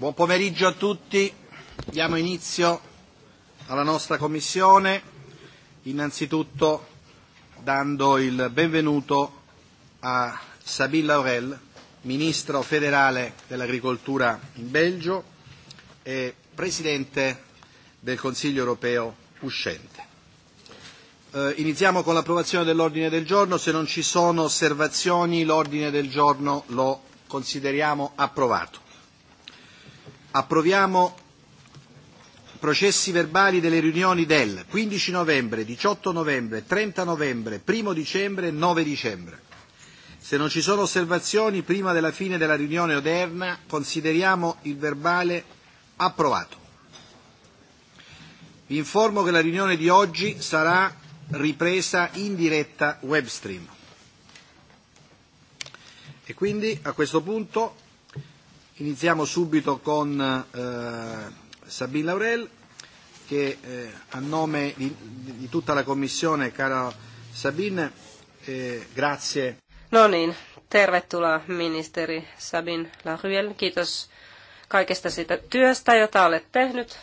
Buon pomeriggio a tutti. Diamo inizio alla nostra commissione, innanzitutto dando il benvenuto a Sabine Laurel, ministro federale dell'agricoltura in Belgio e presidente del Consiglio europeo uscente. Eh, iniziamo con l'approvazione dell'ordine del giorno. Se non ci sono osservazioni, l'ordine del giorno lo consideriamo approvato. Approviamo processi verbali delle riunioni del 15 novembre, 18 novembre, 30 novembre, 1 dicembre e 9 dicembre. Se non ci sono osservazioni prima della fine della riunione odierna, consideriamo il verbale approvato. Vi informo che la riunione di oggi sarà ripresa in diretta webstream. E quindi a questo punto Iniziamo subito con eh, Sabine Laurel che eh, a nome di, di tutta la Commissione, cara Sabine, eh, grazie. No niin, tervetuloa ministeri Sabine Laurel. Kiitos kaikesta siitä työstä, jota olet tehnyt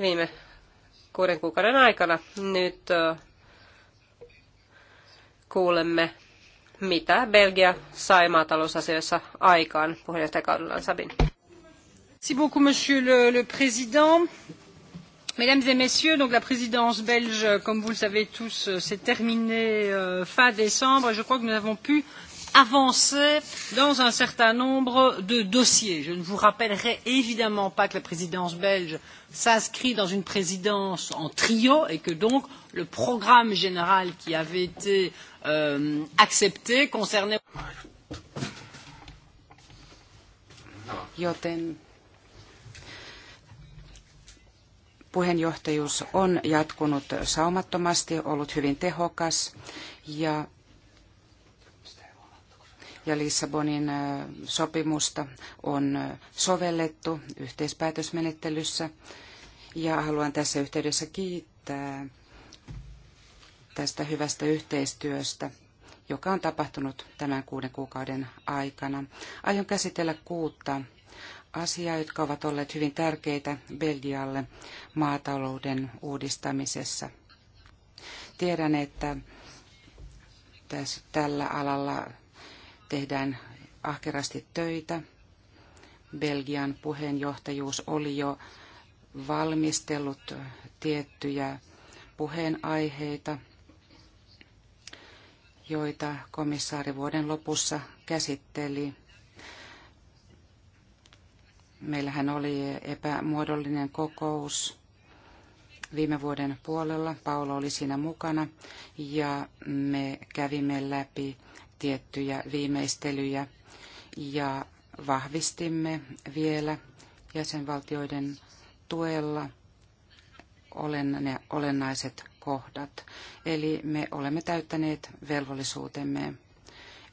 viime kuuden kuukauden aikana. Nyt kuulemme mitä Belgia sai maatalousasioissa aikaan puheenjohtajakaudellaan Sabin. Merci beaucoup, monsieur le, le président. Mesdames et messieurs, donc la présidence belge, comme vous le savez tous, euh, s'est terminée euh, fin décembre et je crois que nous avons pu avancer dans un certain nombre de dossiers. Je ne vous rappellerai évidemment pas que la présidence belge s'inscrit dans une présidence en trio et que donc le programme général qui avait été euh, accepté concernait. Joten puheenjohtajuus on jatkunut saumattomasti, ollut hyvin tehokas ja, ja Lissabonin äh, sopimusta on äh, sovellettu yhteispäätösmenettelyssä. Ja haluan tässä yhteydessä kiittää tästä hyvästä yhteistyöstä, joka on tapahtunut tämän kuuden kuukauden aikana. Aion käsitellä kuutta asiaa, jotka ovat olleet hyvin tärkeitä Belgialle maatalouden uudistamisessa. Tiedän, että tässä, tällä alalla tehdään ahkerasti töitä. Belgian puheenjohtajuus oli jo valmistellut tiettyjä puheenaiheita joita komissaari vuoden lopussa käsitteli. Meillähän oli epämuodollinen kokous viime vuoden puolella. Paolo oli siinä mukana ja me kävimme läpi tiettyjä viimeistelyjä ja vahvistimme vielä jäsenvaltioiden tuella olennaiset kohdat. Eli me olemme täyttäneet velvollisuutemme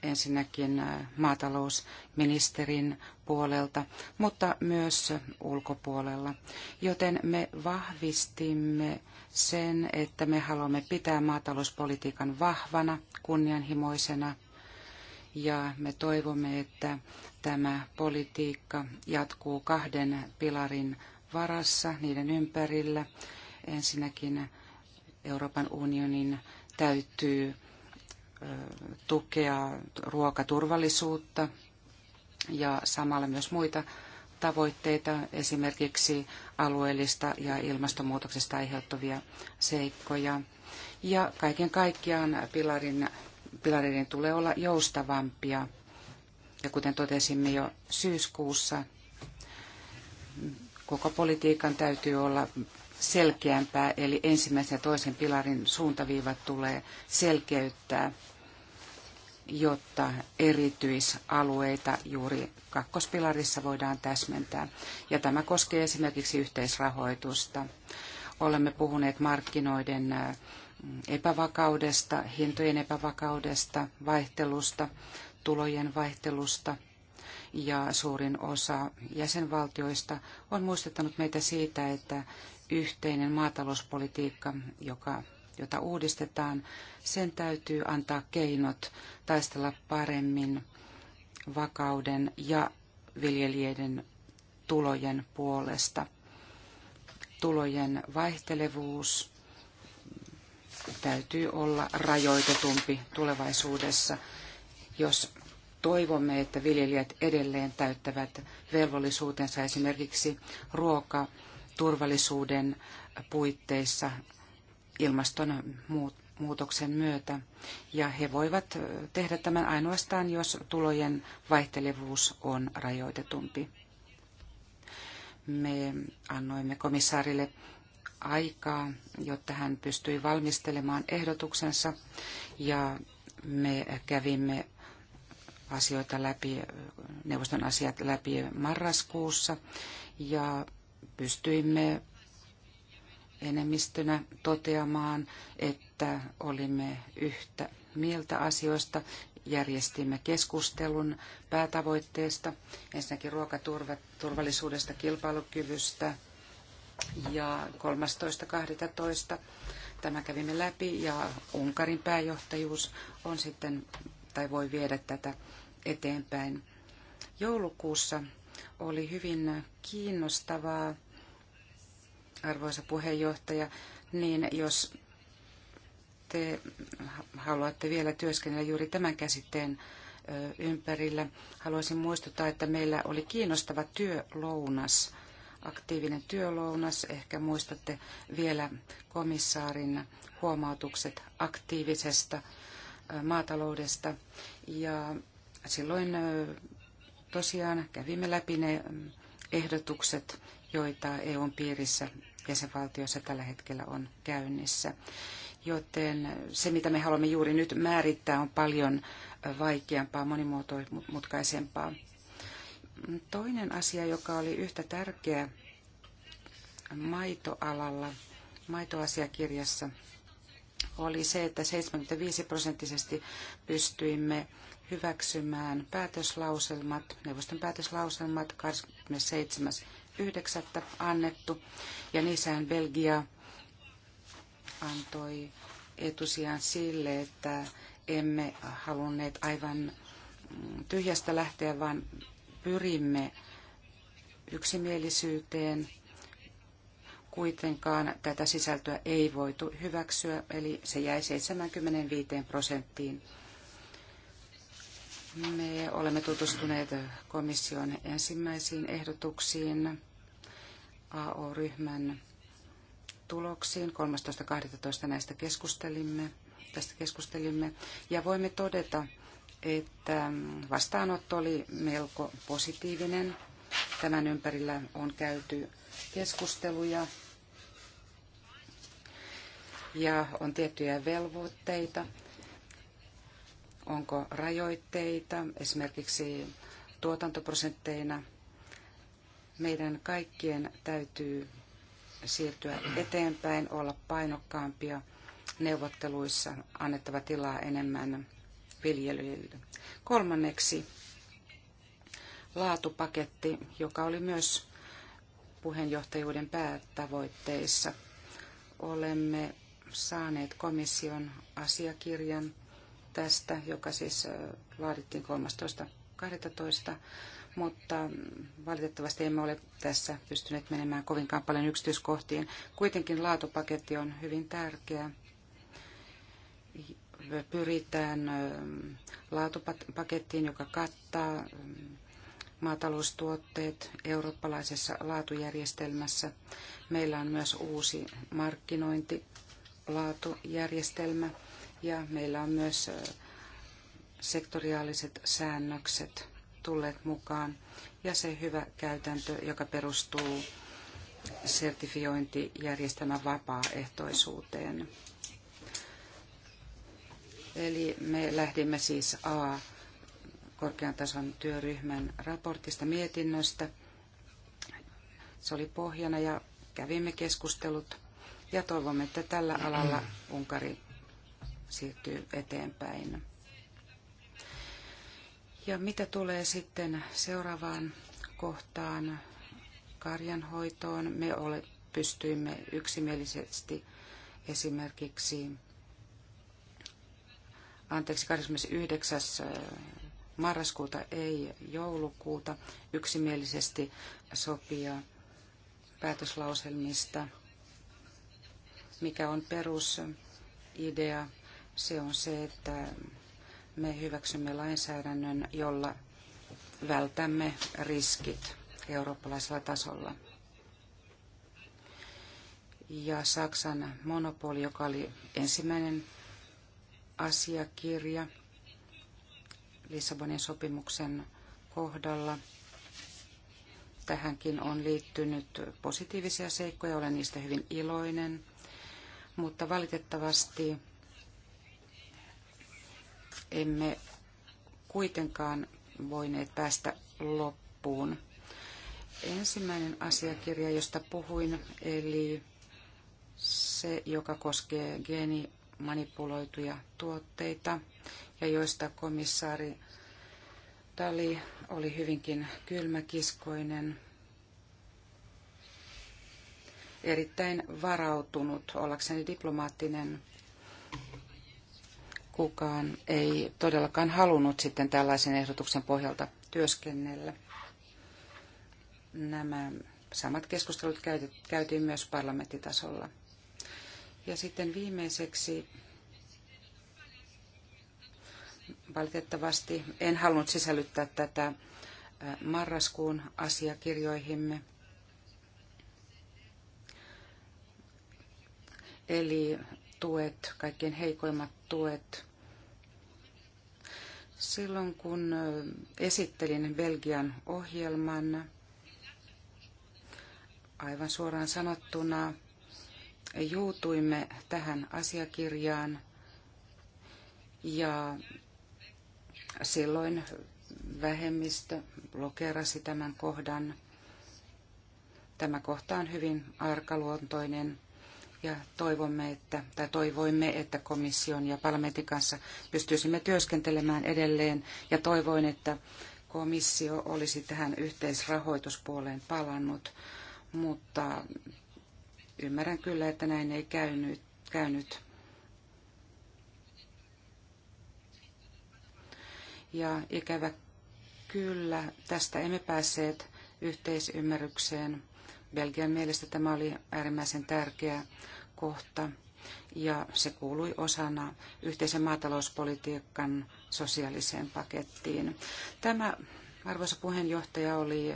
ensinnäkin äh, maatalousministerin puolelta, mutta myös ulkopuolella. Joten me vahvistimme sen, että me haluamme pitää maatalouspolitiikan vahvana, kunnianhimoisena ja me toivomme, että tämä politiikka jatkuu kahden pilarin varassa, niiden ympärillä. Ensinnäkin Euroopan unionin täytyy tukea ruokaturvallisuutta ja samalla myös muita tavoitteita, esimerkiksi alueellista ja ilmastonmuutoksesta aiheutuvia seikkoja. Ja kaiken kaikkiaan pilarin, pilareiden tulee olla joustavampia. Ja kuten totesimme jo syyskuussa, koko politiikan täytyy olla selkeämpää, eli ensimmäisen ja toisen pilarin suuntaviivat tulee selkeyttää, jotta erityisalueita juuri kakkospilarissa voidaan täsmentää. Ja tämä koskee esimerkiksi yhteisrahoitusta. Olemme puhuneet markkinoiden epävakaudesta, hintojen epävakaudesta, vaihtelusta, tulojen vaihtelusta ja suurin osa jäsenvaltioista on muistuttanut meitä siitä, että yhteinen maatalouspolitiikka, joka, jota uudistetaan, sen täytyy antaa keinot taistella paremmin vakauden ja viljelijöiden tulojen puolesta. Tulojen vaihtelevuus täytyy olla rajoitetumpi tulevaisuudessa, jos toivomme, että viljelijät edelleen täyttävät velvollisuutensa esimerkiksi ruoka- turvallisuuden puitteissa ilmastonmuutoksen myötä. Ja he voivat tehdä tämän ainoastaan, jos tulojen vaihtelevuus on rajoitetumpi. Me annoimme komissaarille aikaa, jotta hän pystyi valmistelemaan ehdotuksensa ja me kävimme asioita läpi, neuvoston asiat läpi marraskuussa ja pystyimme enemmistönä toteamaan, että olimme yhtä mieltä asioista. Järjestimme keskustelun päätavoitteesta, ensinnäkin ruokaturvallisuudesta, kilpailukyvystä ja 13.12. Tämä kävimme läpi ja Unkarin pääjohtajuus on sitten tai voi viedä tätä eteenpäin. Joulukuussa oli hyvin kiinnostavaa, arvoisa puheenjohtaja, niin jos te haluatte vielä työskennellä juuri tämän käsitteen ympärillä, haluaisin muistuttaa, että meillä oli kiinnostava työlounas, aktiivinen työlounas. Ehkä muistatte vielä komissaarin huomautukset aktiivisesta maataloudesta. Ja silloin Tosiaan kävimme läpi ne mm, ehdotukset, joita EUn piirissä jäsenvaltioissa tällä hetkellä on käynnissä. Joten se, mitä me haluamme juuri nyt määrittää, on paljon vaikeampaa, monimuotoisempaa. Toinen asia, joka oli yhtä tärkeä maitoalalla, maitoasiakirjassa, oli se, että 75 prosenttisesti pystyimme hyväksymään päätöslauselmat, neuvoston päätöslauselmat 27.9. annettu, ja niissähän Belgia antoi etusijan sille, että emme halunneet aivan tyhjästä lähteä, vaan pyrimme yksimielisyyteen. Kuitenkaan tätä sisältöä ei voitu hyväksyä, eli se jäi 75 prosenttiin me olemme tutustuneet komission ensimmäisiin ehdotuksiin AO-ryhmän tuloksiin. 13.12. näistä keskustelimme, tästä keskustelimme ja voimme todeta, että vastaanotto oli melko positiivinen. Tämän ympärillä on käyty keskusteluja ja on tiettyjä velvoitteita, onko rajoitteita esimerkiksi tuotantoprosentteina. Meidän kaikkien täytyy siirtyä eteenpäin, olla painokkaampia neuvotteluissa, annettava tilaa enemmän viljelyille. Kolmanneksi laatupaketti, joka oli myös puheenjohtajuuden päätavoitteissa. Olemme saaneet komission asiakirjan tästä, joka siis laadittiin 13.12. Mutta valitettavasti emme ole tässä pystyneet menemään kovinkaan paljon yksityiskohtiin. Kuitenkin laatupaketti on hyvin tärkeä. Pyritään laatupakettiin, joka kattaa maataloustuotteet eurooppalaisessa laatujärjestelmässä. Meillä on myös uusi markkinointi laatujärjestelmä ja meillä on myös sektoriaaliset säännökset tulleet mukaan ja se hyvä käytäntö, joka perustuu sertifiointijärjestelmän vapaaehtoisuuteen. Eli me lähdimme siis A korkean tason työryhmän raportista mietinnöstä. Se oli pohjana ja kävimme keskustelut ja toivomme, että tällä alalla Unkari siirtyy eteenpäin. Ja mitä tulee sitten seuraavaan kohtaan karjanhoitoon, me ole, pystyimme yksimielisesti esimerkiksi anteeksi, 29. marraskuuta, ei joulukuuta, yksimielisesti sopia päätöslauselmista, mikä on perusidea se on se, että me hyväksymme lainsäädännön, jolla vältämme riskit eurooppalaisella tasolla. Ja Saksan monopoli, joka oli ensimmäinen asiakirja Lissabonin sopimuksen kohdalla. Tähänkin on liittynyt positiivisia seikkoja, olen niistä hyvin iloinen, mutta valitettavasti emme kuitenkaan voineet päästä loppuun. Ensimmäinen asiakirja, josta puhuin, eli se, joka koskee geenimanipuloituja tuotteita ja joista komissaari Tali oli hyvinkin kylmäkiskoinen, erittäin varautunut, ollakseni diplomaattinen kukaan ei todellakaan halunnut sitten tällaisen ehdotuksen pohjalta työskennellä. Nämä samat keskustelut käytiin myös parlamenttitasolla. Ja sitten viimeiseksi valitettavasti en halunnut sisällyttää tätä marraskuun asiakirjoihimme. Eli tuet, kaikkein heikoimmat tuet. Silloin kun esittelin Belgian ohjelman, aivan suoraan sanottuna, juutuimme tähän asiakirjaan ja silloin vähemmistö lokerasi tämän kohdan. Tämä kohta on hyvin arkaluontoinen ja toivomme, että, tai toivoimme, että komission ja parlamentin kanssa pystyisimme työskentelemään edelleen ja toivoin, että komissio olisi tähän yhteisrahoituspuoleen palannut, mutta ymmärrän kyllä, että näin ei käynyt. käynyt. Ja ikävä kyllä, tästä emme päässeet yhteisymmärrykseen Belgian mielestä tämä oli äärimmäisen tärkeä kohta ja se kuului osana yhteisen maatalouspolitiikan sosiaaliseen pakettiin. Tämä, arvoisa puheenjohtaja, oli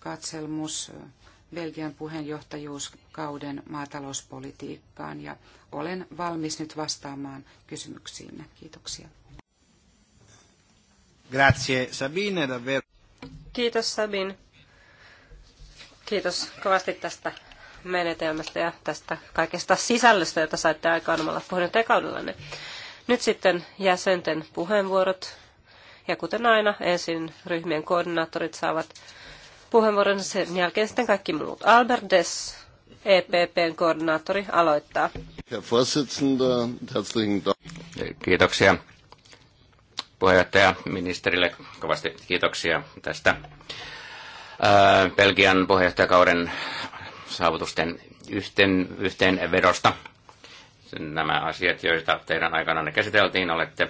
katselmus Belgian puheenjohtajuuskauden maatalouspolitiikkaan ja olen valmis nyt vastaamaan kysymyksiin. Kiitoksia. Grazie Sabine, davvero. Kiitos Sabin. Kiitos kovasti tästä menetelmästä ja tästä kaikesta sisällöstä, jota saitte aikaan omalla puheenjohtajakaudellanne. Nyt sitten jäsenten puheenvuorot. Ja kuten aina, ensin ryhmien koordinaattorit saavat puheenvuoron, sen jälkeen sitten kaikki muut. Albert Dess, EPPn koordinaattori, aloittaa. Kiitoksia puheenjohtaja ministerille kovasti kiitoksia tästä Belgian puheenjohtajakauden saavutusten yhteen, yhteenvedosta. Nämä asiat, joita teidän ne käsiteltiin, olette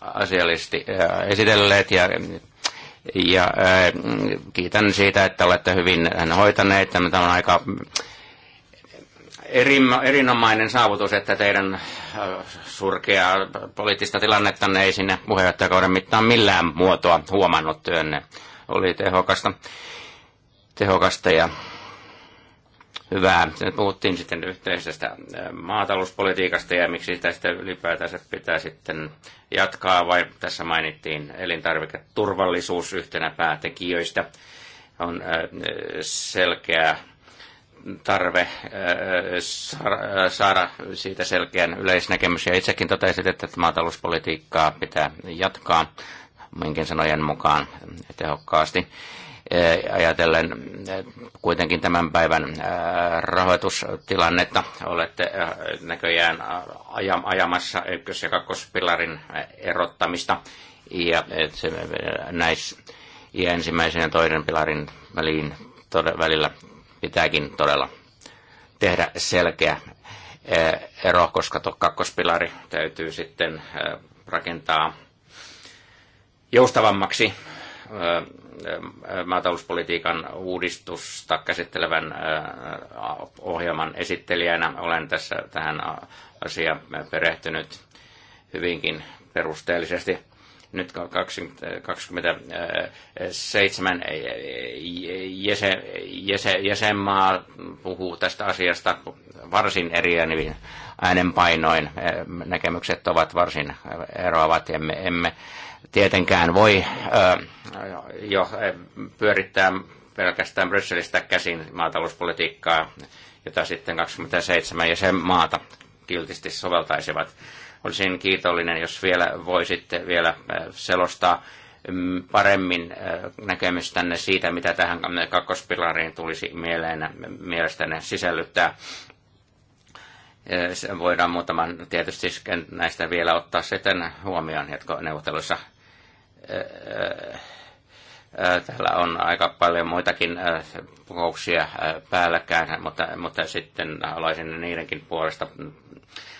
asiallisesti esitelleet ja, ja kiitän siitä, että olette hyvin hoitaneet. Tämä on aika eri, erinomainen saavutus, että teidän surkea poliittista tilannetta ei sinne puheenjohtajakauden mittaan millään muotoa huomannut työnne oli tehokasta, tehokasta ja hyvää. Sitten puhuttiin sitten yhteisestä maatalouspolitiikasta ja miksi sitä sitten ylipäätänsä pitää sitten jatkaa, vai tässä mainittiin elintarviketurvallisuus yhtenä päätekijöistä. On selkeä tarve saada siitä selkeän yleisnäkemys, ja itsekin totesit, että maatalouspolitiikkaa pitää jatkaa minkin sanojen mukaan tehokkaasti e, ajatellen e, kuitenkin tämän päivän e, rahoitustilannetta olette näköjään ajamassa ykkös- ja kakkospilarin erottamista ja, se, näis, ja ensimmäisen ja toisen pilarin väliin, tod, välillä pitääkin todella tehdä selkeä ero, koska tuo kakkospilari täytyy sitten rakentaa joustavammaksi maatalouspolitiikan uudistusta käsittelevän ohjelman esittelijänä. Olen tässä tähän asiaan perehtynyt hyvinkin perusteellisesti. Nyt 27 jäsen, jäsen, jäsenmaa puhuu tästä asiasta varsin eri äänenpainoin. Näkemykset ovat varsin eroavat ja me emme tietenkään voi jo pyörittää pelkästään Brysselistä käsin maatalouspolitiikkaa, jota sitten 27 maata kiltisti soveltaisivat. Olisin kiitollinen, jos vielä voisitte vielä selostaa mm, paremmin näkemystänne siitä, mitä tähän kakkospilariin tulisi mieleen, mielestäni sisällyttää. Voidaan muutaman tietysti näistä vielä ottaa sitten huomioon jatkoneuvotteluissa. neuvotteluissa Täällä on aika paljon muitakin kokouksia päällekkäin, mutta, mutta sitten haluaisin niidenkin puolesta,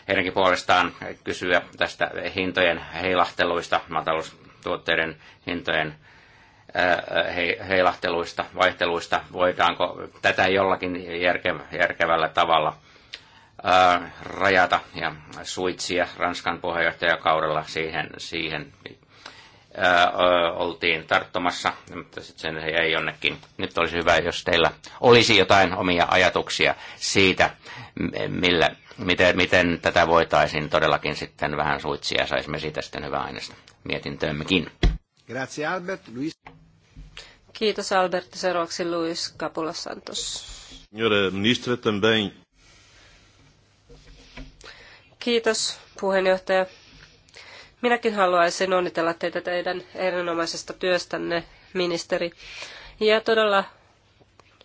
heidänkin puolestaan kysyä tästä hintojen heilahteluista, maataloustuotteiden hintojen heilahteluista, vaihteluista. Voidaanko tätä jollakin järkevällä tavalla rajata ja suitsia Ranskan puheenjohtajakaudella siihen, siihen oltiin tarttumassa, mutta sitten se jäi jonnekin. Nyt olisi hyvä, jos teillä olisi jotain omia ajatuksia siitä, millä, miten, miten tätä voitaisiin todellakin sitten vähän suitsia ja saisimme siitä sitten hyvää aineesta mietintöömmekin. Grazie Albert, Luis. Kiitos Albert. Seuraavaksi Luis Capula Santos. Signore ministre, também. Kiitos puheenjohtaja. Minäkin haluaisin onnitella teitä teidän erinomaisesta työstänne, ministeri. Ja todella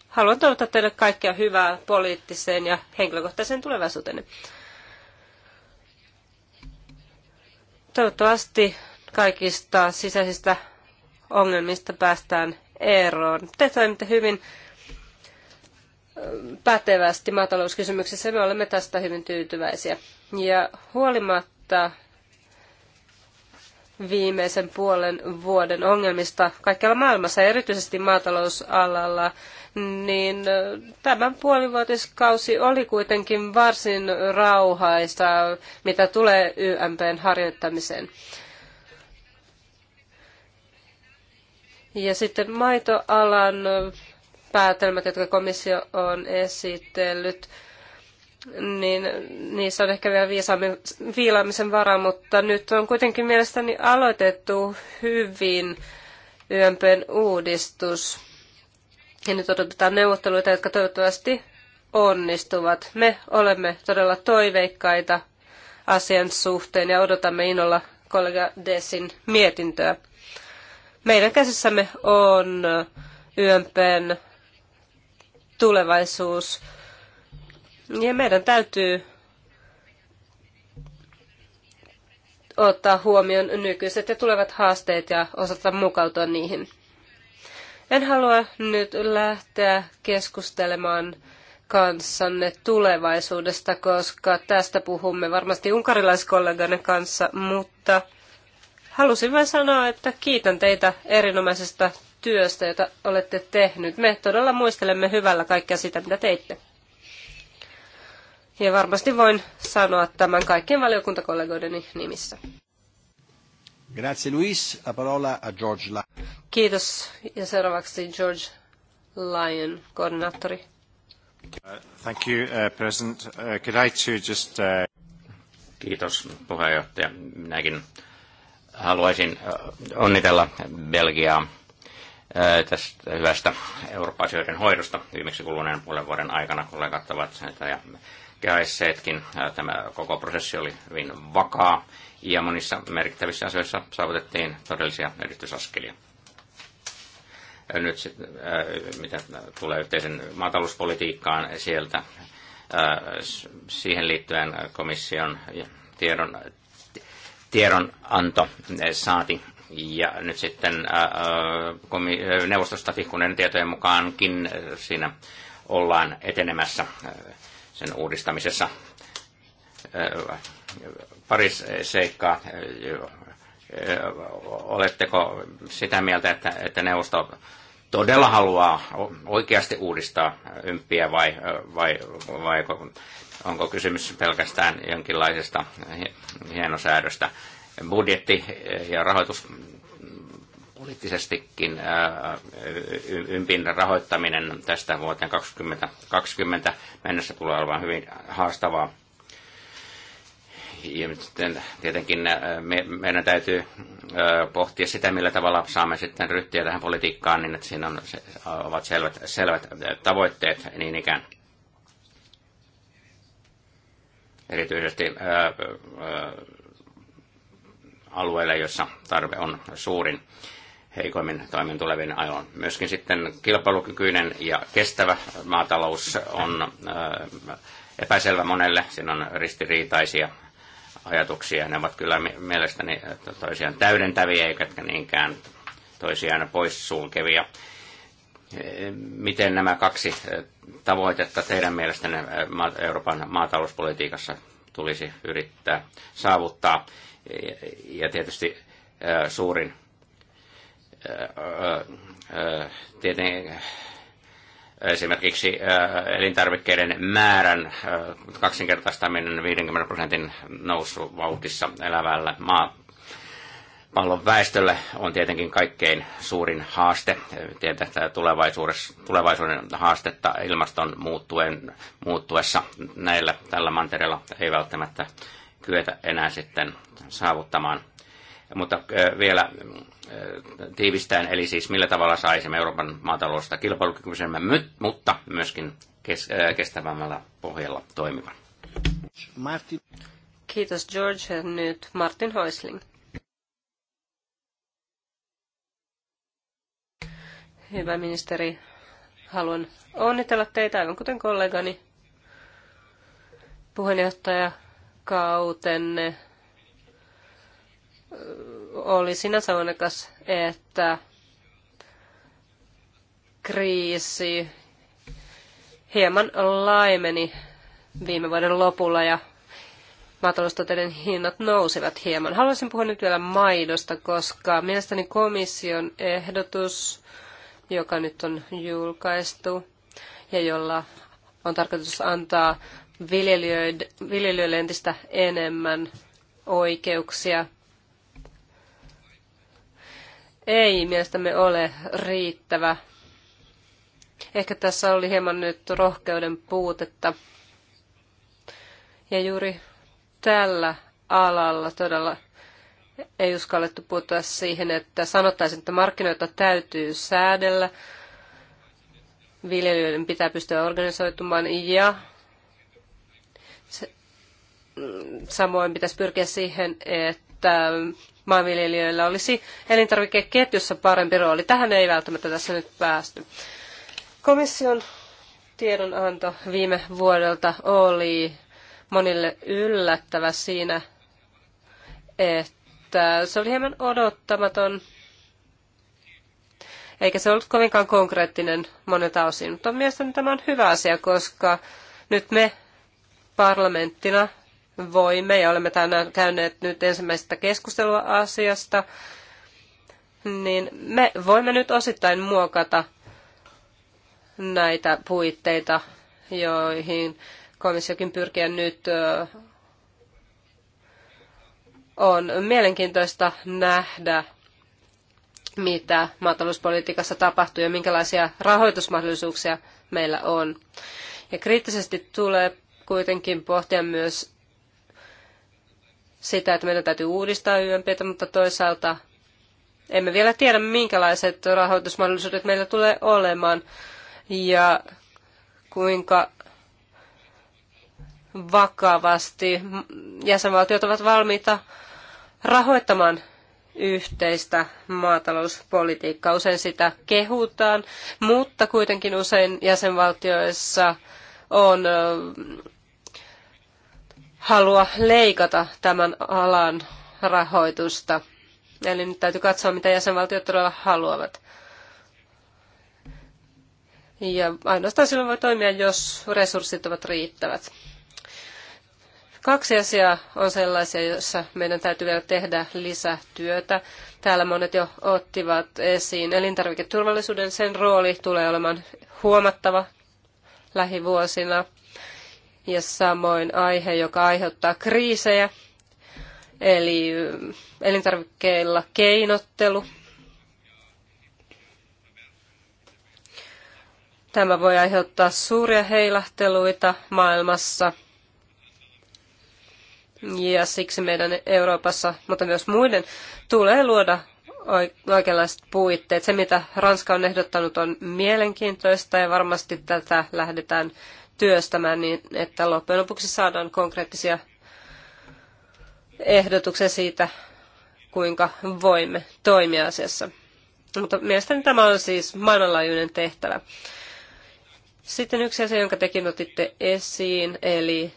haluan toivottaa teille kaikkea hyvää poliittiseen ja henkilökohtaiseen tulevaisuuteen. Toivottavasti kaikista sisäisistä ongelmista päästään eroon. Te toimitte hyvin pätevästi maatalouskysymyksessä. Me olemme tästä hyvin tyytyväisiä. Ja huolimatta viimeisen puolen vuoden ongelmista kaikkialla maailmassa, erityisesti maatalousalalla, niin tämän puolivuotiskausi oli kuitenkin varsin rauhaista, mitä tulee YMPn harjoittamiseen. Ja sitten maitoalan päätelmät, jotka komissio on esitellyt niin niissä on ehkä vielä viilaamisen varaa, mutta nyt on kuitenkin mielestäni aloitettu hyvin YMPn uudistus. Ja nyt odotetaan neuvotteluita, jotka toivottavasti onnistuvat. Me olemme todella toiveikkaita asian suhteen ja odotamme innolla kollega Desin mietintöä. Meidän käsissämme on YMPn tulevaisuus ja meidän täytyy ottaa huomioon nykyiset ja tulevat haasteet ja osata mukautua niihin. En halua nyt lähteä keskustelemaan kanssanne tulevaisuudesta, koska tästä puhumme varmasti unkarilaiskolleganne kanssa, mutta halusin vain sanoa, että kiitän teitä erinomaisesta työstä, jota olette tehnyt. Me todella muistelemme hyvällä kaikkea sitä, mitä teitte. Ja varmasti voin sanoa tämän kaikkien valiokuntakollegoideni nimissä. Grazie Luis, la parola a George Lyon. Kiitos ja seuraavaksi George Lyon, koordinaattori. Uh, thank you, uh, President. Uh, could I too just... Uh... Kiitos puheenjohtaja. Minäkin haluaisin uh, onnitella Belgiaa uh, tästä hyvästä Euroopan asioiden hoidosta viimeksi kuluneen puolen vuoden aikana kollegat ovat ja kehaisseetkin. Tämä koko prosessi oli hyvin vakaa ja monissa merkittävissä asioissa saavutettiin todellisia edistysaskelia. Nyt sit, mitä tulee yhteisen maatalouspolitiikkaan sieltä, siihen liittyen komission tiedon, tiedonanto saati ja nyt sitten neuvostosta tihkuneen tietojen mukaankin siinä ollaan etenemässä sen uudistamisessa. Pari seikkaa. Oletteko sitä mieltä, että, että neuvosto todella haluaa oikeasti uudistaa ympiä vai, vai, vai onko kysymys pelkästään jonkinlaisesta hienosäädöstä? Budjetti ja rahoitus poliittisestikin ympin rahoittaminen tästä vuoteen 2020 mennessä tulee olemaan hyvin haastavaa. Ja sitten tietenkin me, meidän täytyy pohtia sitä, millä tavalla saamme sitten ryhtiä tähän politiikkaan, niin että siinä on, ovat selvät, selvät tavoitteet niin ikään. Erityisesti ää, ää, alueille, jossa tarve on suurin heikoimmin toimin tulevin ajoin. Myöskin sitten kilpailukykyinen ja kestävä maatalous on äh, epäselvä monelle. Siinä on ristiriitaisia ajatuksia. Ne ovat kyllä mielestäni äh, toisiaan täydentäviä eikä niinkään toisiaan poissulkevia. Äh, miten nämä kaksi tavoitetta teidän mielestänne Euroopan maatalouspolitiikassa tulisi yrittää saavuttaa? Ja tietysti suurin tietenkin esimerkiksi elintarvikkeiden määrän kaksinkertaistaminen 50 prosentin nousu vauhdissa elävällä maa, maapallon väestölle on tietenkin kaikkein suurin haaste. Tietää tulevaisuuden haastetta ilmaston muuttuen, muuttuessa näillä tällä mantereella ei välttämättä kyetä enää sitten saavuttamaan mutta vielä tiivistään, eli siis millä tavalla saisimme Euroopan maataloudesta kilpailukykyisemmän, mutta myöskin kestävämmällä pohjalla toimivan. Martin. Kiitos George. Nyt Martin Häusling. Hyvä ministeri, haluan onnitella teitä aivan kuten kollegani puheenjohtaja kautenne oli sinänsä onnekas, että kriisi hieman laimeni viime vuoden lopulla ja maataloustuotteiden hinnat nousivat hieman. Haluaisin puhua nyt vielä maidosta, koska mielestäni komission ehdotus, joka nyt on julkaistu ja jolla on tarkoitus antaa viljelijöille entistä enemmän oikeuksia, ei mielestämme ole riittävä. Ehkä tässä oli hieman nyt rohkeuden puutetta. Ja juuri tällä alalla todella ei uskallettu puuttua siihen, että sanottaisiin, että markkinoita täytyy säädellä, viljelijöiden pitää pystyä organisoitumaan ja se, mm, samoin pitäisi pyrkiä siihen, että maanviljelijöillä olisi elintarvikeketjussa parempi rooli. Tähän ei välttämättä tässä nyt päästy. Komission tiedonanto viime vuodelta oli monille yllättävä siinä, että se oli hieman odottamaton, eikä se ollut kovinkaan konkreettinen monelta osin. Mutta mielestäni tämä on hyvä asia, koska nyt me parlamenttina voimme ja olemme tänään käyneet nyt ensimmäistä keskustelua asiasta, niin me voimme nyt osittain muokata näitä puitteita, joihin komissiokin pyrkiä nyt on mielenkiintoista nähdä, mitä maatalouspolitiikassa tapahtuu ja minkälaisia rahoitusmahdollisuuksia meillä on. Ja kriittisesti tulee kuitenkin pohtia myös sitä, että meidän täytyy uudistaa YMPtä, mutta toisaalta emme vielä tiedä, minkälaiset rahoitusmahdollisuudet meillä tulee olemaan ja kuinka vakavasti jäsenvaltiot ovat valmiita rahoittamaan yhteistä maatalouspolitiikkaa. Usein sitä kehutaan, mutta kuitenkin usein jäsenvaltioissa on halua leikata tämän alan rahoitusta. Eli nyt täytyy katsoa, mitä jäsenvaltiot todella haluavat. Ja ainoastaan silloin voi toimia, jos resurssit ovat riittävät. Kaksi asiaa on sellaisia, joissa meidän täytyy vielä tehdä lisätyötä. Täällä monet jo ottivat esiin elintarviketurvallisuuden. Sen rooli tulee olemaan huomattava lähivuosina ja samoin aihe, joka aiheuttaa kriisejä, eli äh, elintarvikkeilla keinottelu. Tämä voi aiheuttaa suuria heilahteluita maailmassa – ja siksi meidän Euroopassa, mutta myös muiden, tulee luoda oikeanlaiset puitteet. Se, mitä Ranska on ehdottanut, on mielenkiintoista ja varmasti tätä lähdetään työstämään niin, että loppujen lopuksi saadaan konkreettisia ehdotuksia siitä, kuinka voimme toimia asiassa. Mutta mielestäni tämä on siis maailmanlaajuinen tehtävä. Sitten yksi asia, jonka tekin otitte esiin, eli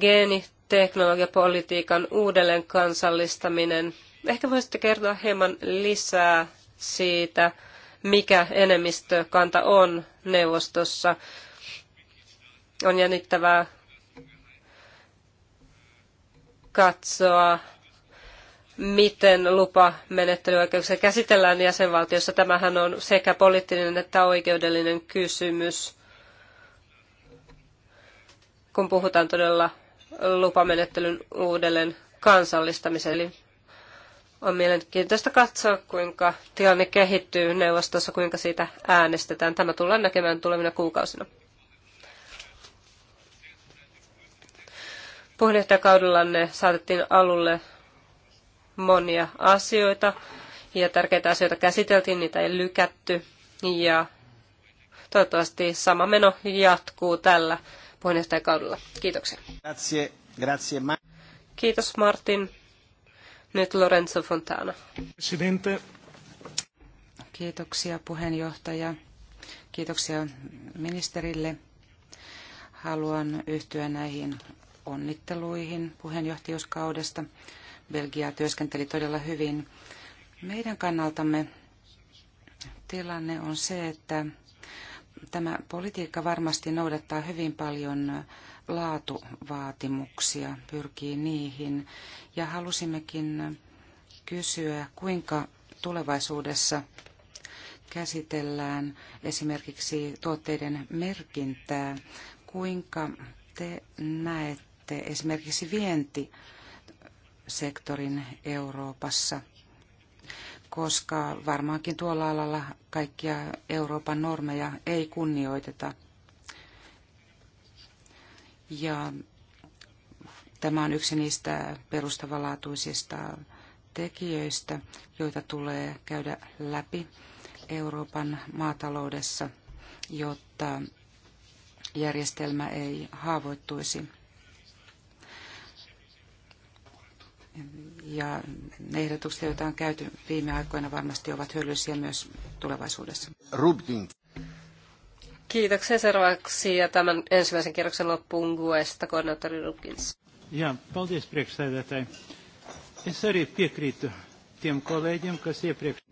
geeniteknologiapolitiikan uudelleen kansallistaminen. Ehkä voisitte kertoa hieman lisää siitä, mikä enemmistökanta on neuvostossa. On jännittävää katsoa, miten lupamenettelyoikeuksia käsitellään jäsenvaltiossa. Tämähän on sekä poliittinen että oikeudellinen kysymys, kun puhutaan todella lupamenettelyn uudelleen kansallistamiseen. Eli on mielenkiintoista katsoa, kuinka tilanne kehittyy neuvostossa, kuinka siitä äänestetään. Tämä tullaan näkemään tulevina kuukausina. Puheenjohtajakaudellanne saatettiin alulle monia asioita ja tärkeitä asioita käsiteltiin, niitä ei lykätty. Ja toivottavasti sama meno jatkuu tällä puheenjohtajakaudella. Kiitoksia. Grazie, grazie. Kiitos Martin. Nyt Lorenzo Fontana. Presidente. Kiitoksia puheenjohtaja. Kiitoksia ministerille. Haluan yhtyä näihin onnitteluihin puheenjohtajuuskaudesta. Belgia työskenteli todella hyvin. Meidän kannaltamme tilanne on se, että tämä politiikka varmasti noudattaa hyvin paljon laatuvaatimuksia, pyrkii niihin. Ja halusimmekin kysyä, kuinka tulevaisuudessa käsitellään esimerkiksi tuotteiden merkintää, kuinka te näette esimerkiksi vientisektorin Euroopassa, koska varmaankin tuolla alalla kaikkia Euroopan normeja ei kunnioiteta. Ja tämä on yksi niistä perustavanlaatuisista tekijöistä, joita tulee käydä läpi Euroopan maataloudessa, jotta järjestelmä ei haavoittuisi. Ja ne ehdotukset, joita on käyty viime aikoina, varmasti ovat hyödyllisiä myös tulevaisuudessa. Rubin. Kiitoksia seuraavaksi ja tämän ensimmäisen kierroksen loppuun Guesta, koordinaattori Rukins. Ja, paldies priekšsēdētāji. Es arī piekrītu tiem kolēģiem, kas iepriekš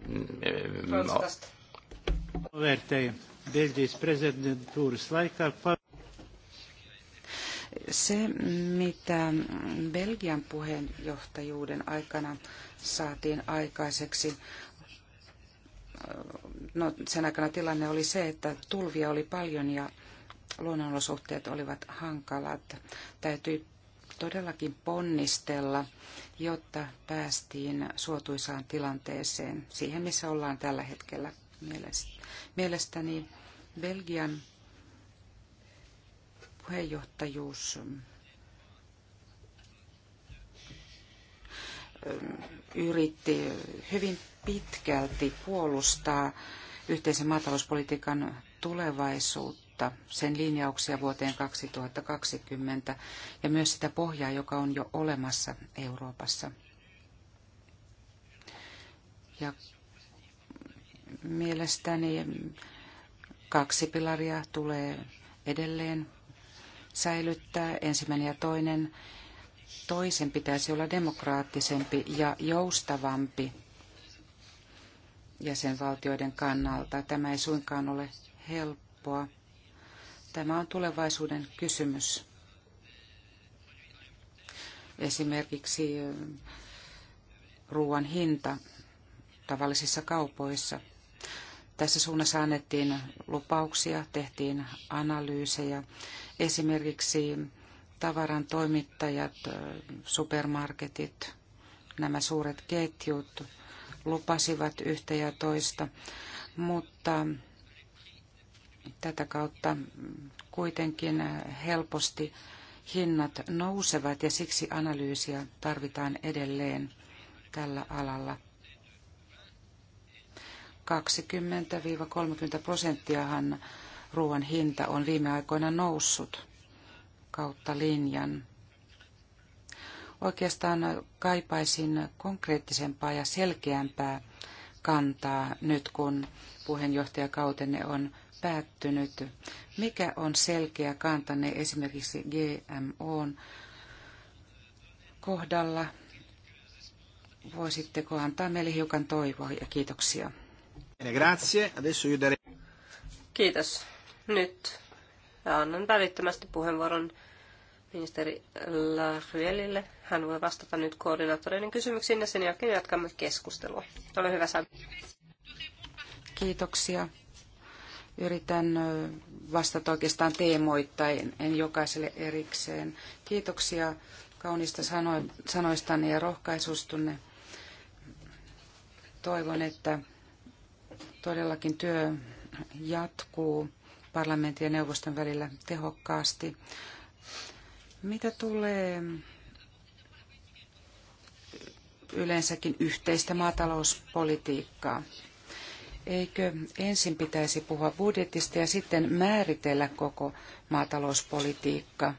novērtēja Beļģijas prezidentūras laikā. Se, mitä Belgian puheenjohtajuuden aikana saatiin aikaiseksi, no, sen aikana tilanne oli se, että tulvia oli paljon ja luonnonolosuhteet olivat hankalat. Täytyy todellakin ponnistella, jotta päästiin suotuisaan tilanteeseen, siihen missä ollaan tällä hetkellä. Mielestäni Belgian puheenjohtajuus mm, yritti hyvin pitkälti puolustaa yhteisen maatalouspolitiikan tulevaisuutta, sen linjauksia vuoteen 2020 ja myös sitä pohjaa, joka on jo olemassa Euroopassa. Ja mielestäni kaksi pilaria tulee edelleen säilyttää, ensimmäinen ja toinen. Toisen pitäisi olla demokraattisempi ja joustavampi jäsenvaltioiden kannalta. Tämä ei suinkaan ole helppoa. Tämä on tulevaisuuden kysymys. Esimerkiksi eh, ruoan hinta tavallisissa kaupoissa. Tässä suunnassa annettiin lupauksia, tehtiin analyysejä. Esimerkiksi tavaran toimittajat, eh, supermarketit, nämä suuret ketjut lupasivat yhtä ja toista, mutta tätä kautta kuitenkin helposti hinnat nousevat ja siksi analyysiä tarvitaan edelleen tällä alalla. 20-30 prosenttiahan ruoan hinta on viime aikoina noussut kautta linjan. Oikeastaan kaipaisin konkreettisempaa ja selkeämpää kantaa nyt, kun puheenjohtajakautenne on päättynyt. Mikä on selkeä kantanne esimerkiksi GMOn kohdalla? Voisitteko antaa meille hiukan toivoa ja kiitoksia? Grazie. Adesso io Kiitos. Nyt annan välittömästi puheenvuoron ministeri Lahrielille. Hän voi vastata nyt koordinaattoreiden kysymyksiin ja sen jälkeen jatkamme keskustelua. Ole hyvä, Sam. Kiitoksia. Yritän vastata oikeastaan teemoittain, en jokaiselle erikseen. Kiitoksia kaunista sanoistanne ja rohkaisustunne. Toivon, että todellakin työ jatkuu parlamentin ja neuvoston välillä tehokkaasti. Mitä tulee yleensäkin yhteistä maatalouspolitiikkaa? Eikö ensin pitäisi puhua budjetista ja sitten määritellä koko maatalouspolitiikka?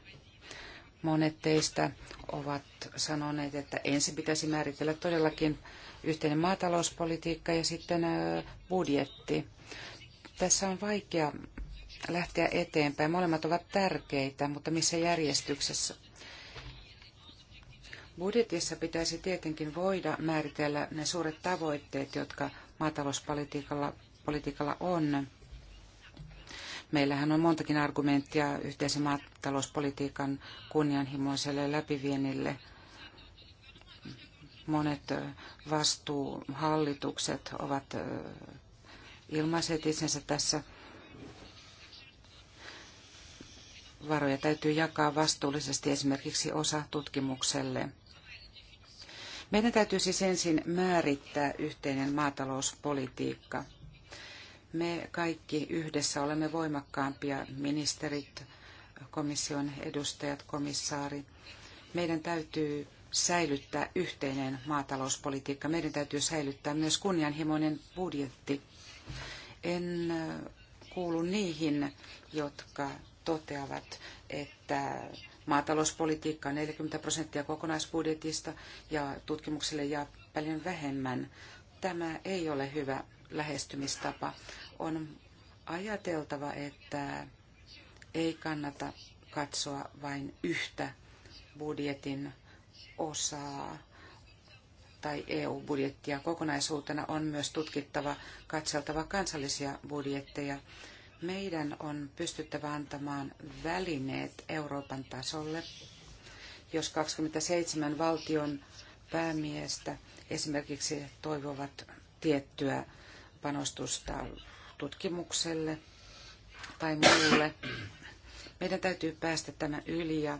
Monet teistä ovat sanoneet, että ensin pitäisi määritellä todellakin yhteinen maatalouspolitiikka ja sitten budjetti. Tässä on vaikea lähteä eteenpäin. Molemmat ovat tärkeitä, mutta missä järjestyksessä? Budjetissa pitäisi tietenkin voida määritellä ne suuret tavoitteet, jotka maatalouspolitiikalla politiikalla on. Meillähän on montakin argumenttia yhteisen maatalouspolitiikan kunnianhimoiselle läpiviennille. Monet vastuuhallitukset ovat ilmaiset itsensä tässä varoja täytyy jakaa vastuullisesti esimerkiksi osa tutkimukselle. Meidän täytyy siis ensin määrittää yhteinen maatalouspolitiikka. Me kaikki yhdessä olemme voimakkaampia, ministerit, komission edustajat, komissaari. Meidän täytyy säilyttää yhteinen maatalouspolitiikka. Meidän täytyy säilyttää myös kunnianhimoinen budjetti. En kuulu niihin, jotka toteavat, että maatalouspolitiikka on 40 prosenttia kokonaisbudjetista ja tutkimukselle jää paljon vähemmän. Tämä ei ole hyvä lähestymistapa. On ajateltava, että ei kannata katsoa vain yhtä budjetin osaa tai EU-budjettia kokonaisuutena on myös tutkittava, katseltava kansallisia budjetteja meidän on pystyttävä antamaan välineet Euroopan tasolle, jos 27 valtion päämiestä esimerkiksi toivovat tiettyä panostusta tutkimukselle tai muulle. Meidän täytyy päästä tämä yli ja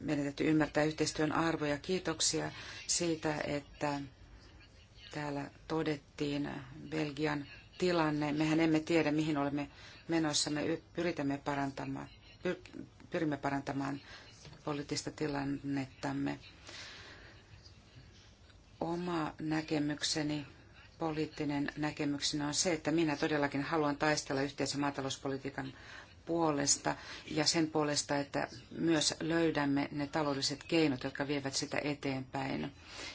meidän täytyy ymmärtää yhteistyön arvoja. Kiitoksia siitä, että täällä todettiin, Belgian tilanne, mehän emme tiedä mihin olemme menossa, me pyritämme parantamaan, pyrimme parantamaan poliittista tilannettamme. Oma näkemykseni, poliittinen näkemykseni on se, että minä todellakin haluan taistella yhteisen maatalouspolitiikan puolesta ja sen puolesta, että myös löydämme ne taloudelliset keinot, jotka vievät sitä eteenpäin,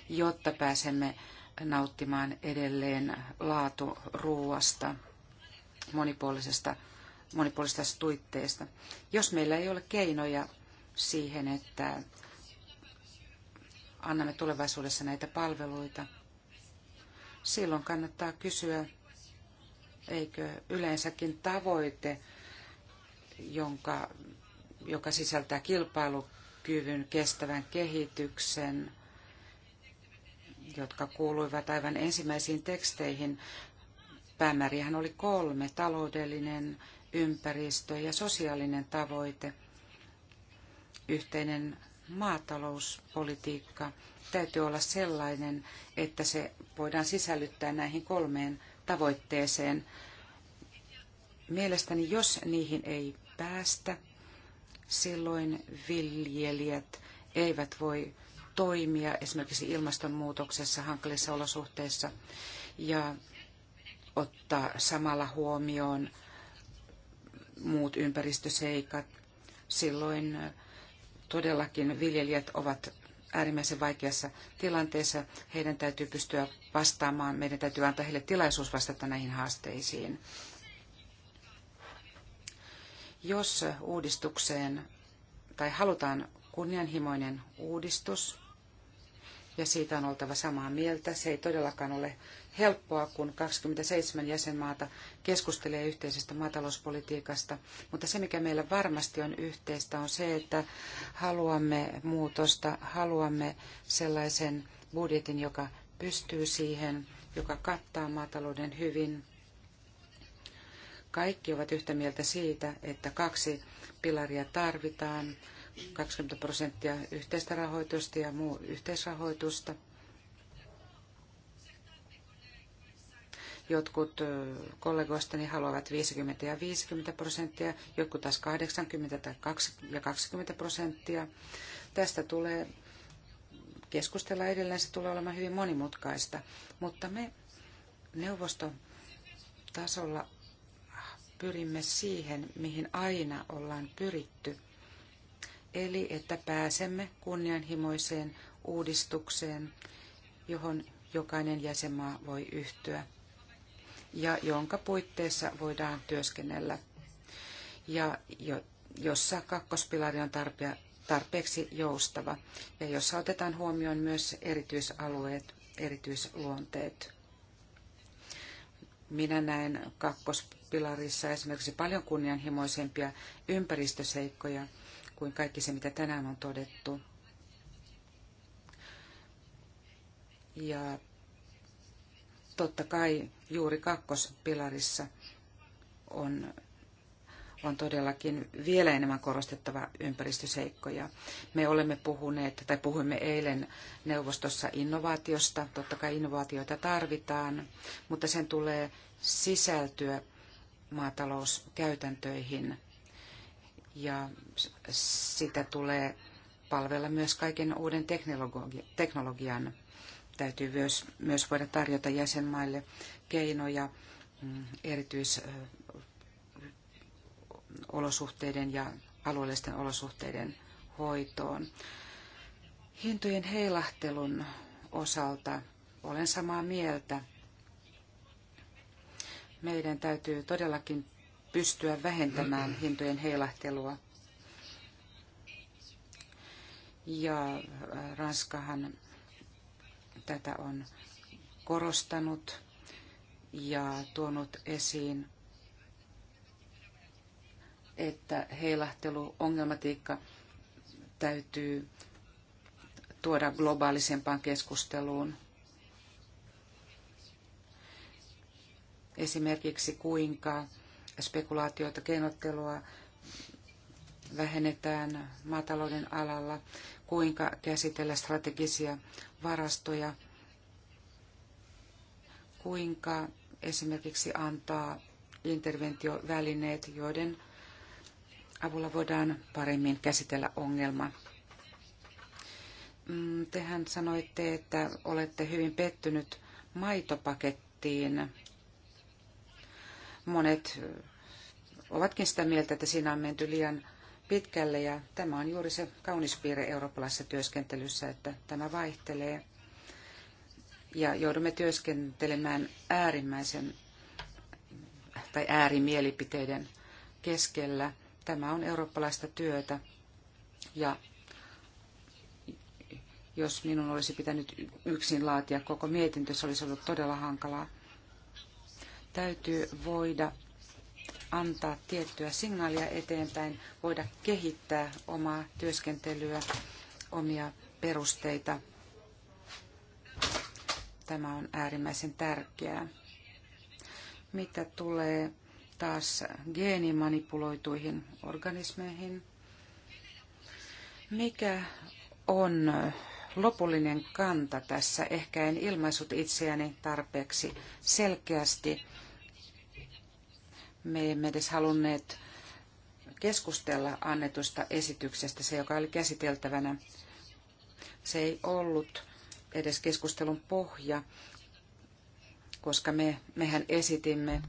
jotta pääsemme nauttimaan edelleen laaturuuasta, monipuolisesta, monipuolisesta tuitteesta. Jos meillä ei ole keinoja siihen, että annamme tulevaisuudessa näitä palveluita, silloin kannattaa kysyä, eikö yleensäkin tavoite, jonka, joka sisältää kilpailukyvyn, kestävän kehityksen, jotka kuuluivat aivan ensimmäisiin teksteihin. Päämäärihän oli kolme, taloudellinen, ympäristö ja sosiaalinen tavoite. Yhteinen maatalouspolitiikka täytyy olla sellainen, että se voidaan sisällyttää näihin kolmeen tavoitteeseen. Mielestäni jos niihin ei päästä, silloin viljelijät eivät voi toimia esimerkiksi ilmastonmuutoksessa hankalissa olosuhteissa ja ottaa samalla huomioon muut ympäristöseikat. Silloin äh, todellakin viljelijät ovat äärimmäisen vaikeassa tilanteessa. Heidän täytyy pystyä vastaamaan, meidän täytyy antaa heille tilaisuus vastata näihin haasteisiin. Jos uudistukseen tai halutaan kunnianhimoinen uudistus ja siitä on oltava samaa mieltä. Se ei todellakaan ole helppoa, kun 27 jäsenmaata keskustelee yhteisestä maatalouspolitiikasta, mutta se mikä meillä varmasti on yhteistä on se, että haluamme muutosta, haluamme sellaisen budjetin, joka pystyy siihen, joka kattaa maatalouden hyvin. Kaikki ovat yhtä mieltä siitä, että kaksi pilaria tarvitaan 20 prosenttia yhteistä rahoitusta ja muu yhteisrahoitusta. Jotkut kollegoistani haluavat 50 ja 50 prosenttia, jotkut taas 80 tai 20 ja 20 prosenttia. Tästä tulee keskustella edelleen, se tulee olemaan hyvin monimutkaista, mutta me neuvoston tasolla pyrimme siihen, mihin aina ollaan pyritty – eli että pääsemme kunnianhimoiseen uudistukseen, johon jokainen jäsenmaa voi yhtyä ja jonka puitteissa voidaan työskennellä ja jossa kakkospilari on tarpeen tarpeeksi joustava ja jossa otetaan huomioon myös erityisalueet, erityisluonteet. Minä näen kakkospilarissa esimerkiksi paljon kunnianhimoisempia ympäristöseikkoja kuin kaikki se, mitä tänään on todettu. Ja totta kai juuri kakkospilarissa on, on todellakin vielä enemmän korostettava ympäristöseikkoja. Me olemme puhuneet, tai puhuimme eilen neuvostossa innovaatiosta. Totta kai innovaatioita tarvitaan, mutta sen tulee sisältyä maatalouskäytäntöihin ja sitä tulee palvella myös kaiken uuden teknologian. Täytyy myös, myös voida tarjota jäsenmaille keinoja mm, erityisolosuhteiden ja alueellisten olosuhteiden hoitoon. Hintojen heilahtelun osalta olen samaa mieltä. Meidän täytyy todellakin pystyä vähentämään hintojen heilahtelua. Ja äh, Ranskahan tätä on korostanut ja tuonut esiin, että heilahteluongelmatiikka täytyy tuoda globaalisempaan keskusteluun. Esimerkiksi kuinka spekulaatioita, keinottelua vähennetään maatalouden alalla, kuinka käsitellä strategisia varastoja, kuinka esimerkiksi antaa interventiovälineet, joiden avulla voidaan paremmin käsitellä ongelma. Mm, tehän sanoitte, että olette hyvin pettynyt maitopakettiin. Monet ovatkin sitä mieltä, että siinä on menty liian pitkälle ja tämä on juuri se kaunis piirre eurooppalaisessa työskentelyssä, että tämä vaihtelee ja joudumme työskentelemään äärimmäisen tai äärimielipiteiden keskellä. Tämä on eurooppalaista työtä ja jos minun olisi pitänyt yksin laatia koko mietintö, se olisi ollut todella hankalaa. Täytyy voida antaa tiettyä signaalia eteenpäin, voida kehittää omaa työskentelyä, omia perusteita. Tämä on äärimmäisen tärkeää. Mitä tulee taas geenimanipuloituihin organismeihin, mikä on lopullinen kanta tässä? Ehkä en ilmaisut itseäni tarpeeksi selkeästi me emme edes halunneet keskustella annetusta esityksestä, se joka oli käsiteltävänä. Se ei ollut edes keskustelun pohja, koska me, mehän esitimme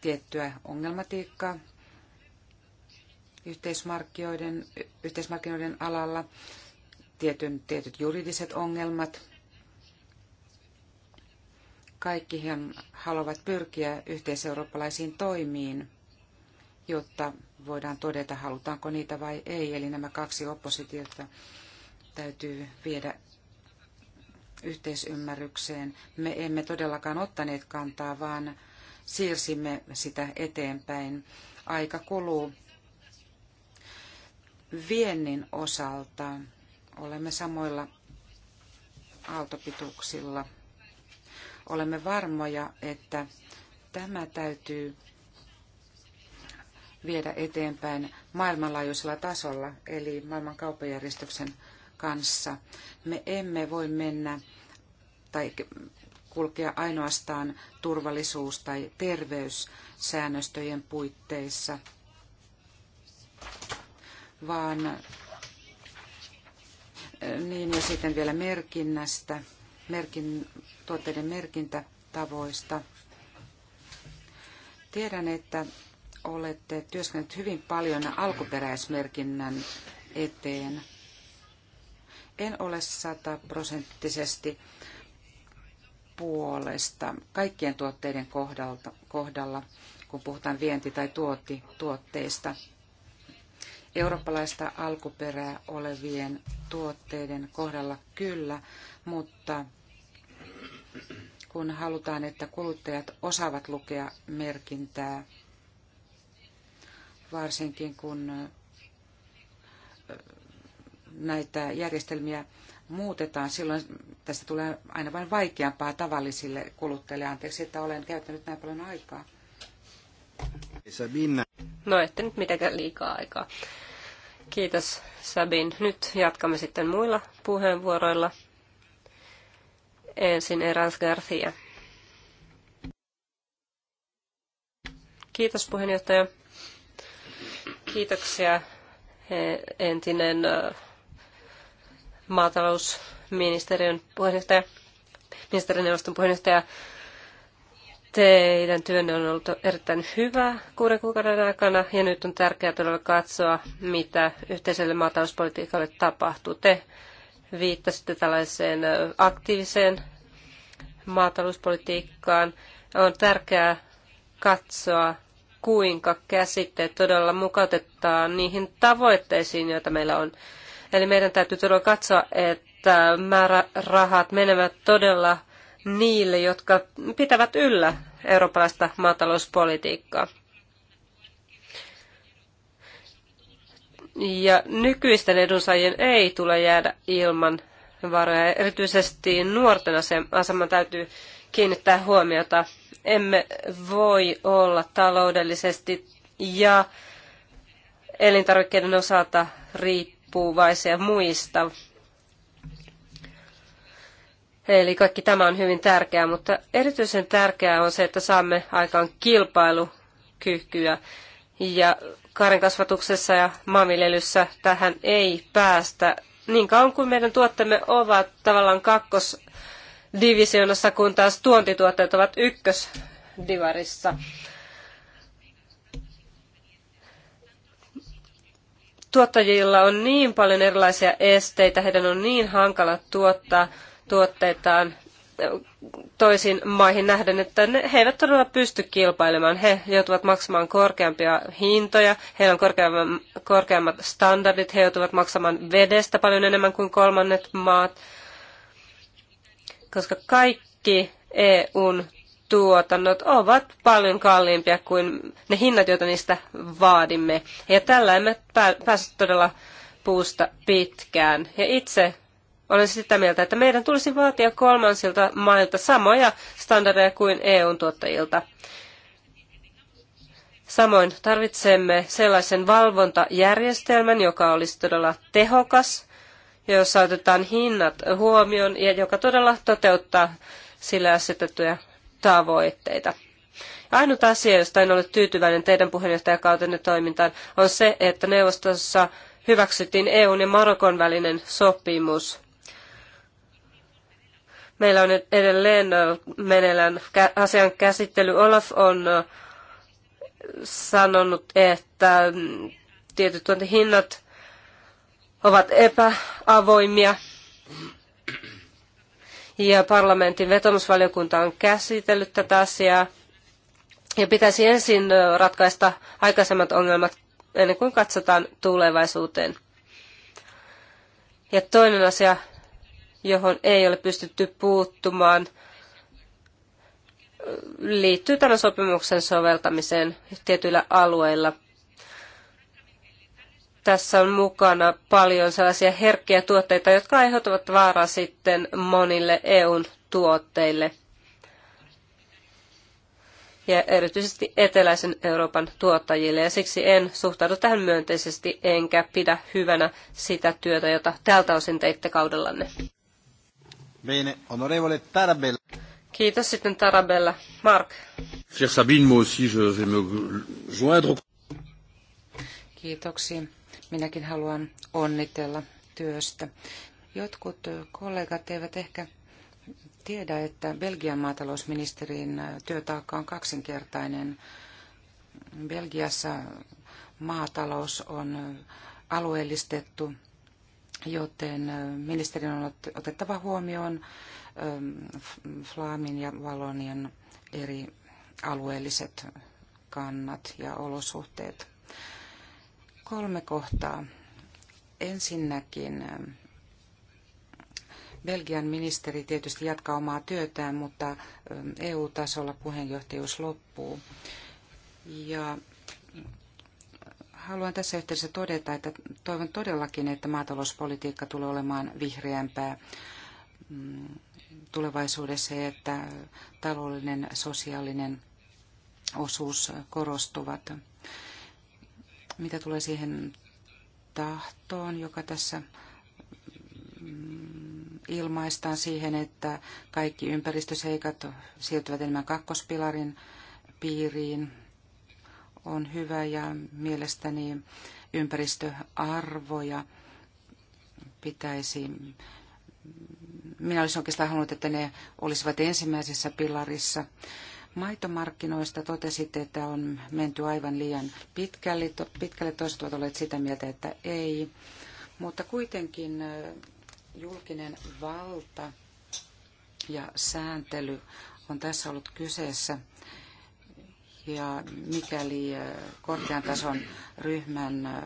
tiettyä ongelmatiikkaa yhteismarkkinoiden, yhteismarkkinoiden alalla, tietyn, tietyt juridiset ongelmat, he haluavat pyrkiä yhteiseurooppalaisiin toimiin, jotta voidaan todeta, halutaanko niitä vai ei. Eli nämä kaksi oppositiota täytyy viedä yhteisymmärrykseen. Me emme todellakaan ottaneet kantaa, vaan siirsimme sitä eteenpäin. Aika kuluu. Viennin osalta olemme samoilla aaltopituksilla olemme varmoja, että tämä täytyy viedä eteenpäin maailmanlaajuisella tasolla, eli maailman kauppajärjestyksen kanssa. Me emme voi mennä tai kulkea ainoastaan turvallisuus- tai terveyssäännöstöjen puitteissa, vaan niin ja sitten vielä merkinnästä, merkin, tuotteiden merkintätavoista. Tiedän, että olette työskennellyt hyvin paljon alkuperäismerkinnän eteen. En ole sataprosenttisesti puolesta kaikkien tuotteiden kohdalta, kohdalla, kun puhutaan vienti- tai tuotteista. Eurooppalaista alkuperää olevien tuotteiden kohdalla kyllä, mutta kun halutaan, että kuluttajat osaavat lukea merkintää, varsinkin kun näitä järjestelmiä muutetaan, silloin tästä tulee aina vain vaikeampaa tavallisille kuluttajille. Anteeksi, että olen käyttänyt näin paljon aikaa. Sabina. No ette nyt mitenkään liikaa aikaa. Kiitos Sabin. Nyt jatkamme sitten muilla puheenvuoroilla. Ensin Erans Garcia. Kiitos puheenjohtaja. Kiitoksia entinen maatalousministeriön puheenjohtaja, ministerineuvoston puheenjohtaja. Teidän työnne on ollut erittäin hyvä kuuden kuukauden aikana ja nyt on tärkeää todella katsoa, mitä yhteiselle maatalouspolitiikalle tapahtuu. Te viittasitte tällaiseen aktiiviseen maatalouspolitiikkaan. On tärkeää katsoa, kuinka käsitteet todella mukautetaan niihin tavoitteisiin, joita meillä on. Eli meidän täytyy todella katsoa, että määrärahat menevät todella niille, jotka pitävät yllä eurooppalaista maatalouspolitiikkaa. Ja nykyisten edunsaajien ei tule jäädä ilman varoja. Erityisesti nuorten aseman täytyy kiinnittää huomiota. Emme voi olla taloudellisesti ja elintarvikkeiden osalta riippuvaisia muista. Eli kaikki tämä on hyvin tärkeää, mutta erityisen tärkeää on se, että saamme aikaan kilpailukykyä ja kasvatuksessa ja maanviljelyssä tähän ei päästä. Niin kauan kuin meidän tuotteemme ovat tavallaan kakkosdivisionassa, kun taas tuontituotteet ovat ykkösdivarissa. Tuottajilla on niin paljon erilaisia esteitä, heidän on niin hankala tuottaa tuotteitaan toisiin maihin nähden, että ne, he eivät todella pysty kilpailemaan. He joutuvat maksamaan korkeampia hintoja, heillä on korkeammat, korkeammat standardit, he joutuvat maksamaan vedestä paljon enemmän kuin kolmannet maat, koska kaikki EUn tuotannot ovat paljon kalliimpia kuin ne hinnat, joita niistä vaadimme. Ja tällä emme pääse todella puusta pitkään. Ja itse olen sitä mieltä, että meidän tulisi vaatia kolmansilta mailta samoja standardeja kuin eu tuottajilta. Samoin tarvitsemme sellaisen valvontajärjestelmän, joka olisi todella tehokas, jossa otetaan hinnat huomioon ja joka todella toteuttaa sille asetettuja tavoitteita. Ainut asia, josta en ole tyytyväinen teidän puheenjohtajakautenne toimintaan, on se, että neuvostossa hyväksyttiin EUn ja Marokon välinen sopimus. Meillä on edelleen meneillään asian käsittely. Olaf on sanonut, että mm, tietyt hinnat ovat epäavoimia. Ja parlamentin vetomusvaliokunta on käsitellyt tätä asiaa. Ja pitäisi ensin ratkaista aikaisemmat ongelmat ennen kuin katsotaan tulevaisuuteen. Ja toinen asia johon ei ole pystytty puuttumaan, liittyy tämän sopimuksen soveltamiseen tietyillä alueilla. Tässä on mukana paljon sellaisia herkkiä tuotteita, jotka aiheuttavat vaaraa sitten monille EUn tuotteille ja erityisesti eteläisen Euroopan tuottajille. Ja siksi en suhtaudu tähän myönteisesti enkä pidä hyvänä sitä työtä, jota tältä osin teitte kaudellanne. Bene, onorevole Tarabella. Kiitos sitten Tarabella. Mark. Cher Sabine, moi aussi je vais me joindre. Kiitoksia. Minäkin haluan onnitella työstä. Jotkut kollegat eivät ehkä tiedä, että Belgian maatalousministerin työtaakka on kaksinkertainen. Belgiassa maatalous on alueellistettu joten ministerin on otettava huomioon Flaamin ja Valonien eri alueelliset kannat ja olosuhteet. Kolme kohtaa. Ensinnäkin Belgian ministeri tietysti jatkaa omaa työtään, mutta EU-tasolla puheenjohtajuus loppuu. Ja haluan tässä yhteydessä todeta, että toivon todellakin, että maatalouspolitiikka tulee olemaan vihreämpää mm, tulevaisuudessa ja että taloudellinen, sosiaalinen osuus korostuvat. Mitä tulee siihen tahtoon, joka tässä mm, ilmaistaan siihen, että kaikki ympäristöseikat siirtyvät enemmän kakkospilarin piiriin, on hyvä ja mielestäni ympäristöarvoja pitäisi minä olisin oikeastaan halunnut, että ne olisivat ensimmäisessä pilarissa. Maitomarkkinoista totesitte, että on menty aivan liian pitkälle. Pitkälle toiset ovat olleet sitä mieltä, että ei. Mutta kuitenkin julkinen valta ja sääntely on tässä ollut kyseessä. Ja mikäli eh, korkean tason ryhmän eh,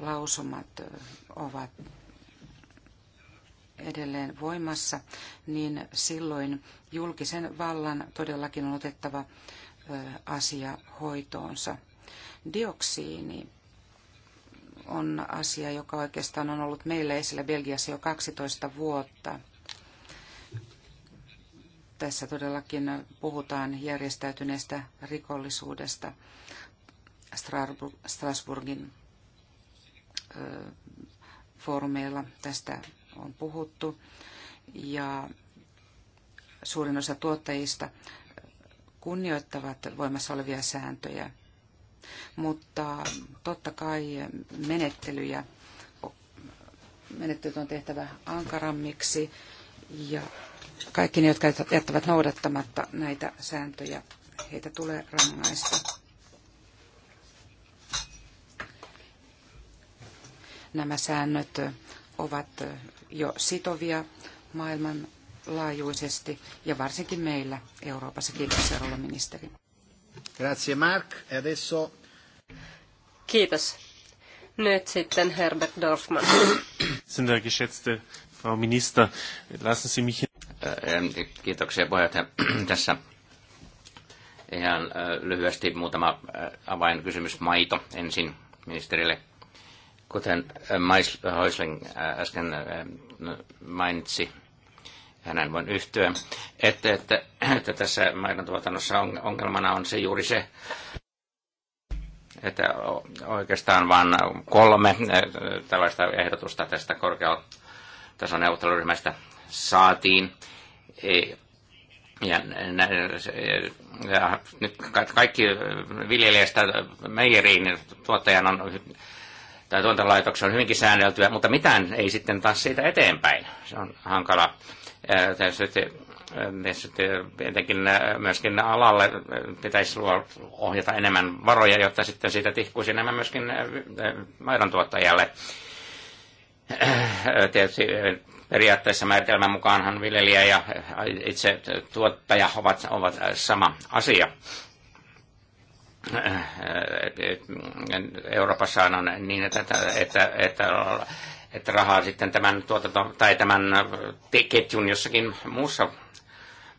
lausumat eh, ovat edelleen voimassa, niin silloin julkisen vallan todellakin on otettava asia hoitoonsa. Dioksiini on asia, joka oikeastaan on ollut meillä esillä Belgiassa jo 12 vuotta. Tässä todellakin puhutaan järjestäytyneestä rikollisuudesta Strasbourgin foorumeilla. Tästä on puhuttu ja suurin osa tuottajista kunnioittavat voimassa olevia sääntöjä, mutta totta kai menettelyjä, menettelyt on tehtävä ankarammiksi ja kaikki ne, jotka jättävät noudattamatta näitä sääntöjä, heitä tulee rangaista. Nämä säännöt ovat jo sitovia maailmanlaajuisesti ja varsinkin meillä Euroopassa. Kiitoksia, rouva ministeri. Grazie Mark. E adesso... Kiitos. Nyt sitten Herbert Dorfman. Sind geschätzte Frau Minister, lassen Sie mich Kiitoksia puheenjohtaja. Tässä ihan lyhyesti muutama avainkysymys. Maito ensin ministerille. Kuten Häusling äsken mainitsi, hänen voin yhtyä, että, että, että tässä maidon tuotannossa ongelmana on se juuri se, että oikeastaan vain kolme tällaista ehdotusta tästä korkealla tason neuvotteluryhmästä saatiin ja, ja nyt kaikki viljelijästä meijeriin tuottajan on, tai tuotantolaitoksen on hyvinkin säänneltyä, mutta mitään ei sitten taas siitä eteenpäin. Se on hankala. Tässä tietenkin myöskin alalle pitäisi ohjata enemmän varoja, jotta sitten siitä tihkuisi enemmän myöskin tuottajalle. Tietysti Periaatteessa määritelmän mukaanhan viljelijä ja itse tuottaja ovat, ovat sama asia. Euroopassa on niin, että, että, että, että rahaa sitten tämän, tuotanto, tai tämän ketjun jossakin muussa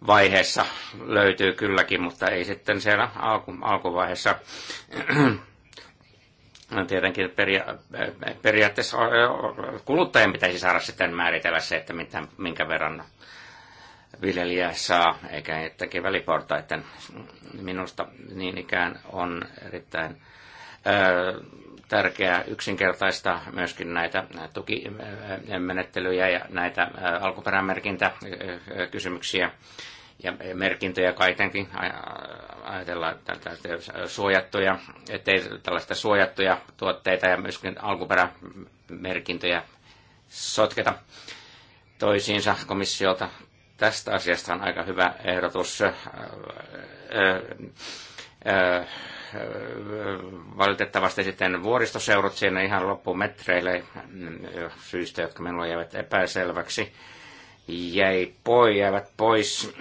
vaiheessa löytyy kylläkin, mutta ei sitten siellä alku, alkuvaiheessa tietenkin peria- periaatteessa kuluttajan pitäisi saada sitten määritellä se, että mitä, minkä verran viljelijä saa, eikä jotenkin väliportaiden. Minusta niin ikään on erittäin ö, tärkeää yksinkertaista myöskin näitä tukimenettelyjä ja näitä alkuperämerkintäkysymyksiä. kysymyksiä ja merkintöjä kaitenkin ajatellaan suojattuja, ettei tällaista suojattuja tuotteita ja myöskin alkuperämerkintöjä sotketa toisiinsa komissiolta. Tästä asiasta on aika hyvä ehdotus. Valitettavasti sitten vuoristoseurat siinä ihan loppumetreille mm, syistä, jotka minulla jäivät epäselväksi jäi pois, jäivät pois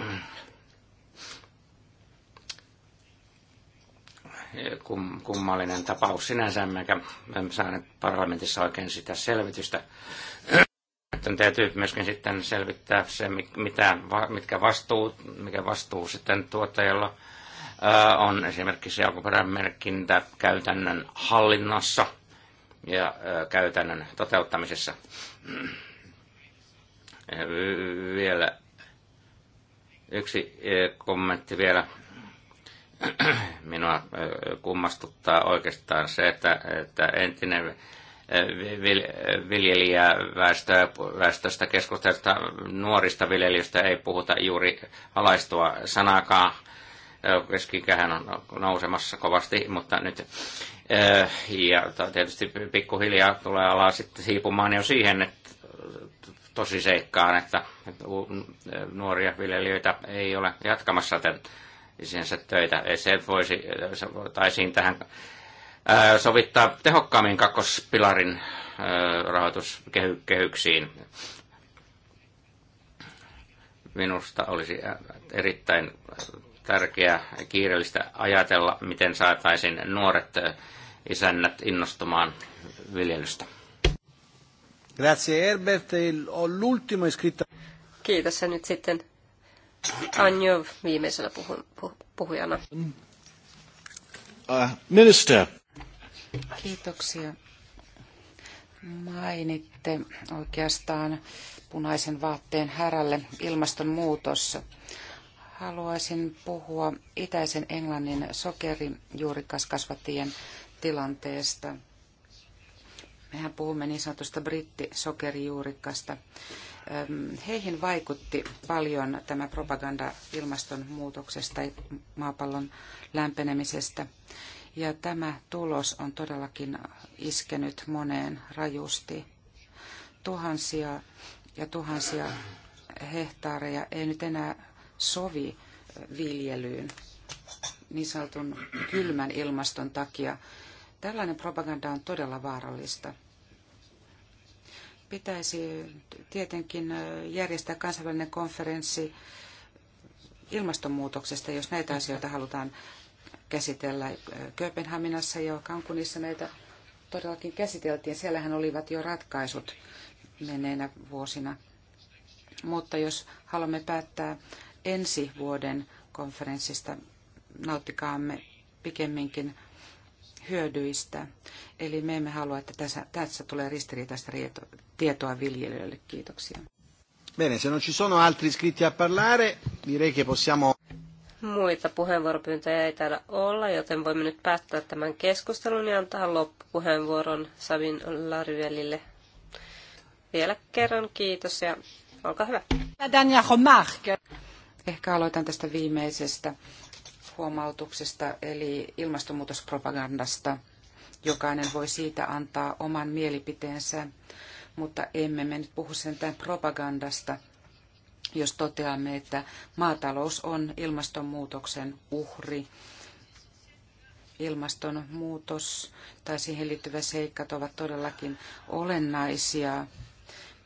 kum, kummallinen tapaus sinänsä, enkä en saanut parlamentissa oikein sitä selvitystä. Sitten täytyy myöskin sitten selvittää se, mitä, mitkä vastuu, mikä vastuu sitten tuottajalla äh, on esimerkiksi alkuperämerkintä käytännön hallinnassa ja äh, käytännön toteuttamisessa. Vielä yksi e, kommentti vielä. Minua e, kummastuttaa oikeastaan se, että, että entinen e, viljelijäväestöstä keskustelusta nuorista viljelijöistä ei puhuta juuri alaistua sanakaan. Keskikähän on nousemassa kovasti, mutta nyt ja tietysti pikkuhiljaa tulee ala sitten siipumaan jo siihen, että tosi seikkaan, että nuoria viljelijöitä ei ole jatkamassa isänsä töitä. Se voisi, se voitaisiin tähän sovittaa tehokkaammin kakkospilarin rahoituskehyksiin. Minusta olisi erittäin tärkeää kiireellistä ajatella, miten saataisiin nuoret isännät innostumaan viljelystä. Grazie Herbert. E l'ultimo iscritto. Kiitos ja nyt sitten Anjo viimeisenä puhun, puh, puhujana. Uh, minister. Kiitoksia. Mainitte oikeastaan punaisen vaatteen härälle ilmastonmuutos. Haluaisin puhua itäisen Englannin sokerijuurikaskasvattajien tilanteesta – Mehän puhumme niin sanotusta brittisokerijuurikasta. Heihin vaikutti paljon tämä propaganda ilmastonmuutoksesta ja maapallon lämpenemisestä. Ja tämä tulos on todellakin iskenyt moneen rajusti. Tuhansia ja tuhansia hehtaareja ei nyt enää sovi viljelyyn niin sanotun kylmän ilmaston takia. Tällainen propaganda on todella vaarallista. Pitäisi tietenkin järjestää kansainvälinen konferenssi ilmastonmuutoksesta, jos näitä asioita halutaan käsitellä Kööpenhaminassa ja Kankunissa näitä todellakin käsiteltiin. Siellähän olivat jo ratkaisut menneinä vuosina. Mutta jos haluamme päättää ensi vuoden konferenssista, nauttikaamme pikemminkin hyödyistä. Eli me emme halua, että tässä, tässä tulee ristiriitaista tietoa viljelijöille. Kiitoksia. Bene, se non ci sono altri iscritti a parlare, direi che possiamo... Muita puheenvuoropyyntöjä ei täällä olla, joten voimme nyt päättää tämän keskustelun ja antaa loppupuheenvuoron Savin Laryelille. Vielä kerran kiitos ja olkaa hyvä. Ehkä aloitan tästä viimeisestä huomautuksesta eli ilmastonmuutospropagandasta. Jokainen voi siitä antaa oman mielipiteensä, mutta emme me nyt puhu sentään propagandasta, jos toteamme, että maatalous on ilmastonmuutoksen uhri. Ilmastonmuutos tai siihen liittyvät seikat ovat todellakin olennaisia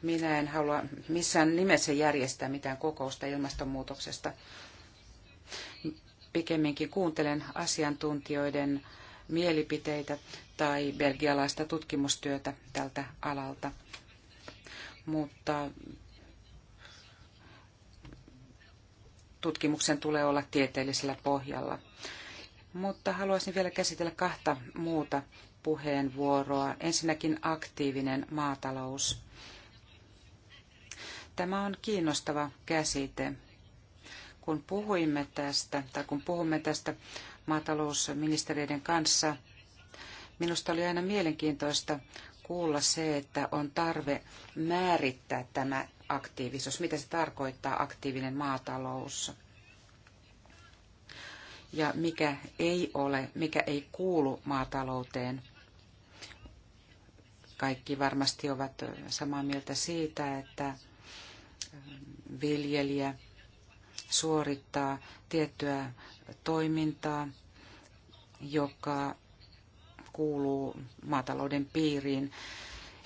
minä en halua missään nimessä järjestää mitään kokousta ilmastonmuutoksesta, pikemminkin kuuntelen asiantuntijoiden mielipiteitä tai belgialaista tutkimustyötä tältä alalta. Mutta tutkimuksen tulee olla tieteellisellä pohjalla. Mutta haluaisin vielä käsitellä kahta muuta puheenvuoroa. Ensinnäkin aktiivinen maatalous. Tämä on kiinnostava käsite kun puhuimme tästä, tai kun puhumme tästä maatalousministeriöiden kanssa, minusta oli aina mielenkiintoista kuulla se, että on tarve määrittää tämä aktiivisuus, mitä se tarkoittaa aktiivinen maatalous ja mikä ei ole, mikä ei kuulu maatalouteen. Kaikki varmasti ovat samaa mieltä siitä, että viljelijä suorittaa tiettyä toimintaa, joka kuuluu maatalouden piiriin.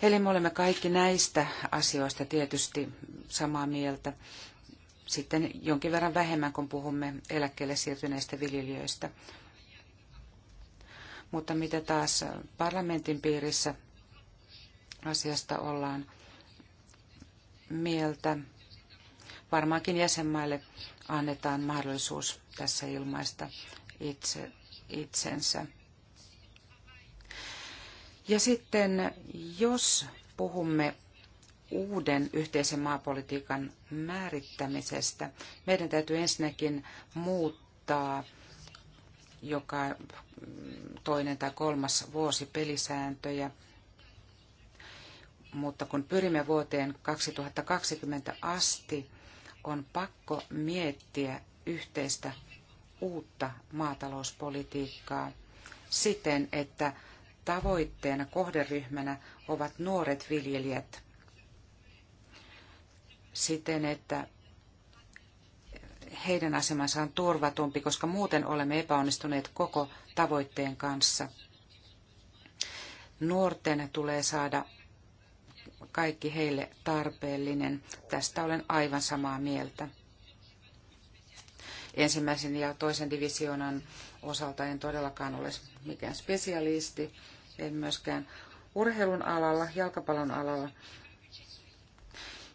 Eli me olemme kaikki näistä asioista tietysti samaa mieltä. Sitten jonkin verran vähemmän, kun puhumme eläkkeelle siirtyneistä viljelijöistä. Mutta mitä taas parlamentin piirissä asiasta ollaan mieltä, varmaankin jäsenmaille annetaan mahdollisuus tässä ilmaista itse, itsensä. Ja sitten jos puhumme uuden yhteisen maapolitiikan määrittämisestä, meidän täytyy ensinnäkin muuttaa joka toinen tai kolmas vuosi pelisääntöjä. Mutta kun pyrimme vuoteen 2020 asti, on pakko miettiä yhteistä uutta maatalouspolitiikkaa siten, että tavoitteena kohderyhmänä ovat nuoret viljelijät siten, että heidän asemansa on turvatumpi, koska muuten olemme epäonnistuneet koko tavoitteen kanssa. Nuorten tulee saada kaikki heille tarpeellinen. Tästä olen aivan samaa mieltä. Ensimmäisen ja toisen divisioonan osalta en todellakaan ole mikään spesialisti, en myöskään urheilun alalla, jalkapallon alalla.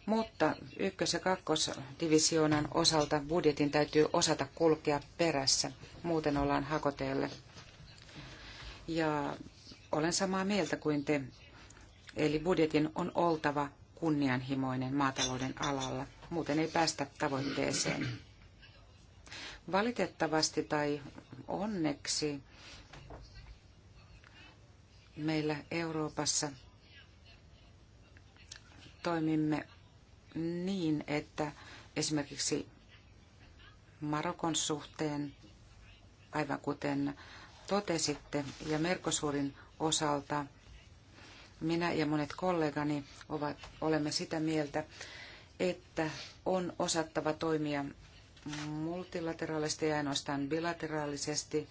Mutta ykkös- ja kakkosdivisioonan osalta budjetin täytyy osata kulkea perässä, muuten ollaan hakoteelle. Ja olen samaa mieltä kuin te Eli budjetin on oltava kunnianhimoinen maatalouden alalla, muuten ei päästä tavoitteeseen. Valitettavasti tai onneksi meillä Euroopassa toimimme niin, että esimerkiksi Marokon suhteen, aivan kuten totesitte, ja Merkosurin osalta minä ja monet kollegani ovat, olemme sitä mieltä, että on osattava toimia multilateraalisesti ja ainoastaan bilateraalisesti.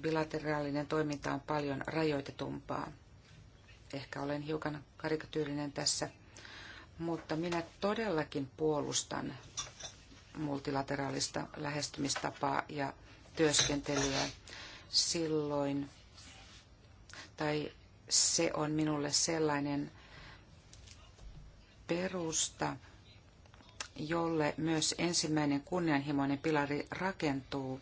Bilateraalinen toiminta on paljon rajoitetumpaa. Ehkä olen hiukan karikatyylinen tässä, mutta minä todellakin puolustan multilateraalista lähestymistapaa ja työskentelyä silloin, tai se on minulle sellainen perusta, jolle myös ensimmäinen kunnianhimoinen pilari rakentuu.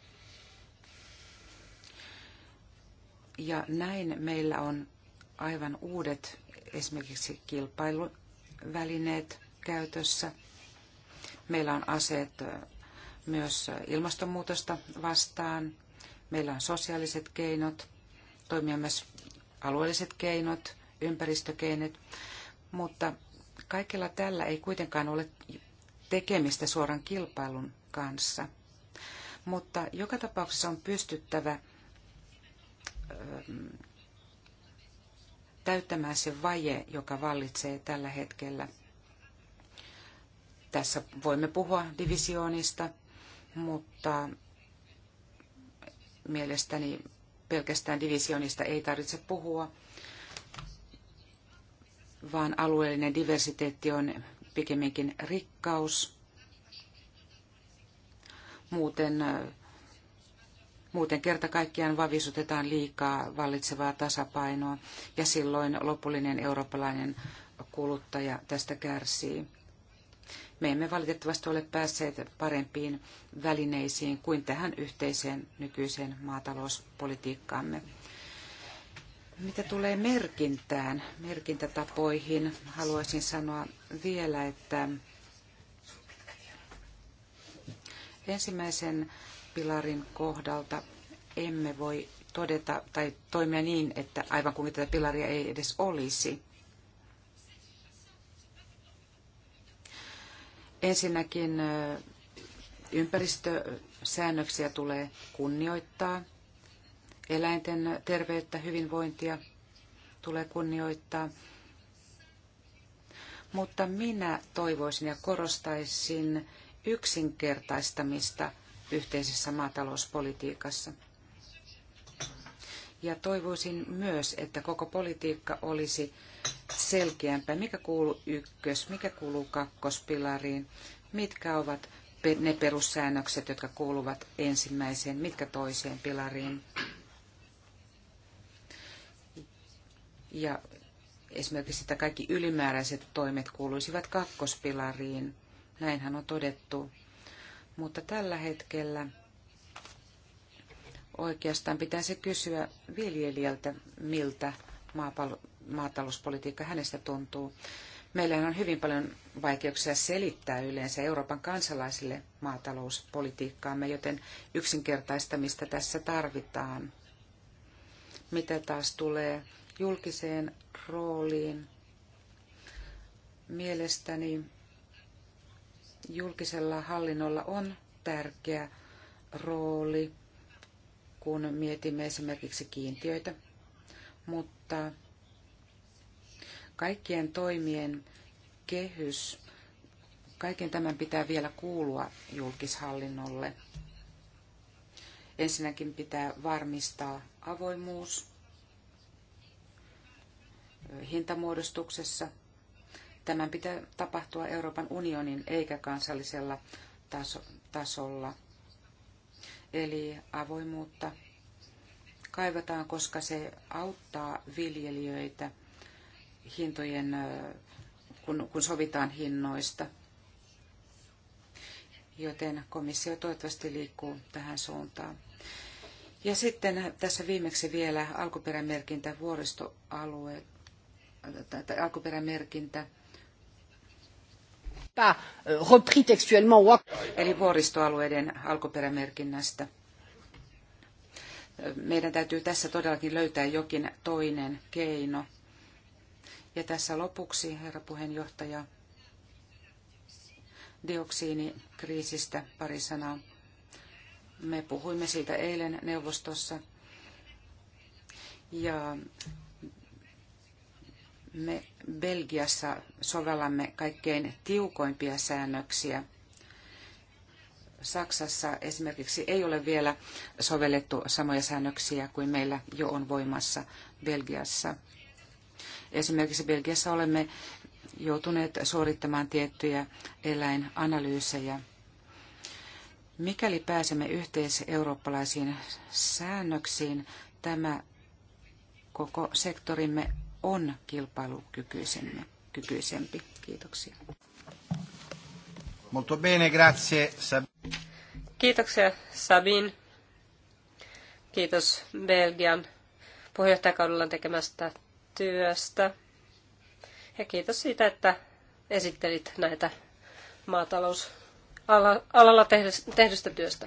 Ja näin meillä on aivan uudet esimerkiksi kilpailuvälineet käytössä. Meillä on aseet myös ilmastonmuutosta vastaan. Meillä on sosiaaliset keinot toimia myös alueelliset keinot, ympäristökeinot, mutta kaikilla tällä ei kuitenkaan ole tekemistä suoran kilpailun kanssa. Mutta joka tapauksessa on pystyttävä ähm, täyttämään se vaje, joka vallitsee tällä hetkellä. Tässä voimme puhua divisioonista, mutta mielestäni pelkästään divisionista ei tarvitse puhua, vaan alueellinen diversiteetti on pikemminkin rikkaus. Muuten, muuten kerta kaikkiaan vavisutetaan liikaa vallitsevaa tasapainoa ja silloin lopullinen eurooppalainen kuluttaja tästä kärsii. Me emme valitettavasti ole päässeet parempiin välineisiin kuin tähän yhteiseen nykyiseen maatalouspolitiikkaamme. Mitä tulee merkintään, merkintätapoihin, haluaisin sanoa vielä, että ensimmäisen pilarin kohdalta emme voi todeta tai toimia niin, että aivan kuin tätä pilaria ei edes olisi. Ensinnäkin ympäristösäännöksiä tulee kunnioittaa, eläinten terveyttä, hyvinvointia tulee kunnioittaa. Mutta minä toivoisin ja korostaisin yksinkertaistamista yhteisessä maatalouspolitiikassa. Ja toivoisin myös, että koko politiikka olisi selkeämpää, mikä kuuluu ykkös, mikä kuuluu kakkospilariin, mitkä ovat ne perussäännökset, jotka kuuluvat ensimmäiseen, mitkä toiseen pilariin. Ja esimerkiksi että kaikki ylimääräiset toimet kuuluisivat kakkospilariin. Näinhän on todettu. Mutta tällä hetkellä oikeastaan pitäisi kysyä viljelijältä, miltä maapallo, maatalouspolitiikka hänestä tuntuu. Meillä on hyvin paljon vaikeuksia selittää yleensä Euroopan kansalaisille maatalouspolitiikkaamme, joten yksinkertaistamista tässä tarvitaan. Mitä taas tulee julkiseen rooliin? Mielestäni julkisella hallinnolla on tärkeä rooli, kun mietimme esimerkiksi kiintiöitä, mutta Kaikkien toimien kehys, kaiken tämän pitää vielä kuulua julkishallinnolle. Ensinnäkin pitää varmistaa avoimuus hintamuodostuksessa. Tämän pitää tapahtua Euroopan unionin eikä kansallisella taso- tasolla. Eli avoimuutta kaivataan, koska se auttaa viljelijöitä – hintojen, kun, kun sovitaan hinnoista. Joten komissio toivottavasti liikkuu tähän suuntaan. Ja sitten tässä viimeksi vielä alkuperämerkintä vuoristoalue, tai alkuperämerkintä. Euh, Eli vuoristoalueiden alkuperämerkinnästä. Meidän täytyy tässä todellakin löytää jokin toinen keino. Ja tässä lopuksi, herra puheenjohtaja, dioksiinikriisistä pari sanaa. Me puhuimme siitä eilen neuvostossa. Ja me Belgiassa sovellamme kaikkein tiukoimpia säännöksiä. Saksassa esimerkiksi ei ole vielä sovellettu samoja säännöksiä kuin meillä jo on voimassa Belgiassa. Esimerkiksi Belgiassa olemme joutuneet suorittamaan tiettyjä eläinanalyysejä. Mikäli pääsemme yhteiseurooppalaisiin säännöksiin, tämä koko sektorimme on kilpailukykyisempi. Kiitoksia. Molto bene, grazie. Kiitoksia Sabin. Kiitos Belgian puheenjohtajakaudellaan tekemästä työstä. Ja kiitos siitä, että esittelit näitä maatalousalalla tehdystä työstä,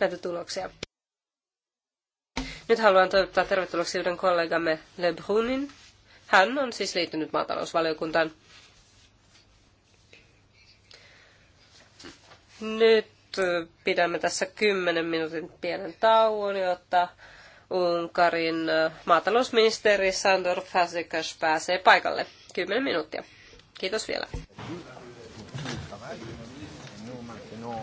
näitä tuloksia. Nyt haluan toivottaa tervetulleeksi yhden kollegamme Le Brunin. Hän on siis liittynyt maatalousvaliokuntaan. Nyt pidämme tässä 10 minuutin pienen tauon, jotta Unkarin maatalousministeri Sandor Fazekas pääsee paikalle. 10 minuuttia. Kiitos vielä. maintenant.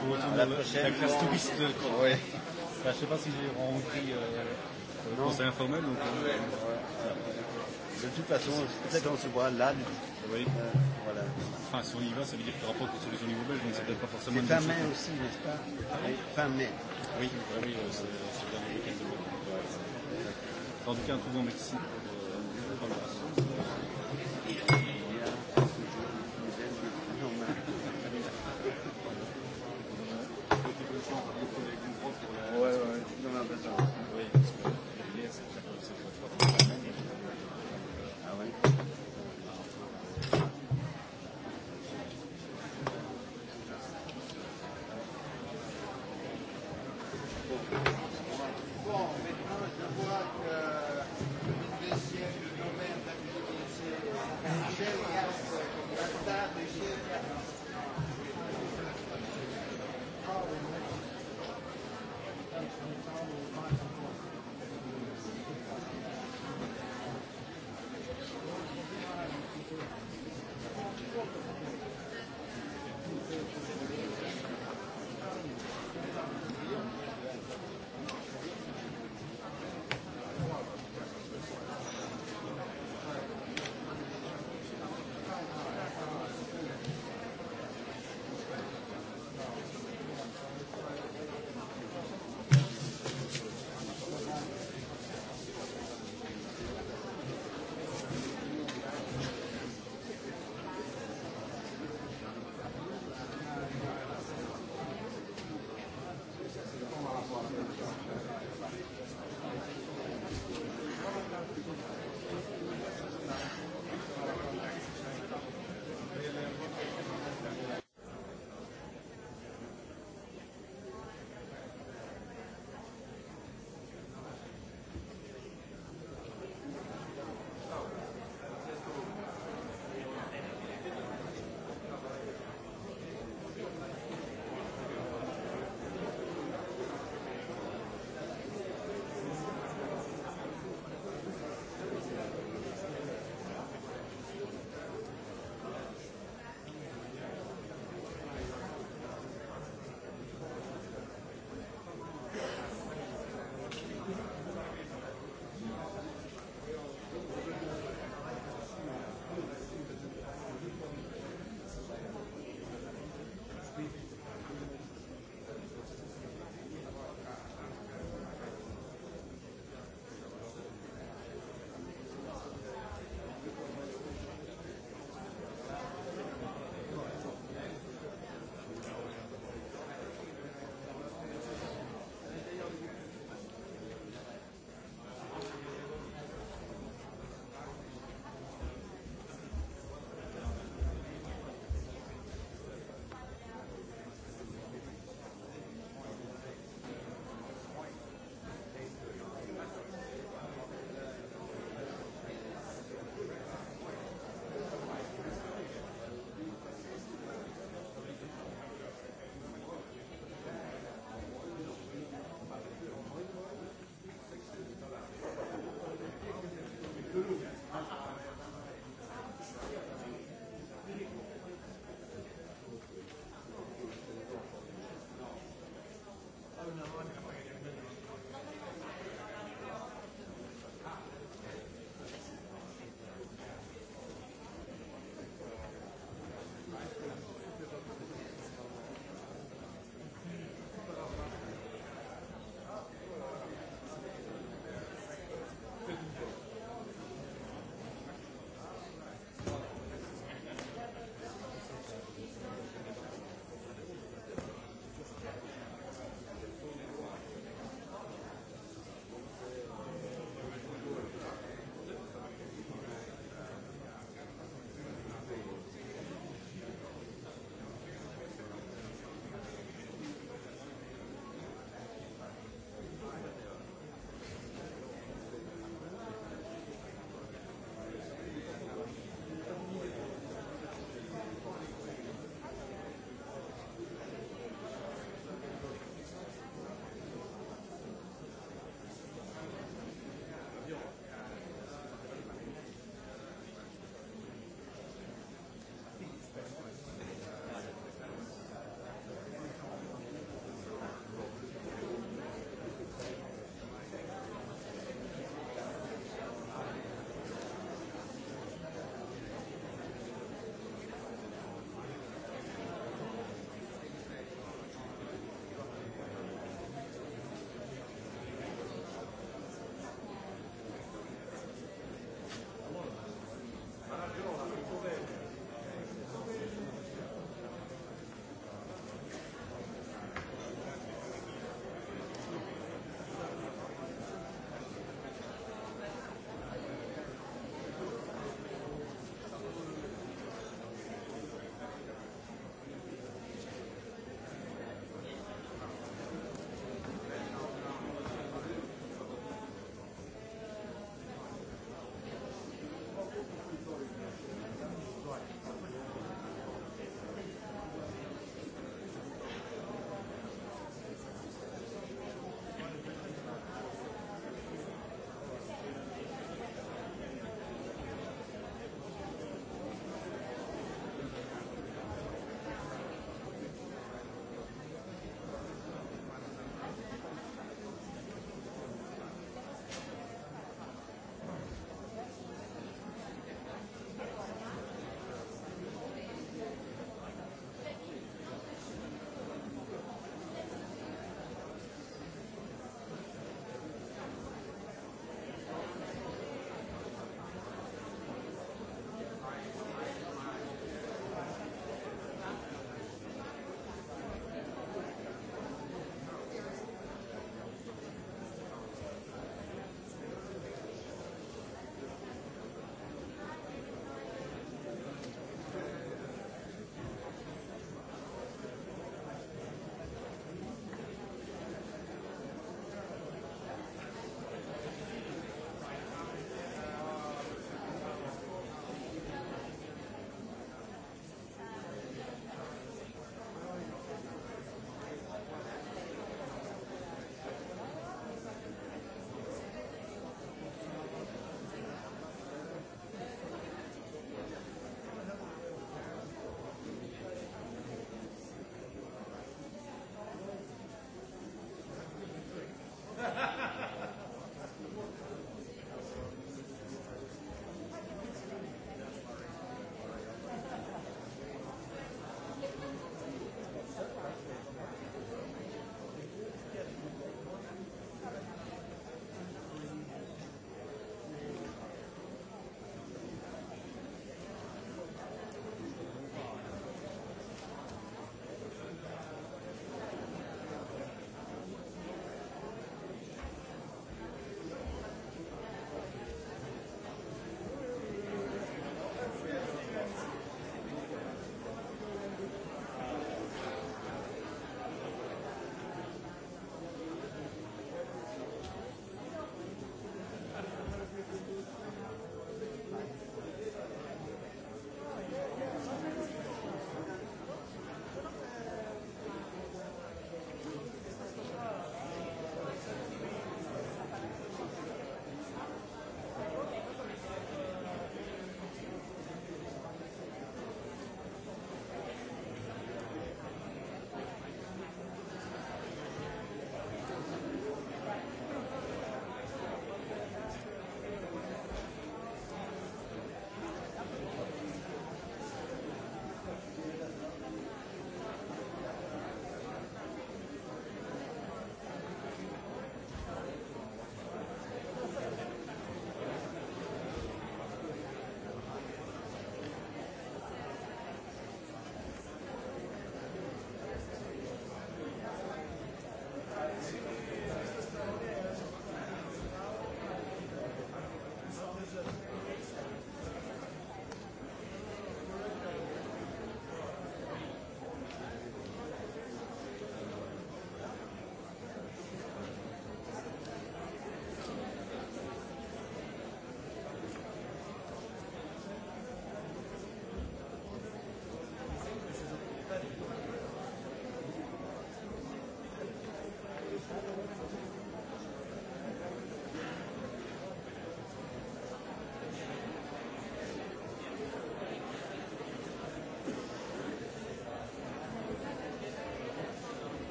pour retourner la, classe touriste. Bah, je sais pas si j'ai en Hongrie euh, conseil informel. Donc, euh, ouais. De toute façon, peut-être qu'on se voit là. Oui. Euh, voilà. Enfin, si on y va, ça veut dire qu'il n'y aura pas de solution niveau belge, donc c'est peut-être pas forcément. fin mai aussi, n'est-ce pas ah, oui. Fin mai. Oui, oui, oui euh, c'est le dernier week-end de mai. En tout cas, un trouvant bon merci pour euh,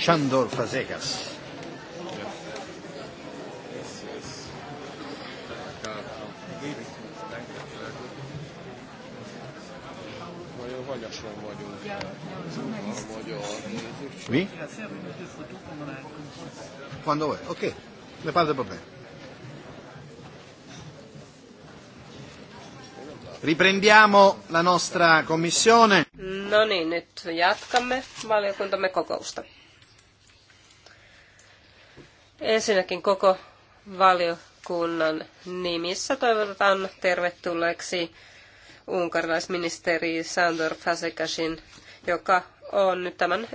Shandor Fazekas. Oui Quando vuoi, ok, ne parlo del problema. Riprendiamo la nostra commissione. No niin, nyt jatkamme valiokuntamme kokousta. Ensinnäkin koko valiokunnan nimissä toivotetaan tervetulleeksi unkarilaisministeri Sandor Fasekasin, joka on nyt tämän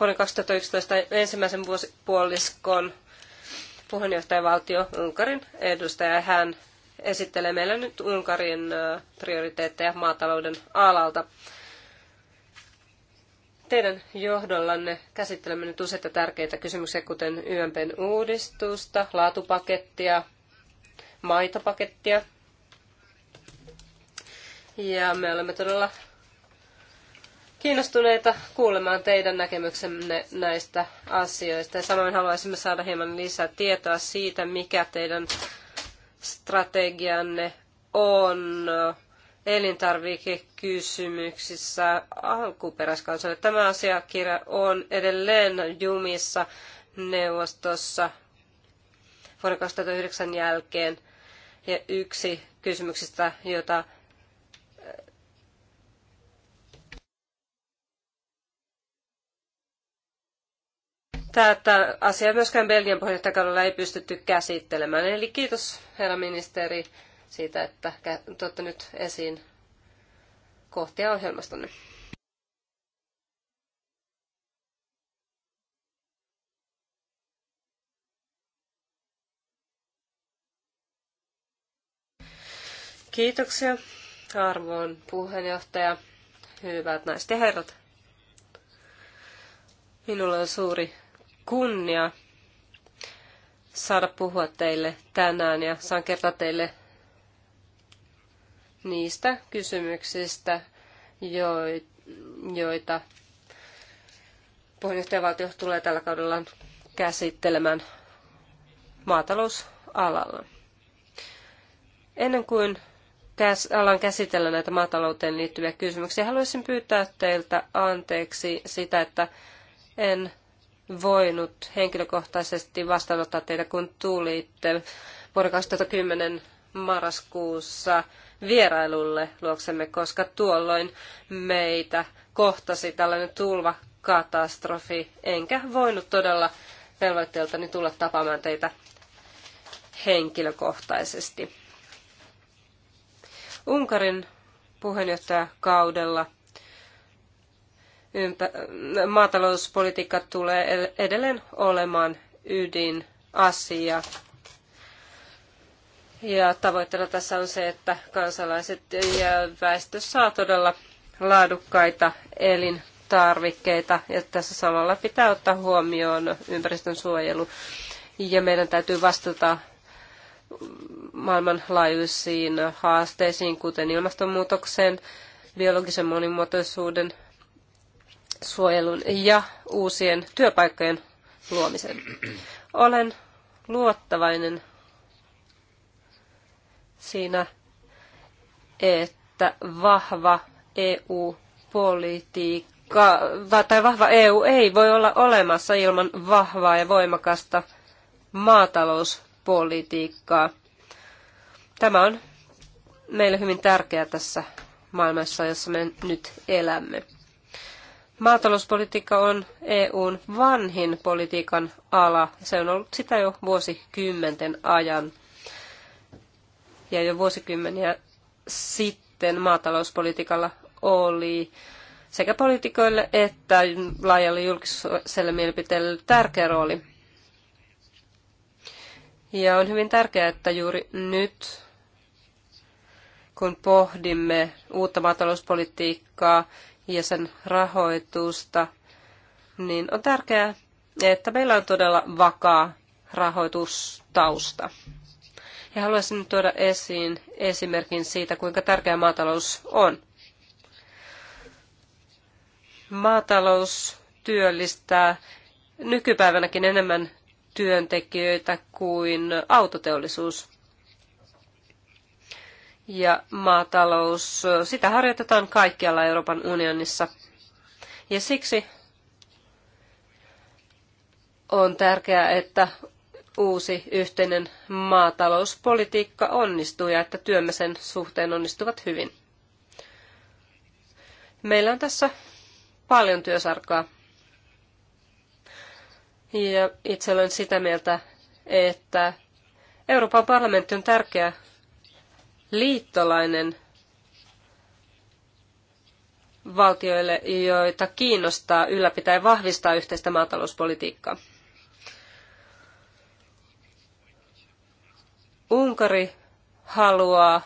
vuoden 2011 ensimmäisen vuosipuoliskon puheenjohtajavaltio Unkarin edustaja. Hän esittelee meille nyt Unkarin prioriteetteja maatalouden alalta. Teidän johdollanne käsittelemme nyt useita tärkeitä kysymyksiä, kuten YMPn uudistusta, laatupakettia, maitopakettia. Ja me olemme todella kiinnostuneita kuulemaan teidän näkemyksenne näistä asioista. Ja samoin haluaisimme saada hieman lisää tietoa siitä, mikä teidän strategianne on elintarvikekysymyksissä alkuperäiskansalle. Tämä asiakirja on edelleen jumissa neuvostossa vuoden 2009 jälkeen. Ja yksi kysymyksistä, jota tätä asiaa myöskään Belgian puheenjohtajakaudella ei pystytty käsittelemään. Eli kiitos herra ministeri siitä, että tuotte nyt esiin kohtia ohjelmastonne. Kiitoksia, arvoon puheenjohtaja. Hyvät naiset ja herrat. Minulla on suuri kunnia saada puhua teille tänään ja saan kertoa teille niistä kysymyksistä, joita puheenjohtajavaltio tulee tällä kaudella käsittelemään maatalousalalla. Ennen kuin alan käsitellä näitä maatalouteen liittyviä kysymyksiä, haluaisin pyytää teiltä anteeksi sitä, että en voinut henkilökohtaisesti vastaanottaa teitä, kun tulitte vuoden 2010 marraskuussa vierailulle luoksemme, koska tuolloin meitä kohtasi tällainen tulva katastrofi, enkä voinut todella velvoitteeltani tulla tapaamaan teitä henkilökohtaisesti. Unkarin puheenjohtajakaudella ympä- maatalouspolitiikka tulee edelleen olemaan ydinasia ja tavoitteena tässä on se, että kansalaiset ja väestö saa todella laadukkaita elintarvikkeita. Ja tässä samalla pitää ottaa huomioon ympäristön suojelu. Ja meidän täytyy vastata maailmanlaajuisiin haasteisiin, kuten ilmastonmuutokseen, biologisen monimuotoisuuden suojelun ja uusien työpaikkojen luomisen. Olen luottavainen siinä, että vahva EU-politiikka tai vahva EU ei voi olla olemassa ilman vahvaa ja voimakasta maatalouspolitiikkaa. Tämä on meille hyvin tärkeää tässä maailmassa, jossa me nyt elämme. Maatalouspolitiikka on EUn vanhin politiikan ala. Se on ollut sitä jo vuosikymmenten ajan. Ja jo vuosikymmeniä sitten maatalouspolitiikalla oli sekä poliitikoille että laajalle julkiselle mielipiteelle tärkeä rooli. Ja on hyvin tärkeää, että juuri nyt, kun pohdimme uutta maatalouspolitiikkaa ja sen rahoitusta, niin on tärkeää, että meillä on todella vakaa rahoitustausta. Ja haluaisin nyt tuoda esiin esimerkin siitä, kuinka tärkeä maatalous on. Maatalous työllistää nykypäivänäkin enemmän työntekijöitä kuin autoteollisuus. Ja maatalous, sitä harjoitetaan kaikkialla Euroopan unionissa. Ja siksi on tärkeää, että uusi yhteinen maatalouspolitiikka onnistuu ja että työmme sen suhteen onnistuvat hyvin. Meillä on tässä paljon työsarkaa. Ja itse olen sitä mieltä, että Euroopan parlamentti on tärkeä liittolainen valtioille, joita kiinnostaa ylläpitää ja vahvistaa yhteistä maatalouspolitiikkaa. Unkari haluaa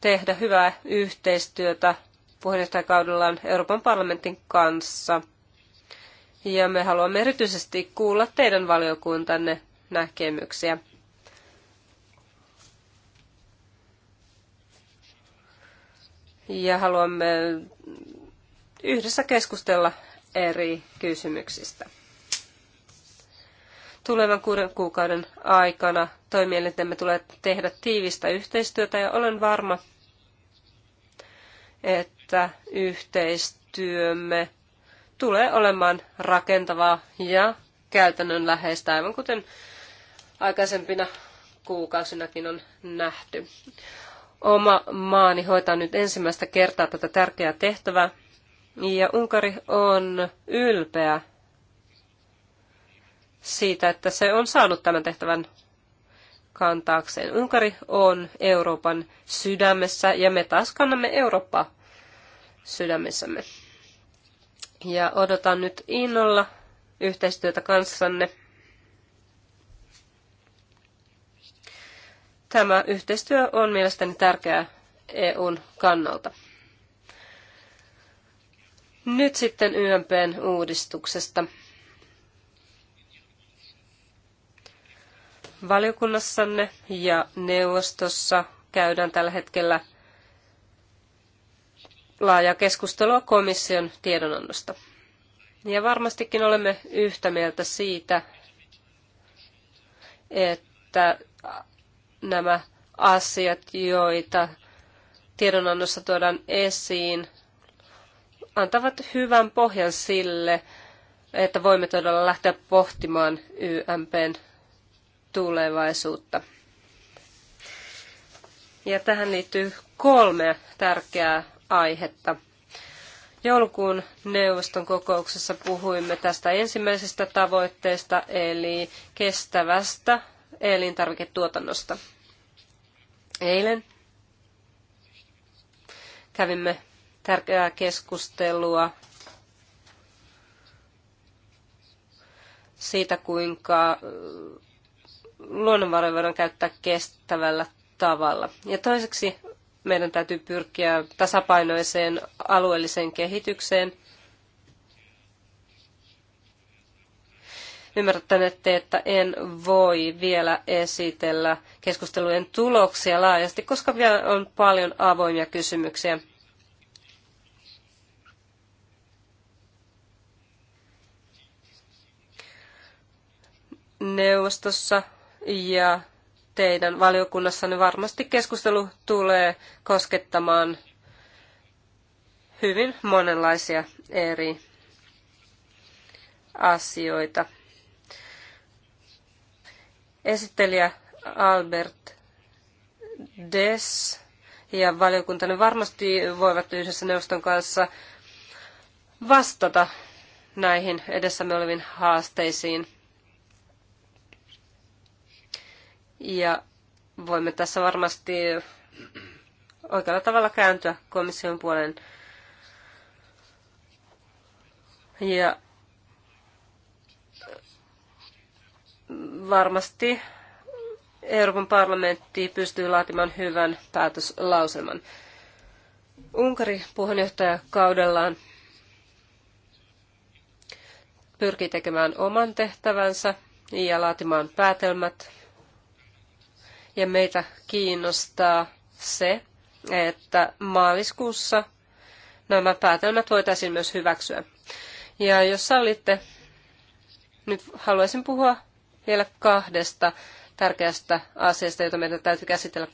tehdä hyvää yhteistyötä puheenjohtajakaudellaan Euroopan parlamentin kanssa. Ja me haluamme erityisesti kuulla teidän valiokuntanne näkemyksiä. Ja haluamme yhdessä keskustella eri kysymyksistä. Tulevan kuuden kuukauden aikana toimielintemme tulee tehdä tiivistä yhteistyötä ja olen varma, että yhteistyömme tulee olemaan rakentavaa ja käytännönläheistä, aivan kuten aikaisempina kuukausinakin on nähty. Oma maani hoitaa nyt ensimmäistä kertaa tätä tärkeää tehtävää, ja Unkari on ylpeä siitä, että se on saanut tämän tehtävän kantaakseen. Unkari on Euroopan sydämessä ja me taas kannamme Eurooppa sydämessämme. Ja odotan nyt innolla yhteistyötä kanssanne. Tämä yhteistyö on mielestäni tärkeää EUn kannalta. Nyt sitten YMPn uudistuksesta. valiokunnassanne ja neuvostossa käydään tällä hetkellä laajaa keskustelua komission tiedonannosta. Ja varmastikin olemme yhtä mieltä siitä, että nämä asiat, joita tiedonannossa tuodaan esiin, antavat hyvän pohjan sille, että voimme todella lähteä pohtimaan YMPn tulevaisuutta. Ja tähän liittyy kolme tärkeää aihetta. Joulukuun neuvoston kokouksessa puhuimme tästä ensimmäisestä tavoitteesta, eli kestävästä elintarviketuotannosta. Eilen kävimme tärkeää keskustelua siitä, kuinka luonnonvaroja voidaan käyttää kestävällä tavalla. Ja toiseksi meidän täytyy pyrkiä tasapainoiseen alueelliseen kehitykseen. Ymmärtänette, että en voi vielä esitellä keskustelujen tuloksia laajasti, koska vielä on paljon avoimia kysymyksiä. Neuvostossa ja teidän valiokunnassanne varmasti keskustelu tulee koskettamaan hyvin monenlaisia eri asioita. Esittelijä Albert Des ja valiokuntanne varmasti voivat yhdessä neuvoston kanssa vastata näihin edessämme oleviin haasteisiin. Ja voimme tässä varmasti oikealla tavalla kääntyä komission puolen. Ja varmasti Euroopan parlamentti pystyy laatimaan hyvän päätöslauselman. Unkari puheenjohtajakaudellaan pyrkii tekemään oman tehtävänsä ja laatimaan päätelmät ja meitä kiinnostaa se, että maaliskuussa nämä päätelmät voitaisiin myös hyväksyä. Ja jos sallitte, nyt haluaisin puhua vielä kahdesta tärkeästä asiasta, jota meidän täytyy käsitellä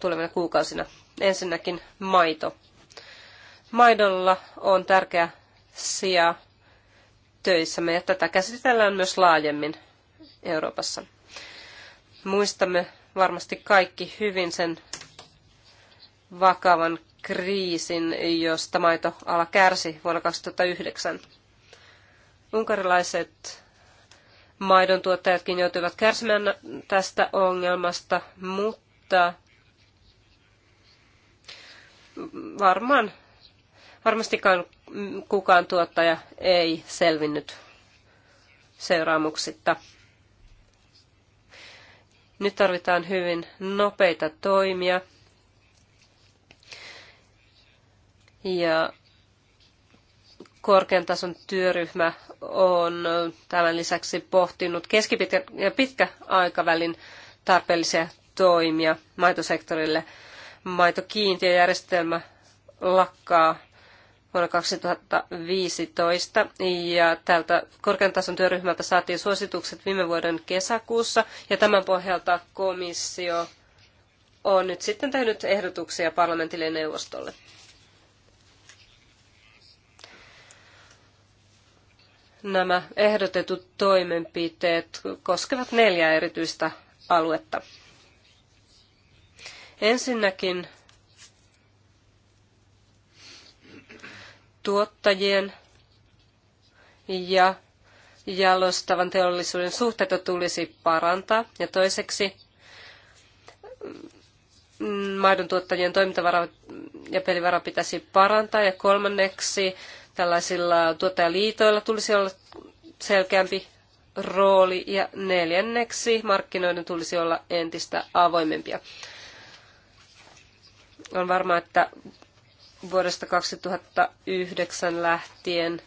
tulevina kuukausina. Ensinnäkin maito. Maidolla on tärkeä sija töissämme ja tätä käsitellään myös laajemmin Euroopassa. Muistamme varmasti kaikki hyvin sen vakavan kriisin, josta maitoala kärsi vuonna 2009. Unkarilaiset maidon tuottajatkin joutuivat kärsimään tästä ongelmasta, mutta varmaan, varmastikaan kukaan tuottaja ei selvinnyt seuraamuksitta. Nyt tarvitaan hyvin nopeita toimia. Ja korkean tason työryhmä on tämän lisäksi pohtinut keskipitkän ja pitkä aikavälin tarpeellisia toimia maitosektorille. Maitokiintiöjärjestelmä lakkaa vuonna 2015 ja tältä korkean tason työryhmältä saatiin suositukset viime vuoden kesäkuussa ja tämän pohjalta komissio on nyt sitten tehnyt ehdotuksia parlamentille ja neuvostolle. Nämä ehdotetut toimenpiteet koskevat neljää erityistä aluetta. Ensinnäkin tuottajien ja jalostavan teollisuuden suhteita tulisi parantaa. Ja toiseksi mm, maidon tuottajien toimintavara ja pelivara pitäisi parantaa. Ja kolmanneksi tällaisilla tuottajaliitoilla tulisi olla selkeämpi rooli. Ja neljänneksi markkinoiden tulisi olla entistä avoimempia. On varmaa, että vuodesta 2009 lähtien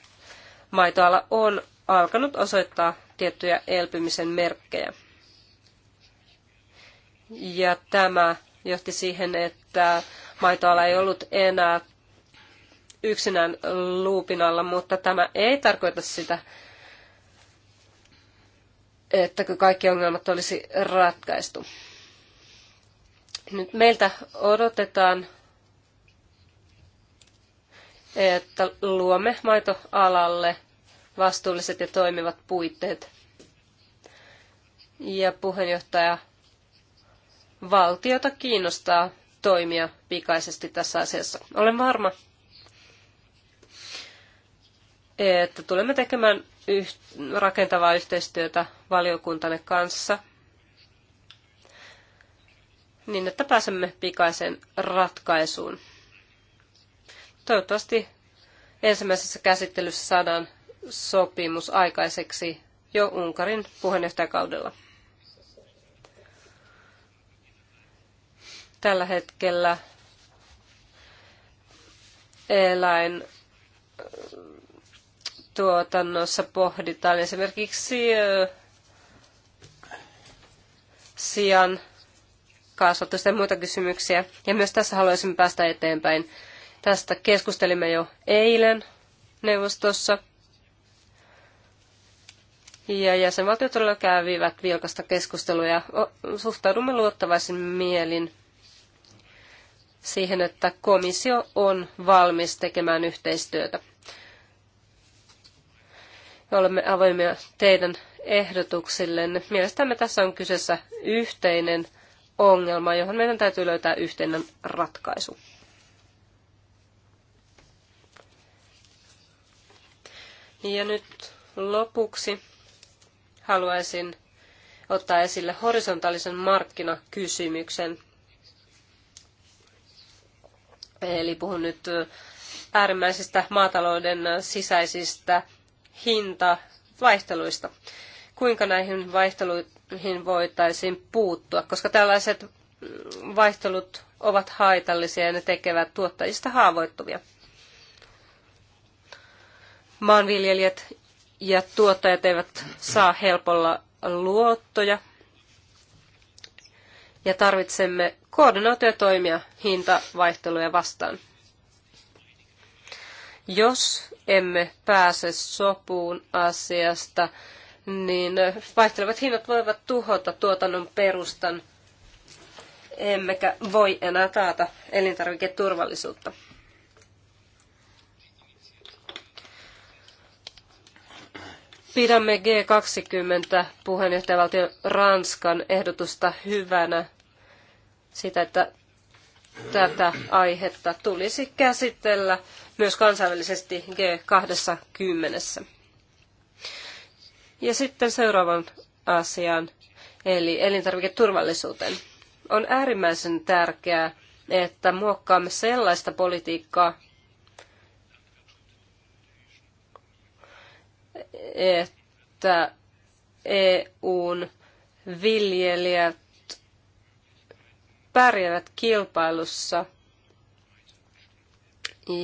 maitoala on alkanut osoittaa tiettyjä elpymisen merkkejä. Ja tämä johti siihen, että maitoala ei ollut enää yksinään luupin alla, mutta tämä ei tarkoita sitä, että kaikki ongelmat olisi ratkaistu. Nyt meiltä odotetaan että luomme maitoalalle vastuulliset ja toimivat puitteet. Ja puheenjohtaja valtiota kiinnostaa toimia pikaisesti tässä asiassa. Olen varma, että tulemme tekemään rakentavaa yhteistyötä valiokuntanne kanssa niin, että pääsemme pikaiseen ratkaisuun. Toivottavasti ensimmäisessä käsittelyssä saadaan sopimus aikaiseksi jo Unkarin puheenjohtajakaudella. Tällä hetkellä eläin tuotannossa pohditaan esimerkiksi sian kasvatusta ja muita kysymyksiä. Ja myös tässä haluaisimme päästä eteenpäin. Tästä keskustelimme jo eilen neuvostossa. Ja jäsenvaltiot todella kävivät vilkasta keskustelua ja suhtaudumme luottavaisin mielin siihen, että komissio on valmis tekemään yhteistyötä. Olemme avoimia teidän ehdotuksillenne. Mielestämme tässä on kyseessä yhteinen ongelma, johon meidän täytyy löytää yhteinen ratkaisu. Ja nyt lopuksi haluaisin ottaa esille horisontaalisen markkinakysymyksen. Eli puhun nyt äärimmäisistä maatalouden sisäisistä hintavaihteluista. Kuinka näihin vaihteluihin voitaisiin puuttua, koska tällaiset vaihtelut ovat haitallisia ja ne tekevät tuottajista haavoittuvia maanviljelijät ja tuottajat eivät saa helpolla luottoja. Ja tarvitsemme koordinaatio toimia hintavaihteluja vastaan. Jos emme pääse sopuun asiasta, niin vaihtelevat hinnat voivat tuhota tuotannon perustan, emmekä voi enää taata elintarviketurvallisuutta. Pidämme G20 puheenjohtajavaltio Ranskan ehdotusta hyvänä sitä, että tätä aihetta tulisi käsitellä myös kansainvälisesti G20. Ja sitten seuraavan asiaan, eli elintarviketurvallisuuteen. On äärimmäisen tärkeää, että muokkaamme sellaista politiikkaa, että EUn viljelijät pärjäävät kilpailussa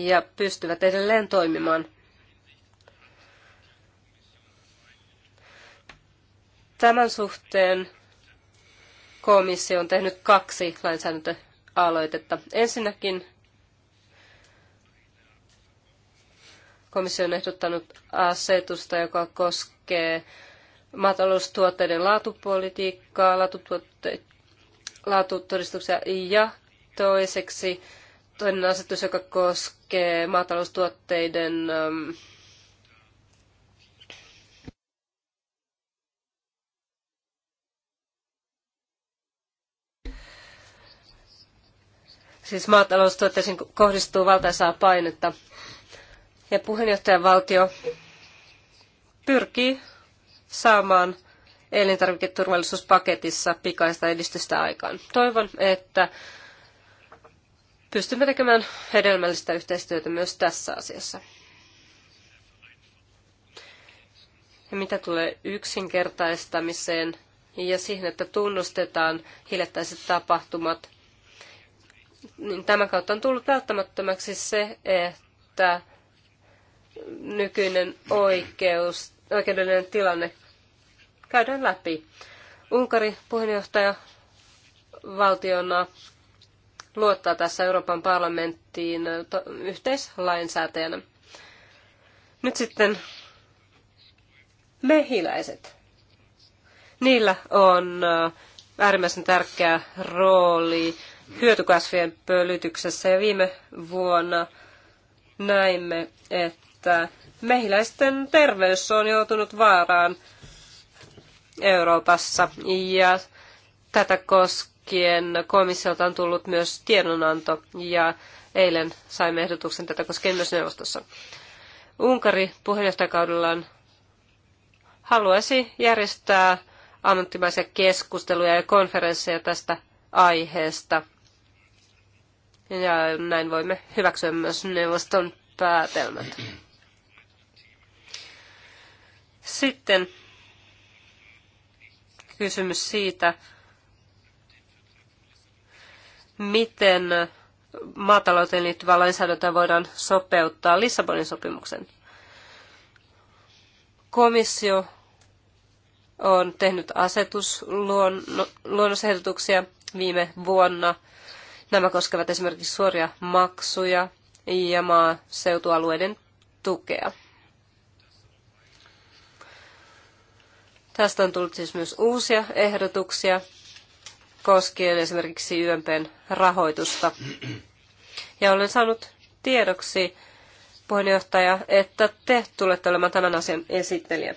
ja pystyvät edelleen toimimaan. Tämän suhteen komissio on tehnyt kaksi lainsäädäntöaloitetta. Ensinnäkin Komissio on ehdottanut asetusta, joka koskee maataloustuotteiden laatupolitiikkaa, laatutodistuksia ja toiseksi toinen asetus, joka koskee maataloustuotteiden ähm, siis maataloustuotteisiin kohdistuu valtaisaa painetta. Ja puheenjohtajavaltio pyrkii saamaan elintarviketurvallisuuspaketissa pikaista edistystä aikaan. Toivon, että pystymme tekemään hedelmällistä yhteistyötä myös tässä asiassa. Ja mitä tulee yksinkertaistamiseen ja siihen, että tunnustetaan hiljattaiset tapahtumat, niin tämän kautta on tullut välttämättömäksi se, että nykyinen oikeus, oikeudellinen tilanne käydään läpi. Unkari puheenjohtaja valtiona luottaa tässä Euroopan parlamenttiin yhteislainsäätäjänä. Nyt sitten mehiläiset. Niillä on äh, äärimmäisen tärkeä rooli hyötykasvien pölytyksessä ja viime vuonna näimme, että että mehiläisten terveys on joutunut vaaraan Euroopassa. Ja tätä koskien komissiolta on tullut myös tiedonanto ja eilen saimme ehdotuksen tätä koskien myös neuvostossa. Unkari puheenjohtajakaudellaan haluaisi järjestää ammattimaisia keskusteluja ja konferensseja tästä aiheesta. Ja näin voimme hyväksyä myös neuvoston päätelmät. Sitten kysymys siitä, miten maatalouteen liittyvää lainsäädäntöä voidaan sopeuttaa Lissabonin sopimuksen. Komissio on tehnyt asetusluonnosehdotuksia viime vuonna. Nämä koskevat esimerkiksi suoria maksuja ja maaseutualueiden tukea. Tästä on tullut siis myös uusia ehdotuksia koskien esimerkiksi YMPn rahoitusta. Ja olen saanut tiedoksi, puheenjohtaja, että te tulette olemaan tämän asian esittelijä.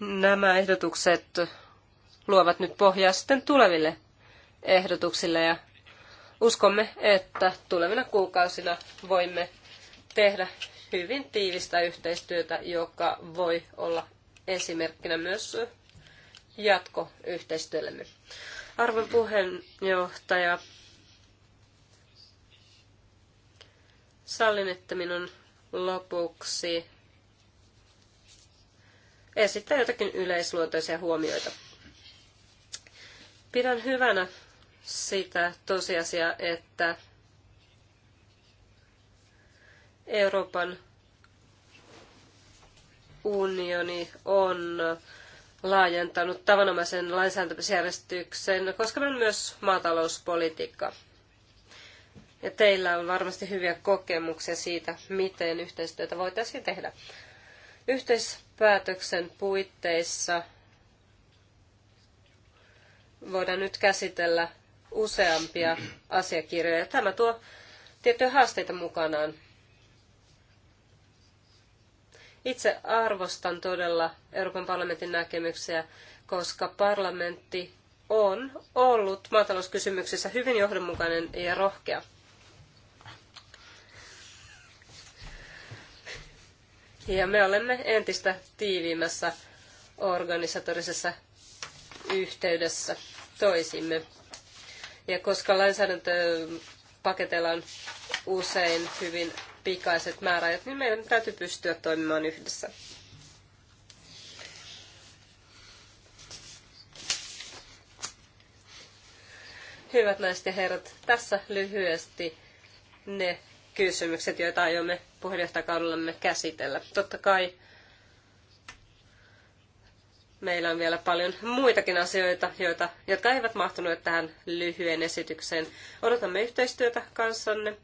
Nämä ehdotukset luovat nyt pohjaa sitten tuleville ehdotuksille ja uskomme, että tulevina kuukausina voimme tehdä hyvin tiivistä yhteistyötä, joka voi olla esimerkkinä myös jatkoyhteistyöllemme. Arvon puheenjohtaja, sallin, että minun lopuksi esittää jotakin yleisluontoisia huomioita. Pidän hyvänä sitä tosiasiaa, että Euroopan unioni on laajentanut tavanomaisen koska on myös maatalouspolitiikka. Ja teillä on varmasti hyviä kokemuksia siitä, miten yhteistyötä voitaisiin tehdä. Yhteispäätöksen puitteissa voidaan nyt käsitellä useampia asiakirjoja. Tämä tuo tiettyjä haasteita mukanaan. Itse arvostan todella Euroopan parlamentin näkemyksiä, koska parlamentti on ollut maatalouskysymyksissä hyvin johdonmukainen ja rohkea. Ja me olemme entistä tiiviimmässä organisatorisessa yhteydessä toisimme. Ja koska lainsäädäntöpaketeilla on usein hyvin pikaiset määräajat, niin meidän täytyy pystyä toimimaan yhdessä. Hyvät naiset ja herrat, tässä lyhyesti ne kysymykset, joita aiomme puheenjohtajakaudellamme käsitellä. Totta kai meillä on vielä paljon muitakin asioita, joita, jotka eivät mahtuneet tähän lyhyen esitykseen. Odotamme yhteistyötä kanssanne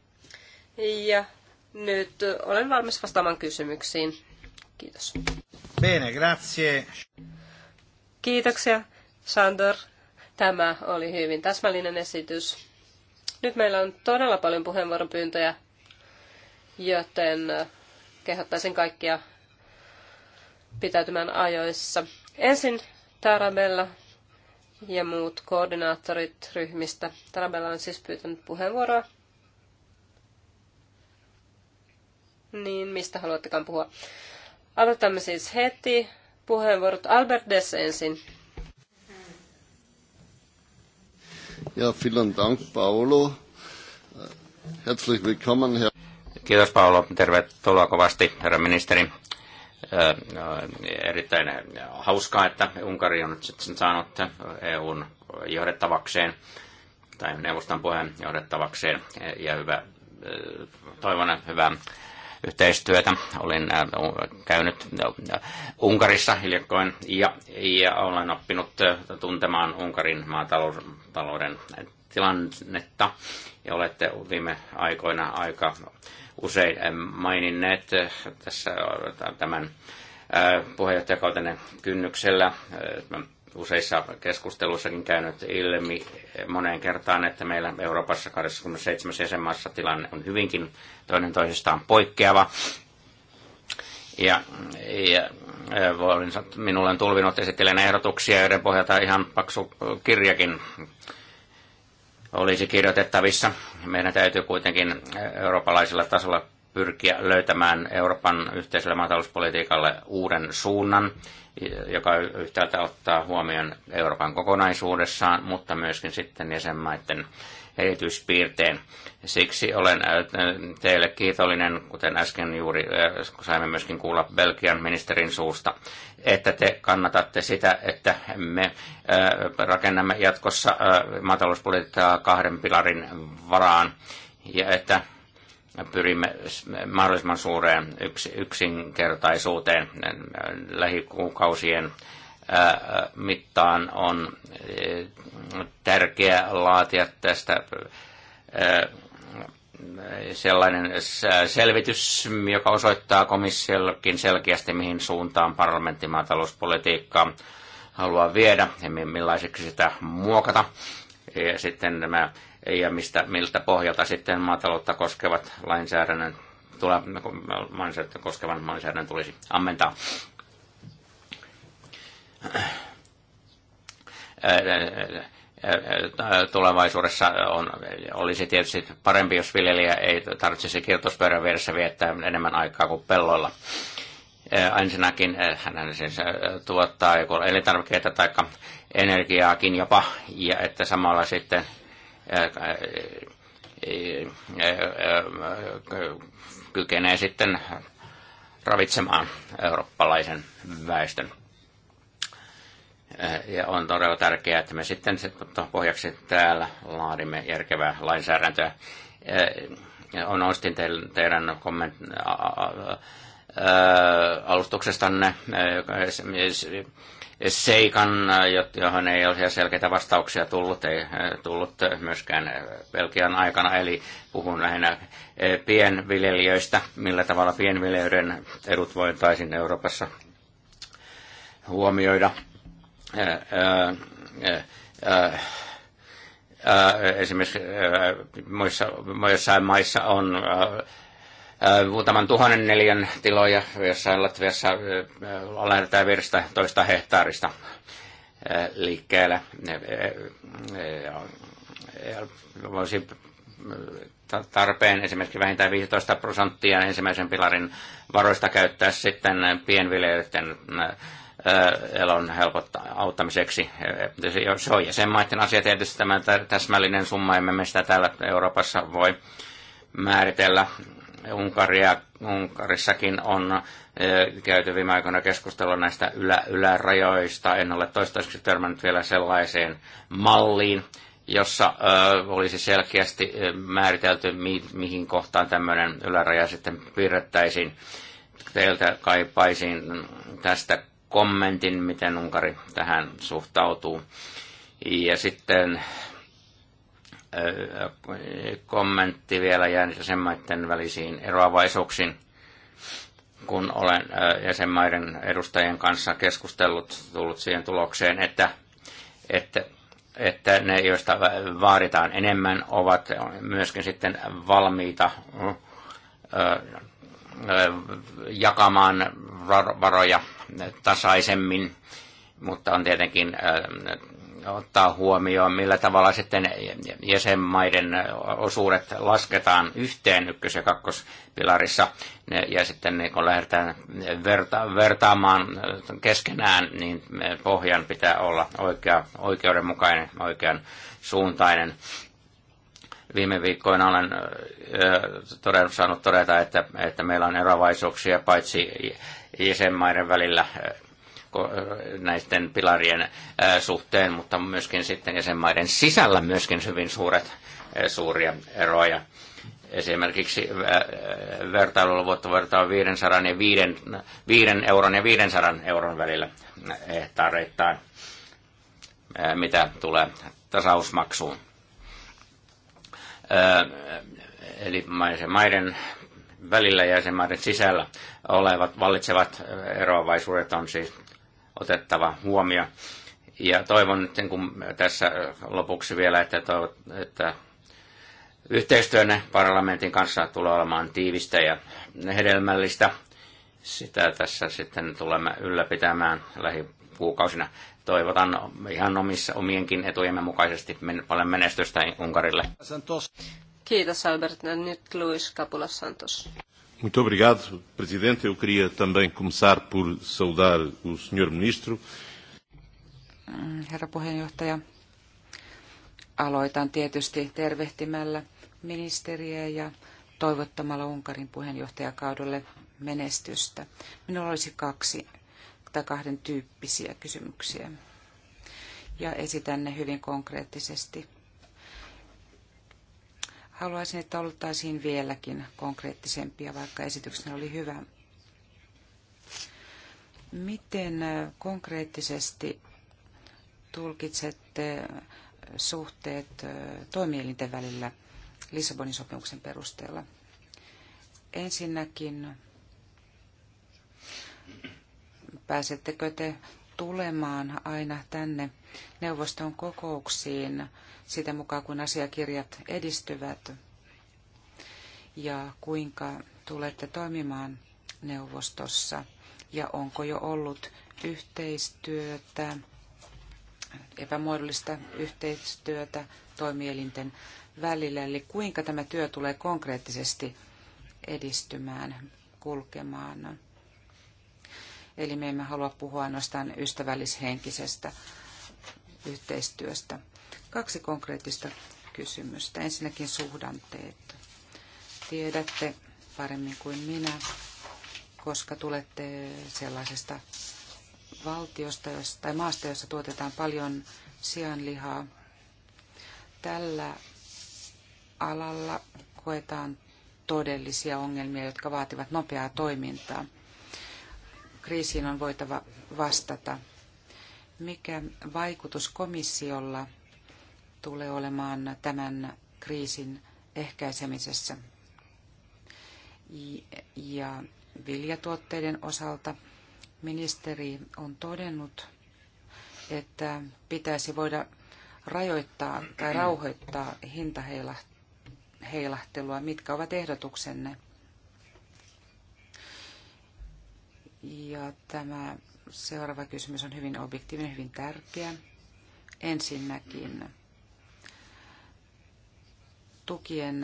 ja nyt olen valmis vastaamaan kysymyksiin. Kiitos. Bene, grazie. Kiitoksia, Sandor. Tämä oli hyvin täsmällinen esitys. Nyt meillä on todella paljon puheenvuoropyyntöjä, joten äh, kehottaisin kaikkia pitäytymään ajoissa. Ensin Tarabella ja muut koordinaattorit ryhmistä. Tarabella on siis pyytänyt puheenvuoroa. Niin, mistä haluattekaan puhua? Aloitamme siis heti puheenvuorot Albert Dess ensin. Ja, vielen Dank, Paolo. Herzlich willkommen, Herr... Kiitos, Paolo. Tervetuloa kovasti, herra ministeri. Erittäin hauskaa, että Unkari on nyt sitten saanut EUn johdettavakseen tai neuvoston puheen johdettavakseen ja hyvä, toivon hyvää yhteistyötä. Olen äh, käynyt äh, Unkarissa hiljakkoin ja, ja olen oppinut äh, tuntemaan Unkarin maatalouden tilannetta. Ja olette viime aikoina aika usein maininneet tässä tämän puheenjohtajakautenne kynnyksellä useissa keskusteluissakin käynyt ilmi moneen kertaan, että meillä Euroopassa 27 jäsenmaassa tilanne on hyvinkin toinen toisistaan poikkeava. Ja, ja minulle on tulvinut esittelen ehdotuksia, joiden pohjalta ihan paksu kirjakin olisi kirjoitettavissa. Meidän täytyy kuitenkin eurooppalaisella tasolla pyrkiä löytämään Euroopan yhteiselle maatalouspolitiikalle uuden suunnan joka yhtäältä ottaa huomioon Euroopan kokonaisuudessaan, mutta myöskin sitten jäsenmaiden erityispiirteen. Siksi olen äh, teille kiitollinen, kuten äsken juuri äh, saimme myöskin kuulla Belgian ministerin suusta, että te kannatatte sitä, että me äh, rakennamme jatkossa maatalouspolitiikkaa kahden pilarin varaan ja että pyrimme mahdollisimman suureen yks, yksinkertaisuuteen äh, lähikuukausien äh, äh, mittaan on tärkeää laatia tästä sellainen selvitys, joka osoittaa komissiollekin selkeästi, mihin suuntaan parlamenttimaatalouspolitiikka haluaa viedä ja millaiseksi sitä muokata. Ja sitten nämä ja mistä, miltä pohjalta sitten maataloutta koskevat lainsäädännön, tule, lainsäädäntö, koskevan lainsäädännön tulisi ammentaa. Tulevaisuudessa on, olisi tietysti parempi, jos viljelijä ei tarvitsisi kirjoituspöydän vieressä viettää enemmän aikaa kuin pelloilla ensinnäkin eh, hän siis eh, tuottaa joko elintarvikeita tai energiaakin jopa, ja että samalla sitten kykenee sitten ravitsemaan eurooppalaisen väestön. Ja on todella tärkeää, että me sitten pohjaksi täällä laadimme järkevää lainsäädäntöä. On ostin teidän komment, alustuksestanne seikan, johon ei ole selkeitä vastauksia tullut, ei eh, tullut myöskään eh, Belgian aikana, eli puhun lähinnä eh, pienviljelijöistä, millä tavalla pienviljelijöiden edut voitaisiin Euroopassa huomioida. Esimerkiksi muissa, maissa on muutaman tuhannen neljän tiloja jossain Latviassa lähdetään virsta toista hehtaarista liikkeelle. Voisi tarpeen esimerkiksi vähintään 15 prosenttia ensimmäisen pilarin varoista käyttää sitten pienviljelijöiden elon helpottaa auttamiseksi. Se on jäsenmaiden asia tietysti tämä täsmällinen summa, emme me sitä täällä Euroopassa voi määritellä Unkaria, Unkarissakin on käyty viime aikoina keskustella näistä ylä, ylärajoista. En ole toistaiseksi törmännyt vielä sellaiseen malliin, jossa ö, olisi selkeästi määritelty, mi, mihin kohtaan tämmöinen yläraja sitten piirrettäisiin. Teiltä kaipaisin tästä kommentin, miten Unkari tähän suhtautuu. Ja sitten kommentti vielä jäänyt jäsenmaiden välisiin eroavaisuuksiin. Kun olen jäsenmaiden edustajien kanssa keskustellut, tullut siihen tulokseen, että, että, että ne, joista vaaditaan enemmän, ovat myöskin sitten valmiita jakamaan varoja tasaisemmin, mutta on tietenkin ottaa huomioon, millä tavalla sitten jäsenmaiden osuudet lasketaan yhteen ykkös- ja kakkospilarissa ja sitten niin kun lähdetään verta, vertaamaan keskenään, niin pohjan pitää olla oikea, oikeudenmukainen, oikean suuntainen. Viime viikkoina olen todennut, saanut todeta, että, että meillä on eroavaisuuksia paitsi jäsenmaiden välillä näiden pilarien suhteen, mutta myöskin sitten jäsenmaiden sisällä myöskin hyvin suuret, suuria eroja. Esimerkiksi vertailulla vuotta vertaa 500 ja 5, 5 euron ja 500 euron välillä hehtaareittain, mitä tulee tasausmaksuun. Eli maiden välillä ja jäsenmaiden sisällä olevat vallitsevat eroavaisuudet on siis otettava huomio. Ja toivon nyt kun tässä lopuksi vielä, että, toivot, että yhteistyönne parlamentin kanssa tulee olemaan tiivistä ja hedelmällistä. Sitä tässä sitten tulemme ylläpitämään lähikuukausina. Toivotan ihan omissa, omienkin etujemme mukaisesti paljon menestystä Unkarille. Kiitos Albert. Nyt Luis Kapula Santos. Muito obrigado, Presidente. Eu queria também começar por saudar o Sr. Ministro. Herra puheenjohtaja, aloitan tietysti tervehtimällä ministeriä ja toivottamalla Unkarin puheenjohtajakaudelle menestystä. Minulla olisi kaksi tai kahden tyyppisiä kysymyksiä ja esitän ne hyvin konkreettisesti. Haluaisin, että oltaisiin vieläkin konkreettisempia, vaikka esityksenä oli hyvä. Miten äh, konkreettisesti tulkitsette äh, suhteet äh, toimielinten välillä Lissabonin sopimuksen perusteella? Ensinnäkin, pääsettekö te tulemaan aina tänne neuvoston kokouksiin sitä mukaan, kun asiakirjat edistyvät ja kuinka tulette toimimaan neuvostossa ja onko jo ollut yhteistyötä, epämuodollista yhteistyötä toimielinten välillä, eli kuinka tämä työ tulee konkreettisesti edistymään, kulkemaan. Eli me emme halua puhua ainoastaan ystävällishenkisestä yhteistyöstä. Kaksi konkreettista kysymystä. Ensinnäkin suhdanteet. Tiedätte paremmin kuin minä, koska tulette sellaisesta valtiosta tai maasta, jossa tuotetaan paljon sianlihaa. Tällä alalla koetaan todellisia ongelmia, jotka vaativat nopeaa toimintaa. Kriisiin on voitava vastata mikä vaikutus komissiolla tulee olemaan tämän kriisin ehkäisemisessä ja viljatuotteiden osalta ministeri on todennut, että pitäisi voida rajoittaa tai rauhoittaa hintaheilahtelua. Mitkä ovat ehdotuksenne? Ja tämä Seuraava kysymys on hyvin objektiivinen, hyvin tärkeä. Ensinnäkin tukien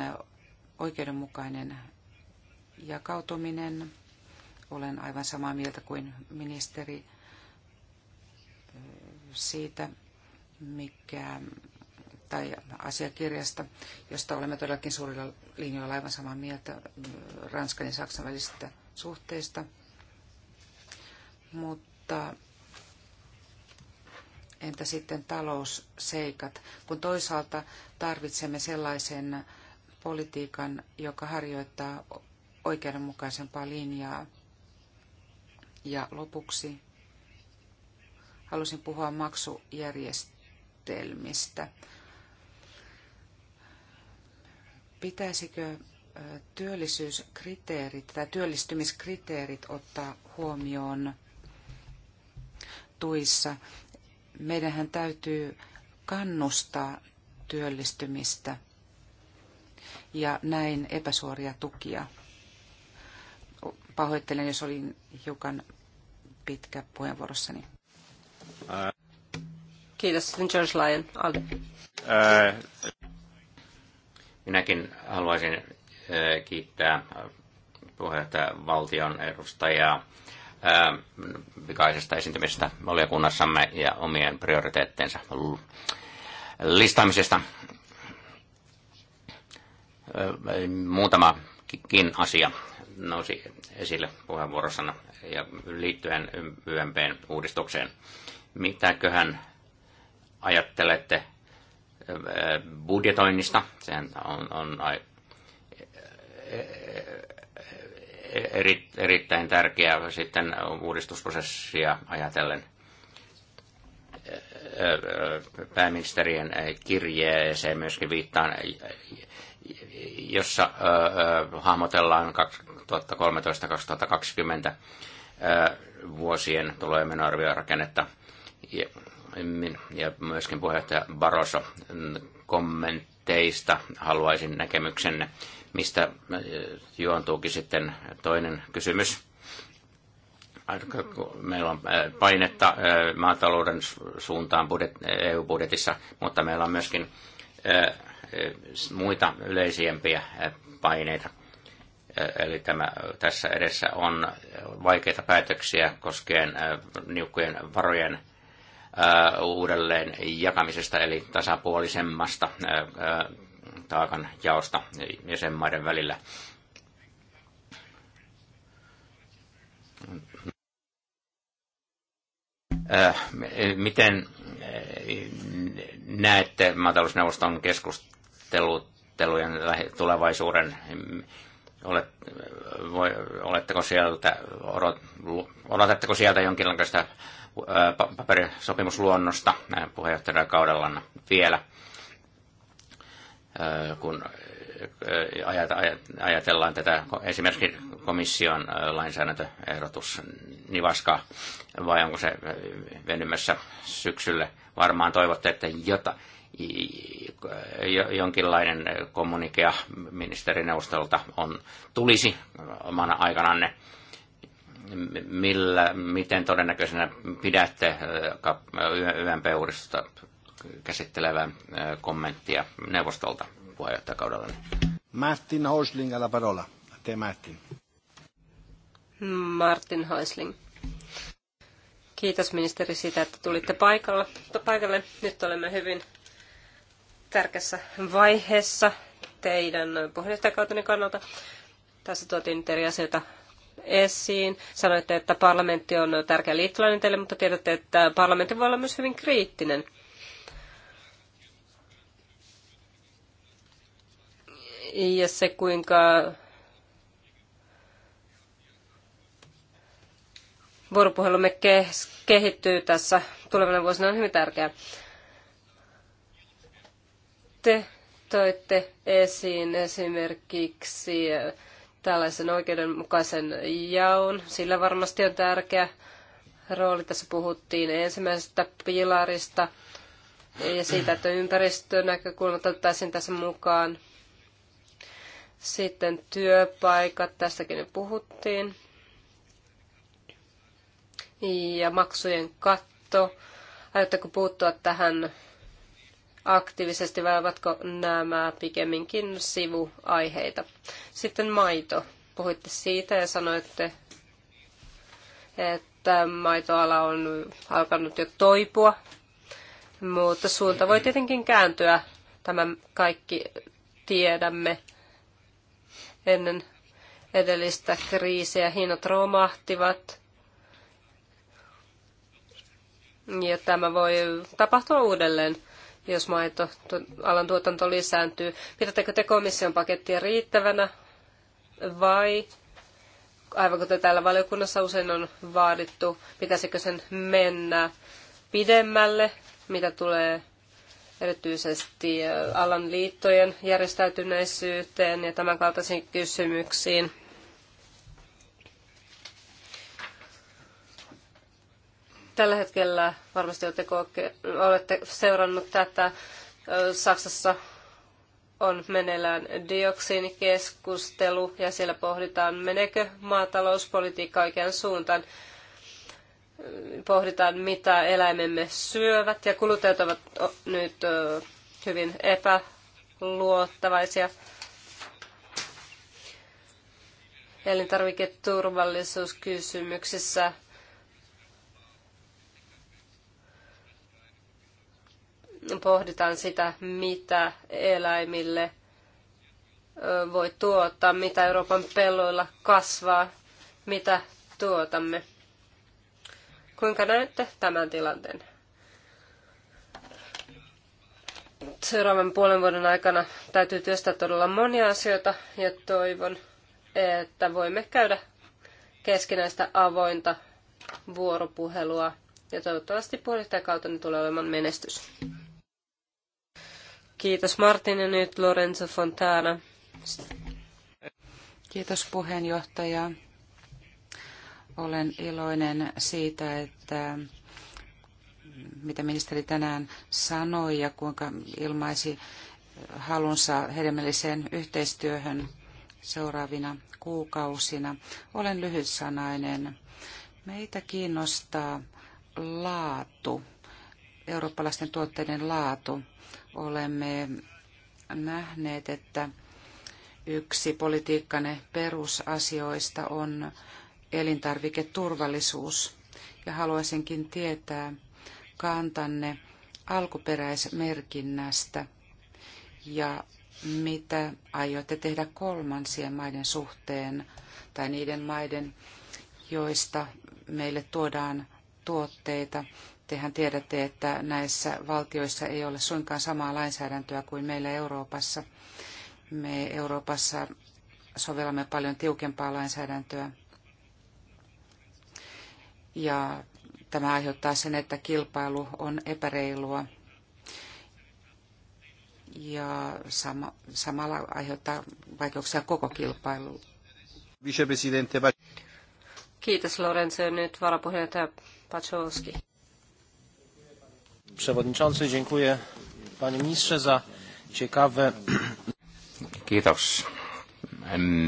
oikeudenmukainen jakautuminen. Olen aivan samaa mieltä kuin ministeri eh, siitä, mikä, tai asiakirjasta, josta olemme todellakin suurilla linjoilla aivan samaa mieltä eh, Ranskan ja Saksan välisistä suhteista. Mutta mutta entä sitten talousseikat, kun toisaalta tarvitsemme sellaisen politiikan, joka harjoittaa oikeudenmukaisempaa linjaa. Ja lopuksi halusin puhua maksujärjestelmistä. Pitäisikö työllisyyskriteerit tai työllistymiskriteerit ottaa huomioon tuissa. Meidänhän täytyy kannustaa työllistymistä ja näin epäsuoria tukia. Pahoittelen, jos olin hiukan pitkä puheenvuorossani. Kiitos. George Lyon, Minäkin haluaisin kiittää puheenjohtaja valtion edustajaa Ähm, pikaisesta esiintymisestä valiokunnassamme ja omien prioriteetteensa listaamisesta. Äh, muutamakin asia nousi esille puheenvuorossana ja liittyen YMPn uudistukseen. Mitäköhän ajattelette äh, budjetoinnista? Sehän on, on eri, erittäin tärkeä sitten uudistusprosessia ajatellen pääministerien kirjeeseen myöskin viittaan, jossa hahmotellaan 2013-2020 vuosien tulo- ja menoarviorakennetta. Ja myöskin puheenjohtaja Barroso kommentteista haluaisin näkemyksenne mistä äh, juontuukin sitten toinen kysymys. Meillä on äh, painetta äh, maatalouden suuntaan EU-budjetissa, mutta meillä on myöskin muita yleisempiä paineita. Eli tämä, tässä edessä on vaikeita päätöksiä koskien niukkojen varojen uudelleen jakamisesta, eli tasapuolisemmasta taakan jaosta jäsenmaiden välillä. Äh, miten äh, näette maatalousneuvoston keskustelujen tulevaisuuden? oletteko sieltä, odotatteko sieltä jonkinlaista äh, paperisopimusluonnosta puheenjohtajakaudella vielä? kun ajatellaan tätä esimerkiksi komission lainsäädäntöehdotus nivaska, vai onko se venymässä syksylle? Varmaan toivotte, että jota, jonkinlainen kommunikea ministerineuvostolta on, tulisi omana aikananne. Millä, miten todennäköisenä pidätte YMP-uudistusta käsittelevää äh, kommenttia neuvostolta puheenjohtajakaudella. Martin Häusling alla parola. Te Martin. Martin Häusling. Kiitos ministeri siitä, että tulitte paikalla, paikalle. Nyt olemme hyvin tärkeässä vaiheessa teidän puheenjohtajakautenne kannalta. Tässä tuotiin nyt eri asioita esiin. Sanoitte, että parlamentti on tärkeä liittolainen teille, mutta tiedätte, että parlamentti voi olla myös hyvin kriittinen – ja se kuinka vuoropuhelumme kehittyy tässä tulevina vuosina on hyvin tärkeää. Te toitte esiin esimerkiksi tällaisen oikeudenmukaisen jaon. Sillä varmasti on tärkeä rooli. Tässä puhuttiin ensimmäisestä pilarista ja siitä, että ympäristönäkökulmat otettaisiin tässä mukaan. Sitten työpaikat, tästäkin nyt puhuttiin. Ja maksujen katto. Aiotteko puuttua tähän aktiivisesti vai ovatko nämä pikemminkin sivuaiheita? Sitten maito. Puhuitte siitä ja sanoitte, että maitoala on alkanut jo toipua, mutta suunta voi tietenkin kääntyä. Tämä kaikki tiedämme ennen edellistä kriisiä. Hinnat romahtivat. Ja tämä voi tapahtua uudelleen, jos maito, alan tuotanto lisääntyy. Pidättekö te komission pakettia riittävänä vai aivan kuten täällä valiokunnassa usein on vaadittu, pitäisikö sen mennä pidemmälle, mitä tulee erityisesti alan liittojen järjestäytyneisyyteen ja tämän kaltaisiin kysymyksiin. Tällä hetkellä varmasti olette, koke- olette seurannut tätä. Saksassa on meneillään dioksiinikeskustelu ja siellä pohditaan, menekö maatalouspolitiikka oikean suuntaan pohditaan, mitä eläimemme syövät, ja kuluttajat ovat nyt hyvin epäluottavaisia. Elintarviketurvallisuuskysymyksissä pohditaan sitä, mitä eläimille voi tuottaa, mitä Euroopan pelloilla kasvaa, mitä tuotamme. Kuinka näette tämän tilanteen? Seuraavan puolen vuoden aikana täytyy työstää todella monia asioita ja toivon, että voimme käydä keskinäistä avointa vuoropuhelua ja toivottavasti kautta niin tulee olemaan menestys. Kiitos Martin ja nyt Lorenzo Fontana. Kiitos puheenjohtaja. Olen iloinen siitä, että mitä ministeri tänään sanoi ja kuinka ilmaisi halunsa hedelmälliseen yhteistyöhön seuraavina kuukausina. Olen lyhytsanainen. Meitä kiinnostaa laatu, eurooppalaisten tuotteiden laatu. Olemme nähneet, että yksi politiikkanne perusasioista on elintarviketurvallisuus. Ja haluaisinkin tietää kantanne alkuperäismerkinnästä ja mitä aiotte tehdä kolmansien maiden suhteen tai niiden maiden, joista meille tuodaan tuotteita. Tehän tiedätte, että näissä valtioissa ei ole suinkaan samaa lainsäädäntöä kuin meillä Euroopassa. Me Euroopassa sovellamme paljon tiukempaa lainsäädäntöä ja tämä aiheuttaa sen, että kilpailu on epäreilua ja sama, samalla aiheuttaa vaikeuksia koko kilpailu. Kiitos Lorenzo. Nyt varapuheenjohtaja Paczowski. Przewodniczący, dziękuję panie ministrze za ciekawe... Kiitos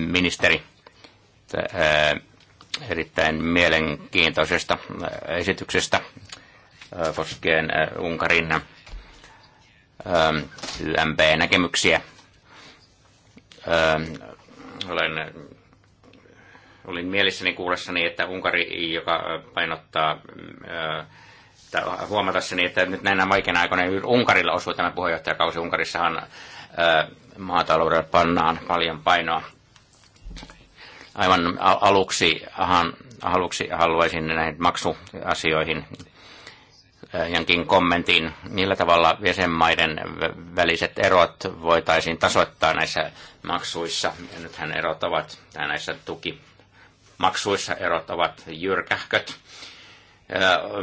ministeri e, erittäin mielenkiintoisesta äh, esityksestä äh, koskien äh, Unkarin YMP-näkemyksiä. Olen, olin mielissäni kuullessani, että Unkari, joka painottaa huomata sen, että nyt näinä vaikeina aikoina Unkarilla osuu tämä puheenjohtajakausi. Unkarissahan maataloudelle pannaan paljon painoa Aivan aluksi, ahan, aluksi haluaisin näihin maksuasioihin jonkin kommentin, millä tavalla jäsenmaiden väliset erot voitaisiin tasoittaa näissä maksuissa. Ja nythän erot ovat, tai näissä tukimaksuissa erot ovat jyrkähköt.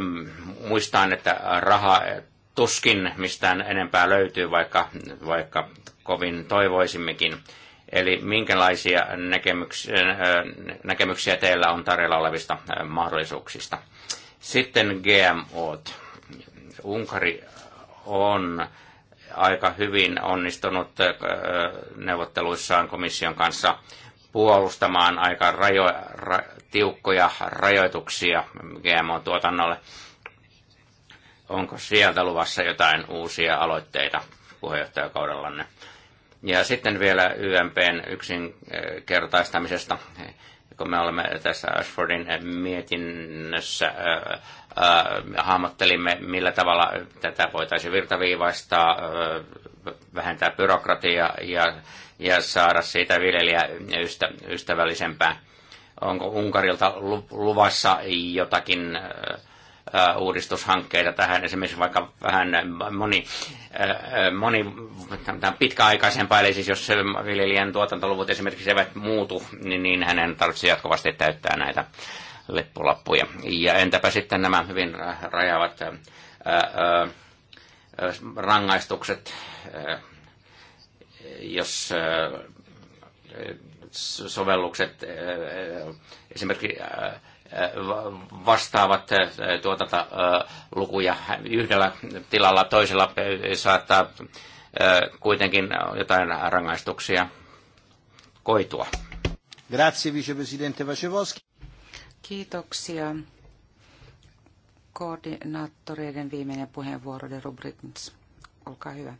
Mm, muistan, että raha tuskin mistään enempää löytyy, vaikka, vaikka kovin toivoisimmekin Eli minkälaisia näkemyksiä, äh, näkemyksiä teillä on tarjolla olevista äh, mahdollisuuksista? Sitten GMO. Unkari on aika hyvin onnistunut äh, neuvotteluissaan komission kanssa puolustamaan aika rajo, ra, tiukkoja rajoituksia GMO-tuotannolle. Onko sieltä luvassa jotain uusia aloitteita puheenjohtajakaudellanne? Ja sitten vielä YMPn yksinkertaistamisesta, kun me olemme tässä Ashfordin mietinnössä äh, äh, hahmottelimme, millä tavalla tätä voitaisiin virtaviivaistaa, äh, vähentää byrokratiaa ja, ja saada siitä viljelijä ystä, ystävällisempää. Onko Unkarilta luvassa jotakin äh, uudistushankkeita tähän, esimerkiksi vaikka vähän moni, äh, äh, moni pitkäaikaisempaa, eli siis jos viljelijän tuotantoluvut esimerkiksi eivät muutu, niin, niin hänen tarvitsee jatkuvasti täyttää näitä lippulappuja. Ja entäpä sitten nämä hyvin rajaavat äh, rangaistukset, jos sovellukset esimerkiksi vastaavat tuotanta lukuja yhdellä tilalla, toisella saattaa kuitenkin jotain rangaistuksia koitua. Grazie, vicepresidente Vacevoski. Kiitoksia. Koordinaattoreiden viimeinen puheenvuoro, de Rubrikins. Olkaa hyvä.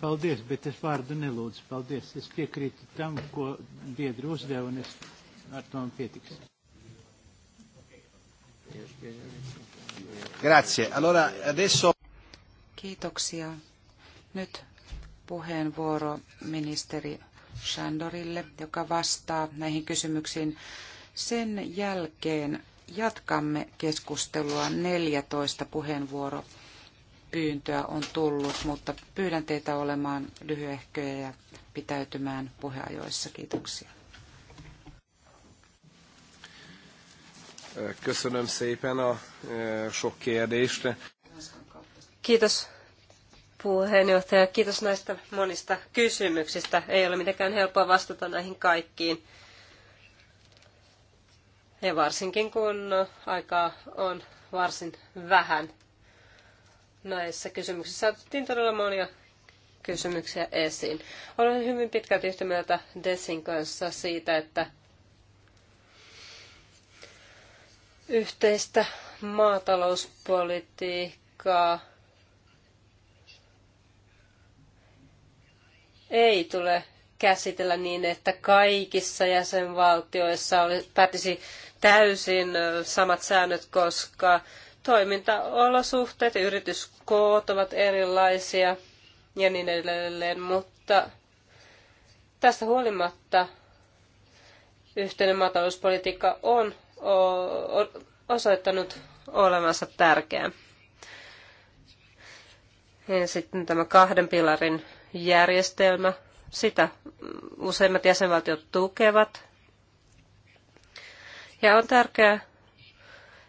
Paldies, bet es vārdu nelūdzu. Paldies. Es piekrītu tam, ko biedri uzdev, un es ar to pietiks. Grazie. Allora, adesso... Kiitoksia. Nyt puheenvuoro ministeri Sandorille, joka vastaa näihin kysymyksiin. Sen jälkeen jatkamme keskustelua 14 puheenvuoro pyyntöä on tullut, mutta pyydän teitä olemaan lyhyehköjä ja pitäytymään puheajoissa. Kiitoksia. Köszönöm szépen a e, sok kérdést. Kiitos puheenjohtaja. Kiitos näistä monista kysymyksistä. Ei ole mitenkään helppoa vastata näihin kaikkiin. Ja varsinkin kun aikaa on varsin vähän näissä kysymyksissä otettiin todella monia kysymyksiä esiin. Olen hyvin pitkälti yhtä mieltä Dessin kanssa siitä, että yhteistä maatalouspolitiikkaa ei tule käsitellä niin, että kaikissa jäsenvaltioissa oli, pätisi täysin samat säännöt, koska Toimintaolosuhteet ja yrityskoot ovat erilaisia ja niin edelleen, mutta tästä huolimatta yhteinen maatalouspolitiikka on osoittanut olevansa tärkeä. Ja sitten tämä kahden pilarin järjestelmä, sitä useimmat jäsenvaltiot tukevat. Ja on tärkeää,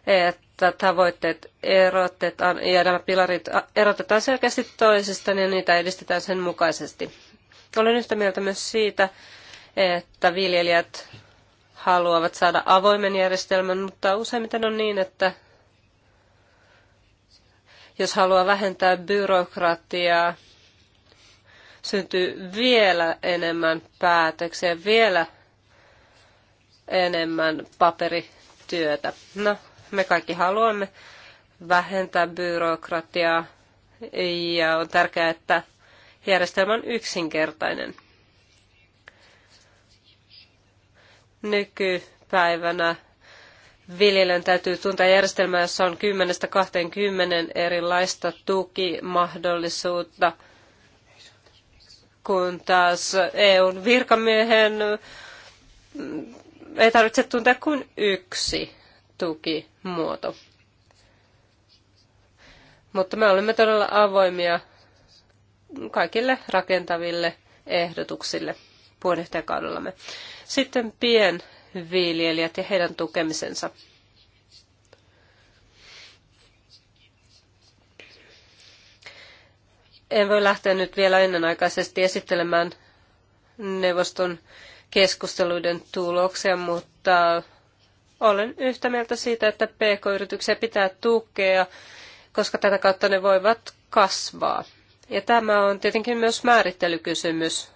että että tavoitteet erotetaan ja nämä pilarit erotetaan selkeästi toisistaan ja niitä edistetään sen mukaisesti. Olen yhtä mieltä myös siitä, että viljelijät haluavat saada avoimen järjestelmän, mutta useimmiten on niin, että jos haluaa vähentää byrokratiaa, syntyy vielä enemmän päätöksiä, vielä enemmän paperityötä. No, me kaikki haluamme vähentää byrokratiaa ja on tärkeää, että järjestelmä on yksinkertainen. Nykypäivänä viljelijän täytyy tuntea järjestelmää, jossa on 10-20 erilaista tukimahdollisuutta, kun taas EUn virkamiehen ei tarvitse tuntea kuin yksi tuki muoto. Mutta me olemme todella avoimia kaikille rakentaville ehdotuksille puheenjohtajakaudellamme. Sitten pienviljelijät ja heidän tukemisensa. En voi lähteä nyt vielä ennenaikaisesti esittelemään neuvoston keskusteluiden tuloksia, mutta olen yhtä mieltä siitä, että pk-yrityksiä pitää tukea, koska tätä kautta ne voivat kasvaa. Ja tämä on tietenkin myös määrittelykysymys.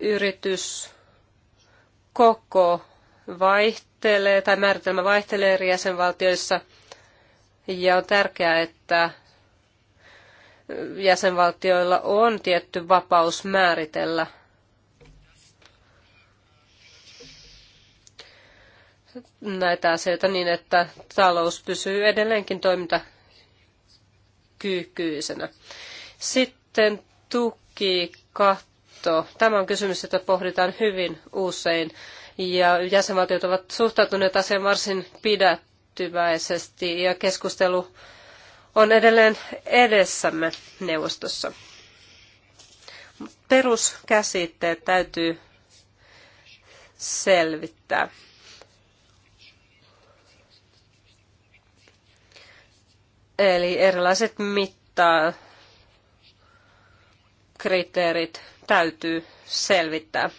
Yritys koko vaihtelee tai määritelmä vaihtelee eri jäsenvaltioissa. Ja on tärkeää, että jäsenvaltioilla on tietty vapaus määritellä näitä asioita niin, että talous pysyy edelleenkin toimintakykyisenä. Sitten tuki, katto. Tämä on kysymys, jota pohditaan hyvin usein. Ja jäsenvaltiot ovat suhtautuneet asiaan varsin pidättyväisesti ja keskustelu on edelleen edessämme neuvostossa. Peruskäsitteet täytyy selvittää. Eli erilaiset mittaa kriteerit täytyy selvittää.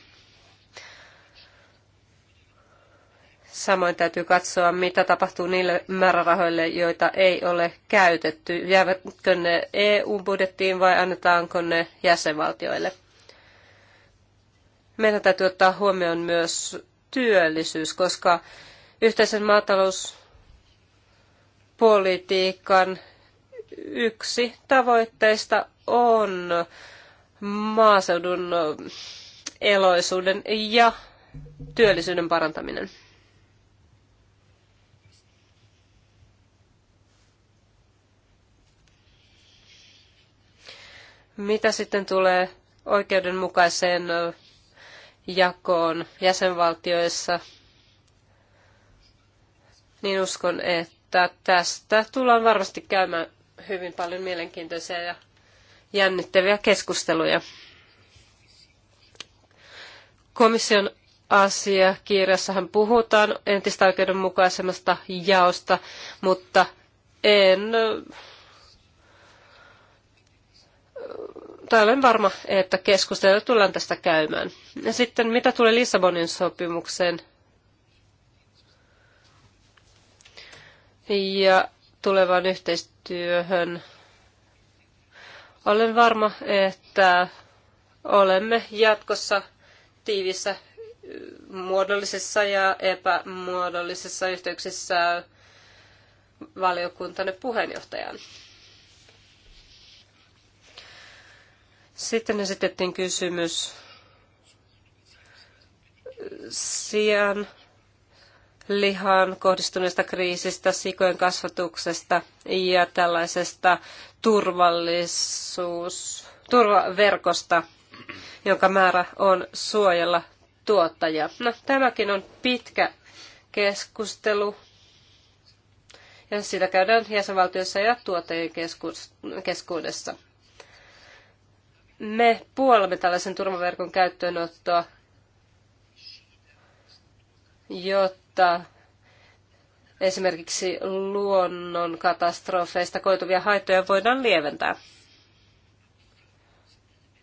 Samoin täytyy katsoa, mitä tapahtuu niille määrärahoille, joita ei ole käytetty. Jäävätkö ne EU-budjettiin vai annetaanko ne jäsenvaltioille? Meidän täytyy ottaa huomioon myös työllisyys, koska yhteisen maatalous- politiikan yksi tavoitteista on maaseudun eloisuuden ja työllisyyden parantaminen. Mitä sitten tulee oikeudenmukaiseen jakoon jäsenvaltioissa, niin uskon, että että tästä tullaan varmasti käymään hyvin paljon mielenkiintoisia ja jännittäviä keskusteluja. Komission asiakirjassahan puhutaan entistä oikeudenmukaisemmasta jaosta, mutta en... Tai olen varma, että keskustelua tullaan tästä käymään. Ja sitten mitä tulee Lissabonin sopimukseen, ja tulevaan yhteistyöhön. Olen varma, että olemme jatkossa tiivissä mm, muodollisessa ja epämuodollisessa yhteyksissä valiokuntanne puheenjohtajan. Sitten esitettiin kysymys sian lihaan kohdistuneesta kriisistä, sikojen kasvatuksesta ja tällaisesta turvallisuus, turvaverkosta, jonka määrä on suojella tuottajia. No, tämäkin on pitkä keskustelu. Ja sitä käydään jäsenvaltioissa ja tuottajien keskuudessa. Me puolemme tällaisen turvaverkon käyttöönottoa, jotta mutta esimerkiksi luonnon katastrofeista koituvia haittoja voidaan lieventää.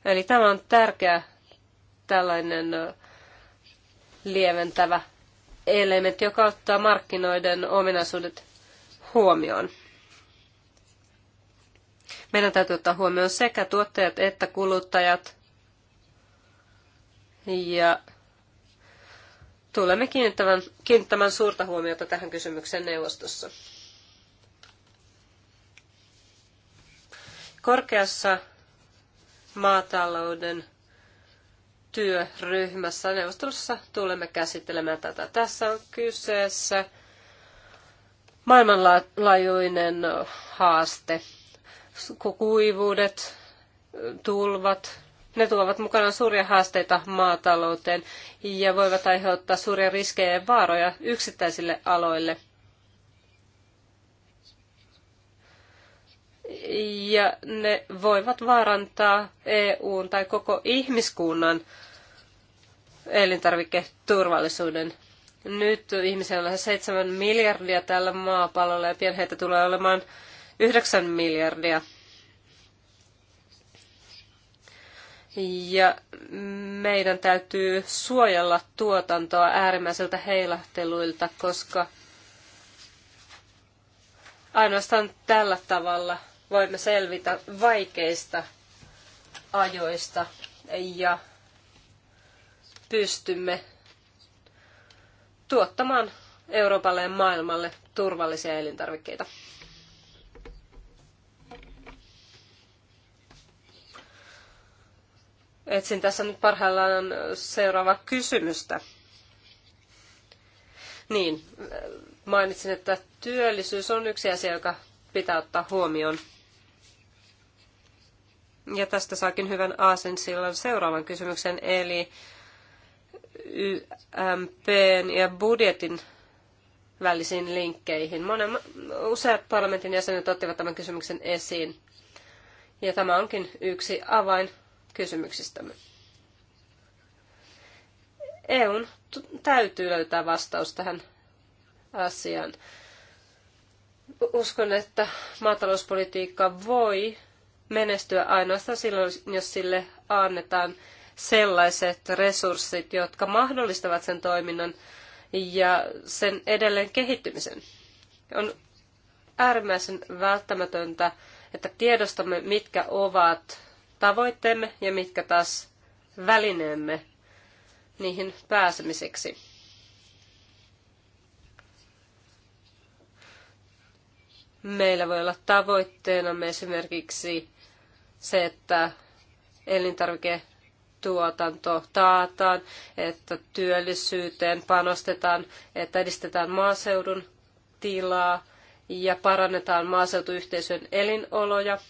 Eli tämä on tärkeä tällainen lieventävä elementti, joka ottaa markkinoiden ominaisuudet huomioon. Meidän täytyy ottaa huomioon sekä tuottajat että kuluttajat. Ja tulemme kiinnittämään, kiinnittämään suurta huomiota tähän kysymykseen neuvostossa. Korkeassa maatalouden työryhmässä neuvostossa tulemme käsittelemään tätä. Tässä on kyseessä maailmanlaajuinen haaste. Kuivuudet, tulvat, ne tuovat mukanaan suuria haasteita maatalouteen ja voivat aiheuttaa suuria riskejä ja vaaroja yksittäisille aloille. Ja ne voivat vaarantaa EUn tai koko ihmiskunnan elintarviketurvallisuuden. Nyt ihmisiä on lähes 7 miljardia tällä maapallolla ja pienheitä tulee olemaan 9 miljardia Ja meidän täytyy suojella tuotantoa äärimmäisiltä heilahteluilta, koska ainoastaan tällä tavalla voimme selvitä vaikeista ajoista ja pystymme tuottamaan Euroopalle ja maailmalle turvallisia elintarvikkeita. Etsin tässä nyt parhaillaan seuraavaa kysymystä. Niin, mainitsin, että työllisyys on yksi asia, joka pitää ottaa huomioon. Ja tästä saakin hyvän silloin seuraavan kysymyksen, eli YMP ja budjetin välisiin linkkeihin. Monen, useat parlamentin jäsenet ottivat tämän kysymyksen esiin. Ja tämä onkin yksi avain kysymyksistämme. EUn täytyy löytää vastaus tähän asiaan. Uskon, että maatalouspolitiikka voi menestyä ainoastaan silloin, jos sille annetaan sellaiset resurssit, jotka mahdollistavat sen toiminnan ja sen edelleen kehittymisen. On äärimmäisen välttämätöntä, että tiedostamme, mitkä ovat tavoitteemme ja mitkä taas välineemme niihin pääsemiseksi. Meillä voi olla tavoitteena esimerkiksi se, että elintarviketuotanto taataan, että työllisyyteen panostetaan, että edistetään maaseudun tilaa ja parannetaan maaseutuyhteisön elinoloja –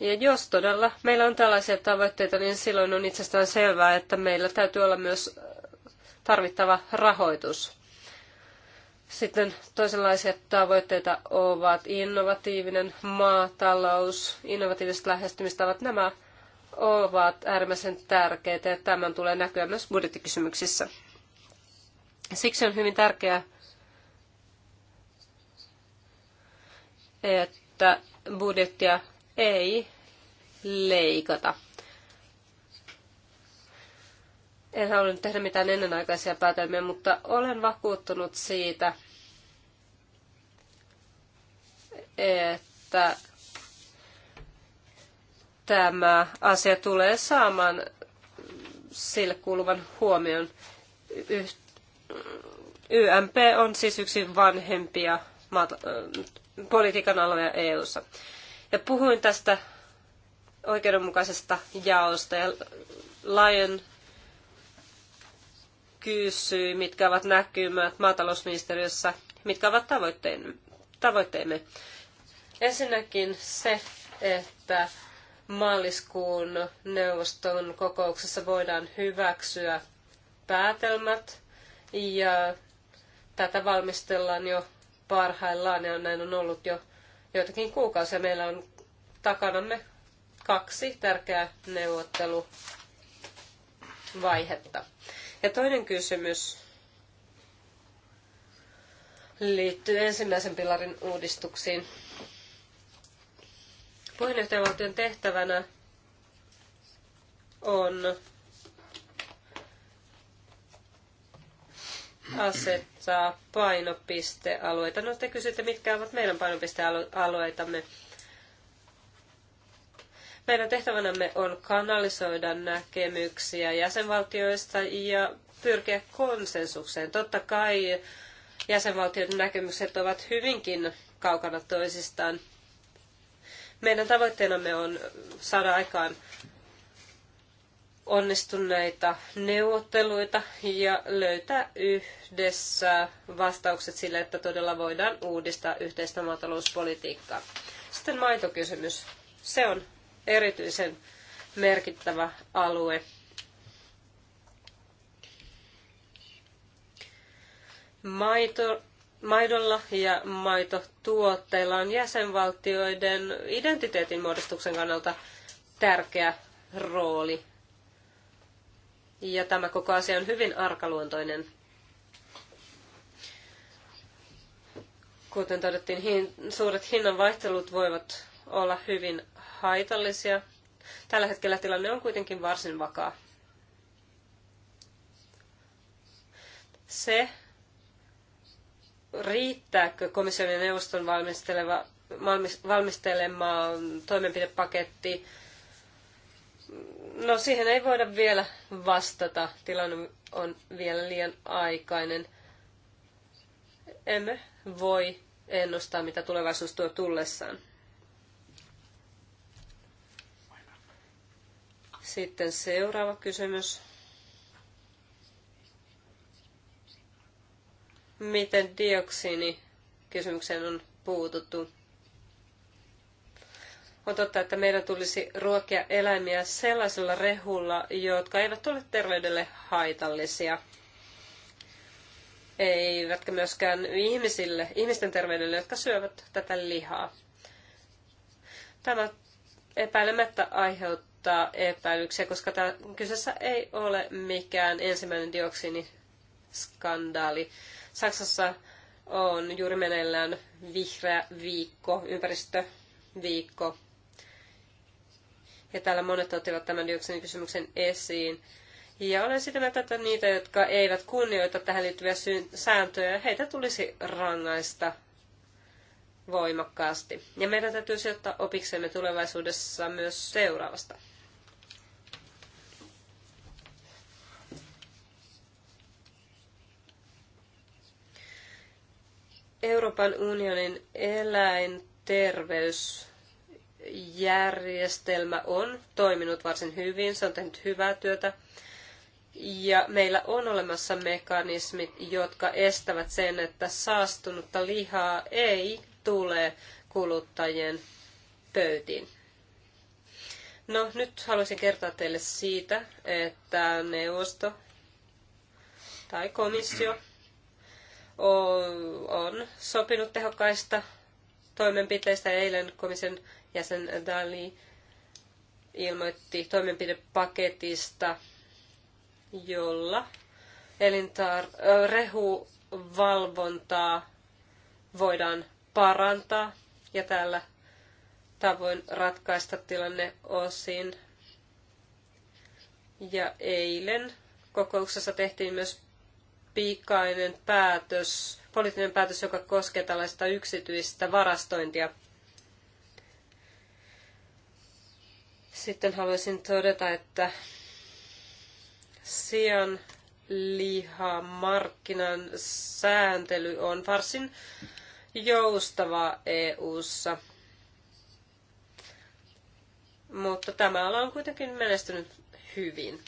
ja jos todella meillä on tällaisia tavoitteita, niin silloin on itsestään selvää, että meillä täytyy olla myös tarvittava rahoitus. Sitten toisenlaisia tavoitteita ovat innovatiivinen maatalous, innovatiiviset lähestymistavat. Nämä ovat äärimmäisen tärkeitä ja tämän tulee näkyä myös budjettikysymyksissä. Siksi on hyvin tärkeää, että budjettia ei leikata. En halunnut tehdä mitään ennenaikaisia päätelmiä, mutta olen vakuuttunut siitä, että tämä asia tulee saamaan sille kuuluvan huomion. YMP on siis yksi vanhempia politiikan aloja EU:ssa. ssa ja puhuin tästä oikeudenmukaisesta jaosta ja Lion kysyi, mitkä ovat näkymät maatalousministeriössä, mitkä ovat tavoitteemme. Ensinnäkin se, että maaliskuun neuvoston kokouksessa voidaan hyväksyä päätelmät ja tätä valmistellaan jo parhaillaan ja näin on ollut jo joitakin kuukausia. Meillä on takanamme kaksi tärkeää neuvotteluvaihetta. Ja toinen kysymys liittyy ensimmäisen pilarin uudistuksiin. Puheenjohtajavaltion tehtävänä on asettaa painopistealueita. No te kysytte, mitkä ovat meidän painopistealueitamme. Meidän tehtävänämme on kanalisoida näkemyksiä jäsenvaltioista ja pyrkiä konsensukseen. Totta kai jäsenvaltioiden näkemykset ovat hyvinkin kaukana toisistaan. Meidän tavoitteenamme on saada aikaan onnistuneita neuvotteluita ja löytää yhdessä vastaukset sille, että todella voidaan uudistaa yhteistä maatalouspolitiikkaa. Sitten maitokysymys. Se on erityisen merkittävä alue. Maito, maidolla ja maitotuotteilla on jäsenvaltioiden identiteetin muodostuksen kannalta tärkeä rooli ja tämä koko asia on hyvin arkaluontoinen. Kuten todettiin, hin, suuret hinnanvaihtelut voivat olla hyvin haitallisia. Tällä hetkellä tilanne on kuitenkin varsin vakaa. Se, riittääkö komission ja neuvoston valmisteleva, valmistelema toimenpidepaketti No siihen ei voida vielä vastata. Tilanne on vielä liian aikainen. Emme voi ennustaa, mitä tulevaisuus tuo tullessaan. Sitten seuraava kysymys. Miten dioksiini kysymykseen on puututtu? On totta, että meidän tulisi ruokia eläimiä sellaisella rehulla, jotka eivät ole terveydelle haitallisia. Eivätkä myöskään ihmisille, ihmisten terveydelle, jotka syövät tätä lihaa. Tämä epäilemättä aiheuttaa epäilyksiä, koska tämä, kyseessä ei ole mikään ensimmäinen dioksiiniskandaali. Saksassa on juuri meneillään vihreä viikko, ympäristöviikko, ja täällä monet ottivat tämän dioksinikysymyksen esiin. Ja olen sitä mieltä, että niitä, jotka eivät kunnioita tähän liittyviä sääntöjä, heitä tulisi rangaista voimakkaasti. Ja meidän täytyy ottaa opiksemme tulevaisuudessa myös seuraavasta. Euroopan unionin eläinterveys järjestelmä on toiminut varsin hyvin, se on tehnyt hyvää työtä. Ja meillä on olemassa mekanismit, jotka estävät sen, että saastunutta lihaa ei tule kuluttajien pöytiin. No, nyt haluaisin kertoa teille siitä, että neuvosto tai komissio on sopinut tehokkaista toimenpiteistä. Eilen komission jäsen Dali ilmoitti toimenpidepaketista, jolla elintar- rehuvalvontaa voidaan parantaa ja tällä tavoin ratkaista tilanne osin. Ja eilen kokouksessa tehtiin myös pikainen päätös, poliittinen päätös, joka koskee tällaista yksityistä varastointia. Sitten haluaisin todeta, että sian lihamarkkinan sääntely on varsin joustavaa EU:ssa. Mutta tämä ala on kuitenkin menestynyt hyvin.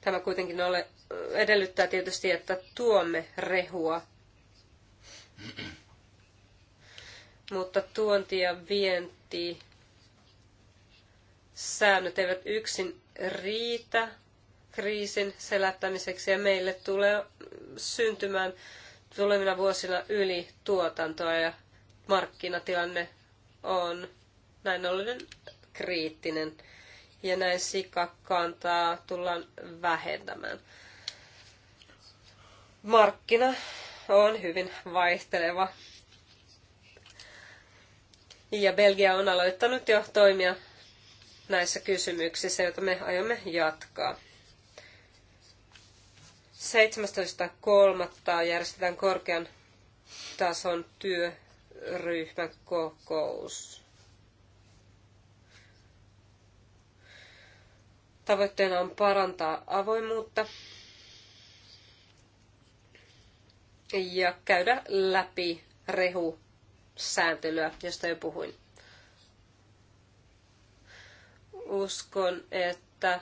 Tämä kuitenkin ole, edellyttää tietysti, että tuomme rehua mutta tuonti ja vienti säännöt eivät yksin riitä kriisin selättämiseksi ja meille tulee syntymään tulevina vuosina yli tuotantoa ja markkinatilanne on näin ollen kriittinen ja näin sikakantaa tullaan vähentämään. Markkina on hyvin vaihteleva ja Belgia on aloittanut jo toimia näissä kysymyksissä, joita me aiomme jatkaa. 17.3. järjestetään korkean tason työryhmän kokous. Tavoitteena on parantaa avoimuutta ja käydä läpi rehu sääntelyä, josta jo puhuin. Uskon, että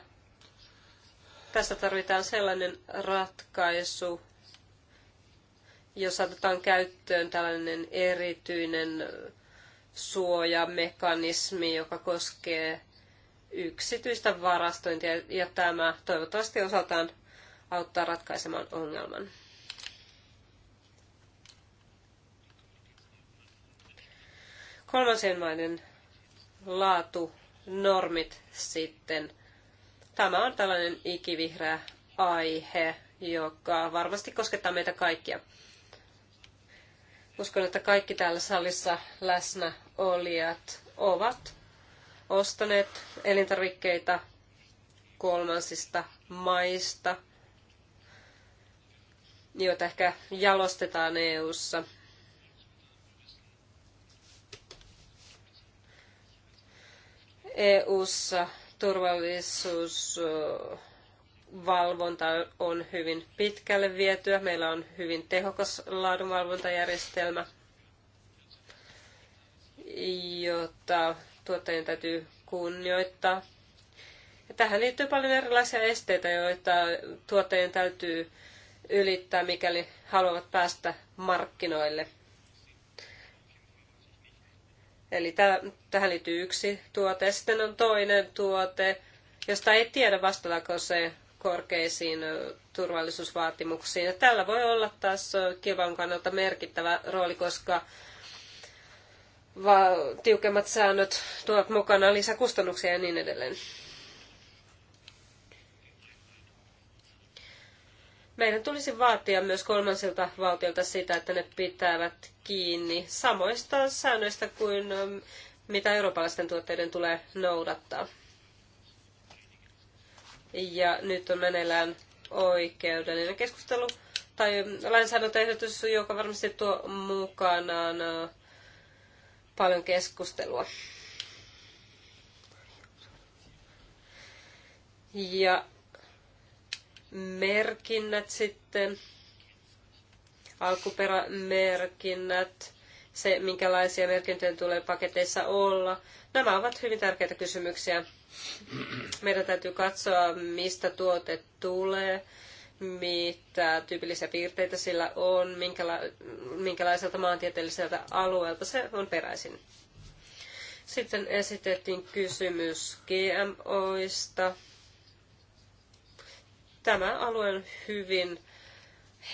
tässä tarvitaan sellainen ratkaisu, jos otetaan käyttöön tällainen erityinen suojamekanismi, joka koskee yksityistä varastointia, ja tämä toivottavasti osaltaan auttaa ratkaisemaan ongelman. Kolmansien maiden laatunormit sitten. Tämä on tällainen ikivihreä aihe, joka varmasti koskettaa meitä kaikkia. Uskon, että kaikki täällä salissa läsnä olijat ovat ostaneet elintarvikkeita kolmansista maista, joita ehkä jalostetaan EU:ssa. ssa EU:ssa turvallisuusvalvonta on hyvin pitkälle vietyä. Meillä on hyvin tehokas laadunvalvontajärjestelmä, jota tuottajien täytyy kunnioittaa. Ja tähän liittyy paljon erilaisia esteitä, joita tuottajien täytyy ylittää, mikäli haluavat päästä markkinoille – Eli täh- tähän liittyy yksi tuote. Sitten on toinen tuote, josta ei tiedä vastataanko se korkeisiin turvallisuusvaatimuksiin. Ja tällä voi olla taas kilpailun kannalta merkittävä rooli, koska tiukemmat säännöt tuovat mukana lisäkustannuksia ja niin edelleen. meidän tulisi vaatia myös kolmansilta valtiolta sitä, että ne pitävät kiinni samoista säännöistä kuin mitä eurooppalaisten tuotteiden tulee noudattaa. Ja nyt on meneillään oikeudellinen keskustelu tai lainsäädäntöehdotus, joka varmasti tuo mukanaan paljon keskustelua. Ja merkinnät sitten, alkuperämerkinnät, se minkälaisia merkintöjä tulee paketeissa olla. Nämä ovat hyvin tärkeitä kysymyksiä. Meidän täytyy katsoa, mistä tuote tulee, mitä tyypillisiä piirteitä sillä on, minkäla- minkälaiselta maantieteelliseltä alueelta se on peräisin. Sitten esitettiin kysymys GMOista Tämä alue on hyvin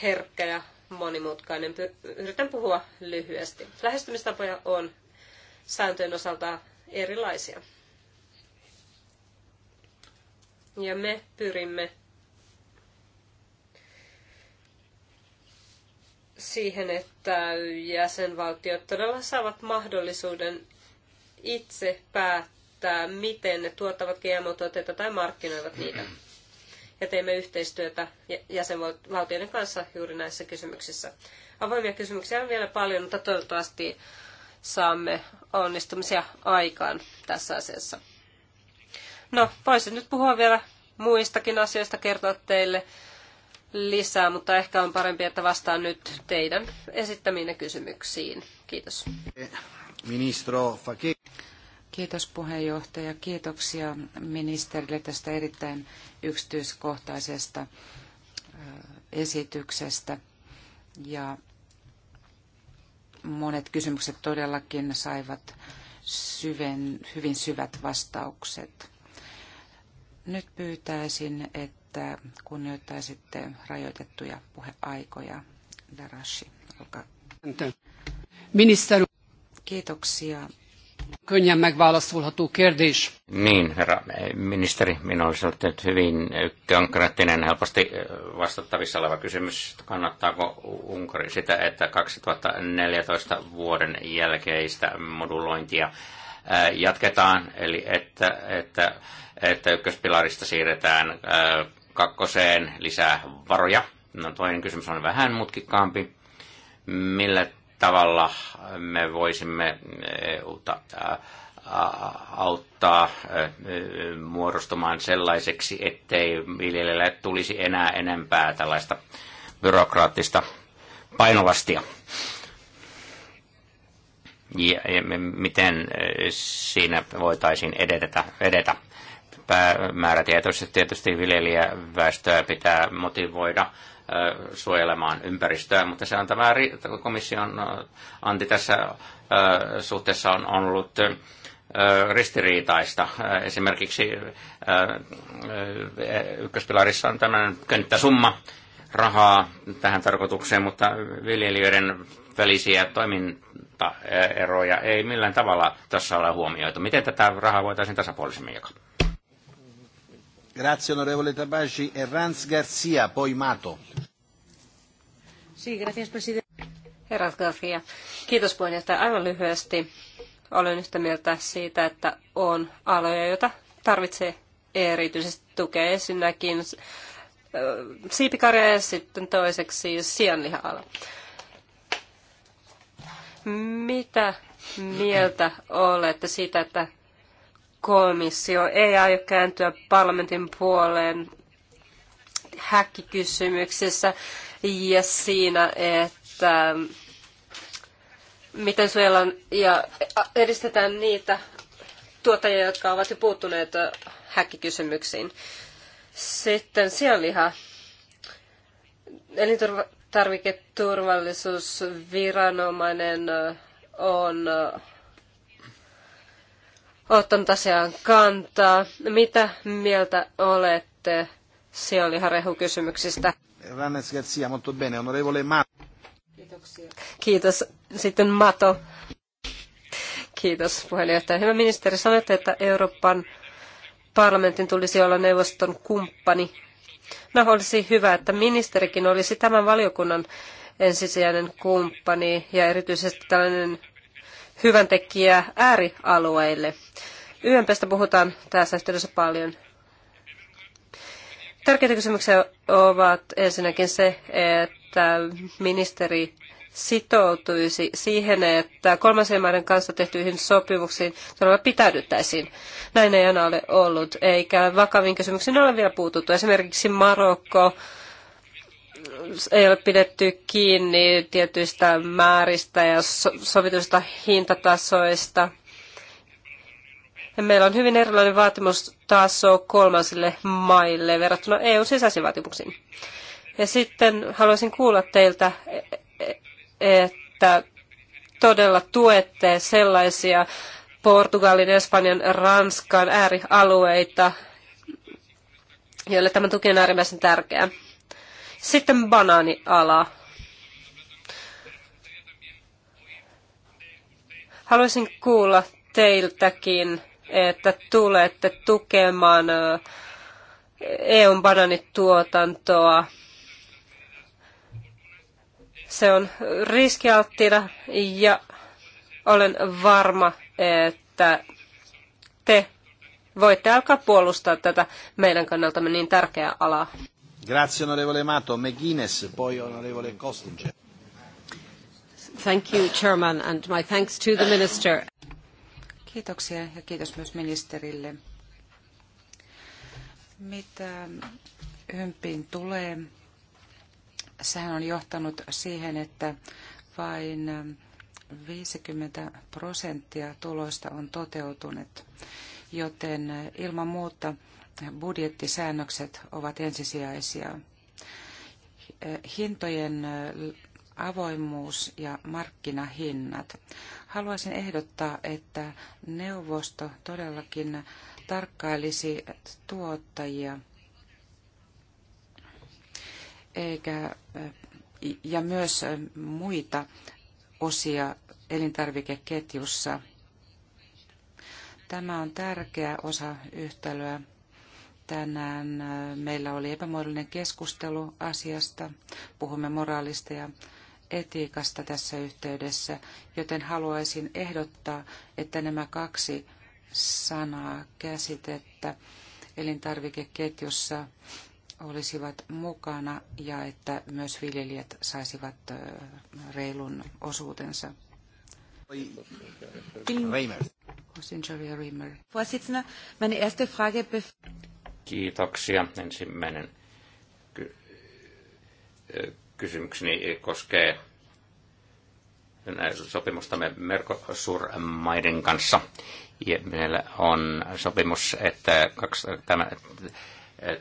herkkä ja monimutkainen. Yritän puhua lyhyesti. Lähestymistapoja on sääntöjen osalta erilaisia. Ja me pyrimme siihen, että jäsenvaltiot todella saavat mahdollisuuden itse päättää, miten ne tuottavat GMO-tuotteita tai markkinoivat niitä ja teemme yhteistyötä jäsenvaltioiden kanssa juuri näissä kysymyksissä. Avoimia kysymyksiä on vielä paljon, mutta toivottavasti saamme onnistumisia aikaan tässä asiassa. No, voisin nyt puhua vielä muistakin asioista, kertoa teille lisää, mutta ehkä on parempi, että vastaan nyt teidän esittämiinne kysymyksiin. Kiitos. Eh, ministro Fakir. Kiitos puheenjohtaja. Kiitoksia ministerille tästä erittäin yksityiskohtaisesta esityksestä. Ja monet kysymykset todellakin saivat syven, hyvin syvät vastaukset. Nyt pyytäisin, että kunnioittaisitte rajoitettuja puheaikoja. Darashi, olkaa. Ministeri. Kiitoksia Könnyen megválaszolható kérdés. Niin, herra ministeri, minulla olisi ollut hyvin konkreettinen, helposti vastattavissa oleva kysymys. Kannattaako Unkari sitä, että 2014 vuoden jälkeistä modulointia jatketaan, eli että, että, että ykköspilarista siirretään kakkoseen lisää varoja? No toinen kysymys on vähän mutkikkaampi. Millä tavalla me voisimme EUta auttaa muodostumaan sellaiseksi, ettei viljelijälle tulisi enää enempää tällaista byrokraattista painolastia. Ja, ja miten siinä voitaisiin edetä, edetä. Päämäärätietoisesti tietysti viljelijäväestöä pitää motivoida suojelemaan ympäristöä, mutta se on tämä komission anti tässä suhteessa on ollut ristiriitaista. Esimerkiksi ykköspilarissa on tämmöinen könttäsumma rahaa tähän tarkoitukseen, mutta viljelijöiden välisiä toimintaeroja ei millään tavalla tässä ole huomioitu. Miten tätä rahaa voitaisiin tasapuolisemmin jakaa? Grazie onorevole Tabacci. Erranz Garcia, poi Mato. Sí, gracias, presidente. Herrat Garcia. Kiitos puheenjohtaja. Aivan lyhyesti olen yhtä mieltä siitä, että on aloja, joita tarvitsee erityisesti tukea. Ensinnäkin äh, siipikarja ja sitten toiseksi sianliha-ala. Mitä mieltä olette siitä, että komissio ei aio kääntyä parlamentin puoleen häkkikysymyksessä ja siinä, että miten suojellaan ja edistetään niitä tuottajia, jotka ovat jo puuttuneet häkkikysymyksiin. Sitten sianliha. Elintarviketurvallisuusviranomainen on ottanut asiaan kantaa. Mitä mieltä olette sianliharehukysymyksistä? Rannes Garcia, molto bene, onorevole Ma. Kiitoksia. Kiitos. Sitten Mato. Kiitos puheenjohtaja. Hyvä ministeri, sanoitte, että Euroopan parlamentin tulisi olla neuvoston kumppani. No olisi hyvä, että ministerikin olisi tämän valiokunnan ensisijainen kumppani ja erityisesti tällainen hyvän äärialueille. YMPstä puhutaan tässä yhteydessä paljon. Tärkeitä kysymyksiä ovat ensinnäkin se, että ministeri sitoutuisi siihen, että kolmansien maiden kanssa tehtyihin sopimuksiin todella pitäydyttäisiin. Näin ei aina ole ollut, eikä vakaviin kysymyksiin ole vielä puututtu. Esimerkiksi Marokko ei ole pidetty kiinni tietyistä määristä ja sovituista hintatasoista. Ja meillä on hyvin erilainen vaatimustaso kolmansille maille verrattuna EUn sisäisiin vaatimuksiin. Ja sitten haluaisin kuulla teiltä, e-, että todella tuette sellaisia Portugalin, Espanjan, Ranskan äärialueita, joille tämä tuki on äärimmäisen tärkeää. Sitten banaaniala. Haluaisin kuulla teiltäkin, että tulette tukemaan EUn bananituotantoa. Se on riskialttina ja olen varma, että te voitte alkaa puolustaa tätä meidän kannaltamme niin tärkeää alaa. Grazie onorevole Mato, McGuinness, poi onorevole Thank you, Chairman, and my thanks to the Minister. Kiitoksia ja kiitos myös ministerille. Mitä ympiin tulee, sehän on johtanut siihen, että vain 50 prosenttia tuloista on toteutunut, joten ilman muuta budjettisäännökset ovat ensisijaisia. Hintojen avoimuus ja markkinahinnat. Haluaisin ehdottaa, että neuvosto todellakin tarkkailisi tuottajia eikä, ja myös muita osia elintarvikeketjussa. Tämä on tärkeä osa yhtälöä tänään äh, meillä oli epämuodollinen keskustelu asiasta. Puhumme moraalista ja etiikasta tässä yhteydessä, joten haluaisin ehdottaa, että nämä kaksi sanaa, käsitettä elintarvikeketjussa olisivat mukana ja että myös viljelijät saisivat äh, reilun osuutensa. Reimer. Reimer. meine erste Frage Kiitoksia. Ensimmäinen ky- kysymykseni koskee sopimustamme Mercosur-maiden kanssa. Ja meillä on sopimus, että tämä,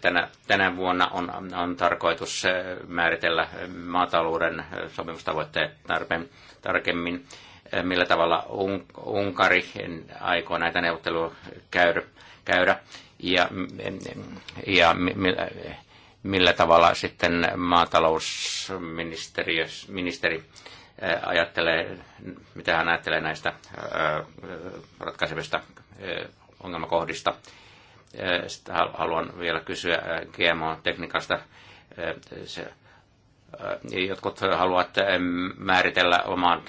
tänä, tänä vuonna on, on tarkoitus määritellä maatalouden sopimustavoitteet tarpeen, tarkemmin, millä tavalla Unkari aikoo näitä neuvotteluja käydä. käydä ja, ja millä tavalla sitten maatalousministeri äh, ajattelee, mitä hän ajattelee näistä äh, ratkaisevista äh, ongelmakohdista. Sitten haluan vielä kysyä GMO-tekniikasta. Se, jotkut haluavat määritellä oman,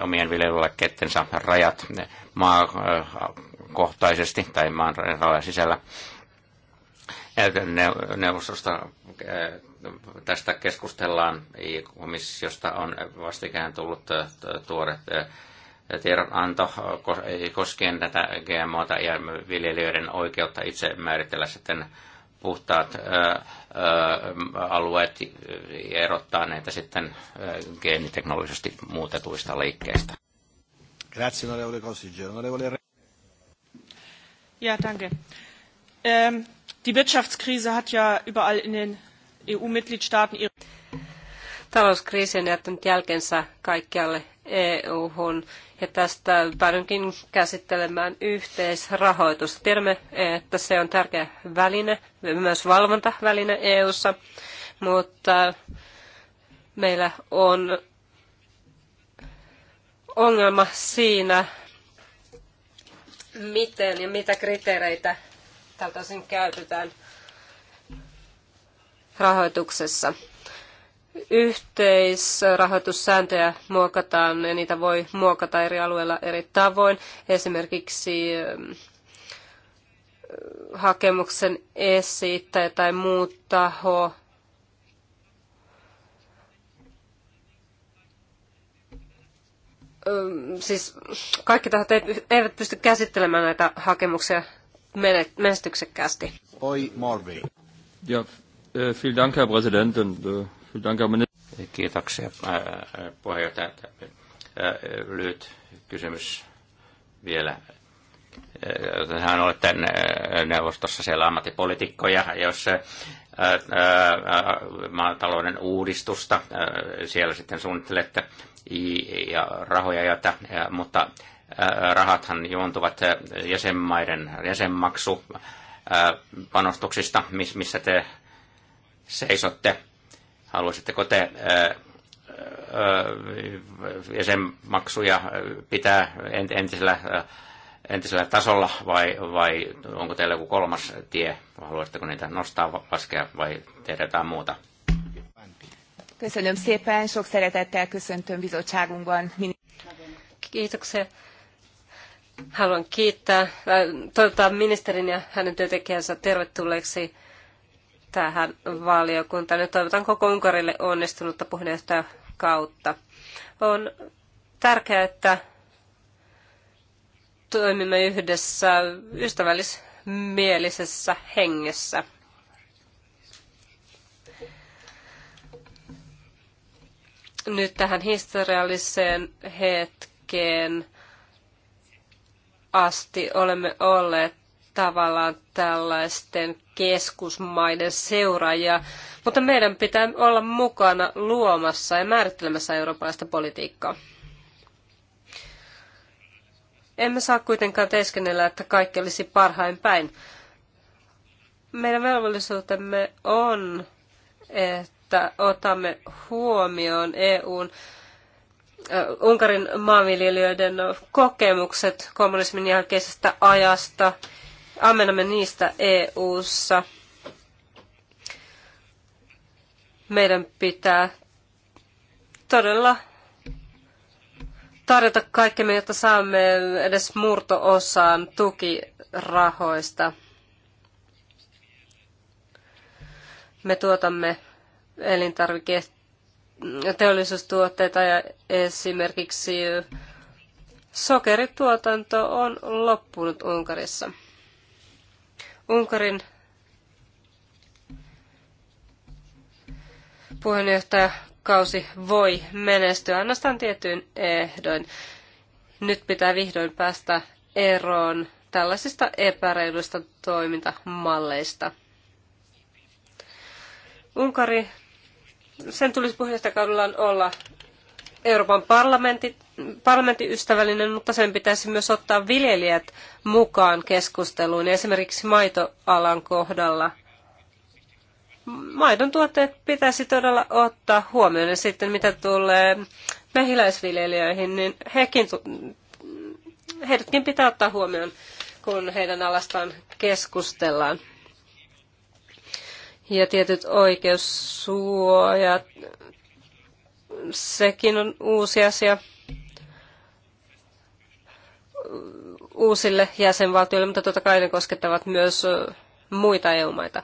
omien viljelylakkeettensa rajat. Maa, maakohtaisesti tai maan rajan sisällä. Neuvostosta äh, tästä keskustellaan. Komissiosta on vastikään tullut äh, tuore äh, tiedonanto koskien tätä GMOta ja viljelijöiden oikeutta itse määritellä sitten puhtaat alueet ja erottaa näitä sitten geeniteknologisesti muutetuista liikkeistä. Grazie onorevole ja, danke. Ähm, die Wirtschaftskrise hat ja überall in den EU-Mitgliedstaaten ihre... Talouskriisi on jättänyt jälkensä kaikkialle EU-hun ja tästä päädynkin käsittelemään yhteisrahoitusta. Tiedämme, että se on tärkeä väline, myös valvontaväline EU-ssa, mutta meillä on ongelma siinä, miten ja mitä kriteereitä tältä osin käytetään rahoituksessa. Yhteisrahoitussääntöjä muokataan ja niitä voi muokata eri alueilla eri tavoin. Esimerkiksi ähm, hakemuksen esittäjä tai muu taho siis kaikki tahot eivät pysty käsittelemään näitä hakemuksia menestyksekkäästi. Oi Morvi. Ja, e, vielen dank, Herr Präsident, und e, vielen dank, Herr Kiitoksia, puheenjohtaja. Lyhyt kysymys vielä. Tähän olette neuvostossa siellä ammattipolitiikkoja, jos maatalouden uudistusta siellä sitten suunnittelette ja rahoja, joita, mutta rahathan juontuvat jäsenmaiden jäsenmaksu panostuksista, missä te seisotte. Haluaisitteko te jäsenmaksuja pitää entisellä, entisellä tasolla vai, vai onko teillä joku kolmas tie? Haluaisitteko niitä nostaa, laskea vai tehdä jotain muuta? Köszönöm szépen, sok szeretettel köszöntöm bizottságunkban. Kiitoksia. Haluan kiittää, toivottaa ministerin ja hänen työntekijänsä tervetulleeksi tähän valiokuntaan. Ja toivotan koko Unkarille onnistunutta puheenjohtajan kautta. On tärkeää, että toimimme yhdessä ystävällismielisessä hengessä. nyt tähän historialliseen hetkeen asti olemme olleet tavallaan tällaisten keskusmaiden seuraajia, mutta meidän pitää olla mukana luomassa ja määrittelemässä eurooppalaista politiikkaa. Emme saa kuitenkaan teeskennellä, että kaikki olisi parhain päin. Meidän velvollisuutemme on, että että otamme huomioon EUn Unkarin maanviljelijöiden kokemukset kommunismin jälkeisestä ajasta. Ammennamme niistä EU:ssa. Meidän pitää todella tarjota kaikkemme, jotta saamme edes murto-osaan tukirahoista. Me tuotamme elintarviketeollisuustuotteita teollisuustuotteita ja esimerkiksi sokerituotanto on loppunut Unkarissa. Unkarin kausi voi menestyä ainoastaan tietyin ehdoin. Nyt pitää vihdoin päästä eroon tällaisista epäreiluista toimintamalleista. Unkari sen tulisi puheenjohtajakaudellaan olla Euroopan parlamentti, parlamenttiystävällinen, mutta sen pitäisi myös ottaa viljelijät mukaan keskusteluun, esimerkiksi maitoalan kohdalla. Maidon tuotteet pitäisi todella ottaa huomioon. Ja sitten mitä tulee mehiläisviljelijöihin, niin hekin, heidätkin pitää ottaa huomioon, kun heidän alastaan keskustellaan ja tietyt oikeussuojat. Sekin on uusi asia uusille jäsenvaltioille, mutta totta kai ne koskettavat myös muita EU-maita.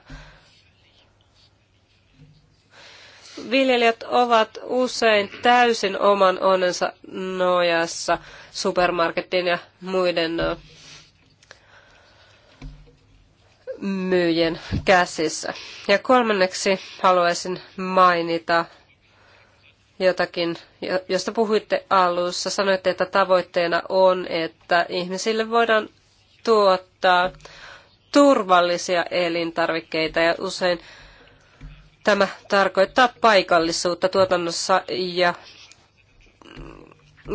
Viljelijät ovat usein täysin oman onnensa nojassa supermarketin ja muiden myyjien käsissä. Ja kolmanneksi haluaisin mainita jotakin, josta puhuitte alussa. Sanoitte, että tavoitteena on, että ihmisille voidaan tuottaa turvallisia elintarvikkeita ja usein tämä tarkoittaa paikallisuutta tuotannossa ja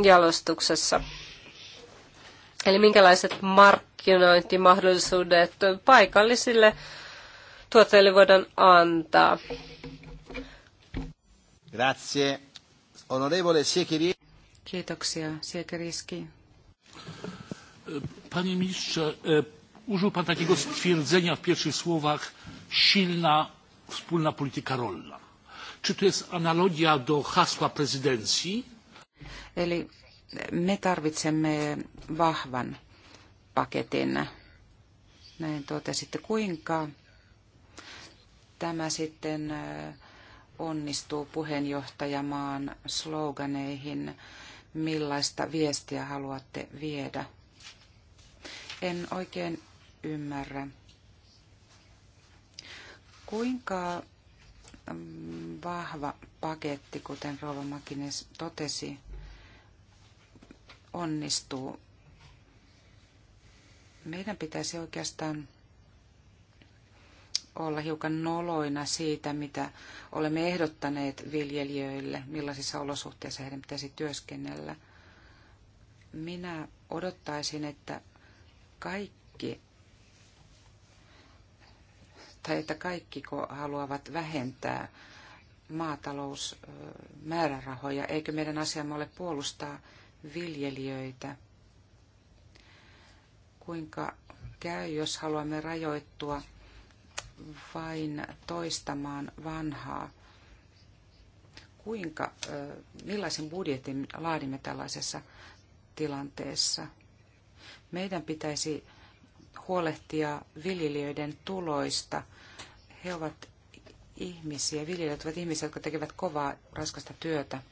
jalostuksessa. Eli minkälaiset markkinointimahdollisuudet paikallisille tuotteille voidaan antaa. Grazie. Onorevole Siekiri. Kiitoksia, Siekiriski. Panie ministrze, e, użył pan takiego stwierdzenia w pierwszych słowach silna wspólna polityka rolna. Czy to jest analogia do hasła prezydencji? Eli me tarvitsemme vahvan paketin. Näin totesitte, kuinka tämä sitten äh, onnistuu puheenjohtajamaan sloganeihin, millaista viestiä haluatte viedä. En oikein ymmärrä. Kuinka mm, vahva paketti, kuten Rova Makines totesi, onnistuu. Meidän pitäisi oikeastaan olla hiukan noloina siitä, mitä olemme ehdottaneet viljelijöille, millaisissa olosuhteissa heidän pitäisi työskennellä. Minä odottaisin, että kaikki tai että kaikki haluavat vähentää maatalousmäärärahoja, eikö meidän asiamme ole puolustaa viljelijöitä. Kuinka käy, jos haluamme rajoittua vain toistamaan vanhaa? Kuinka, millaisen budjetin laadimme tällaisessa tilanteessa? Meidän pitäisi huolehtia viljelijöiden tuloista. He ovat ihmisiä, viljelijät ovat ihmisiä, jotka tekevät kovaa, raskasta työtä.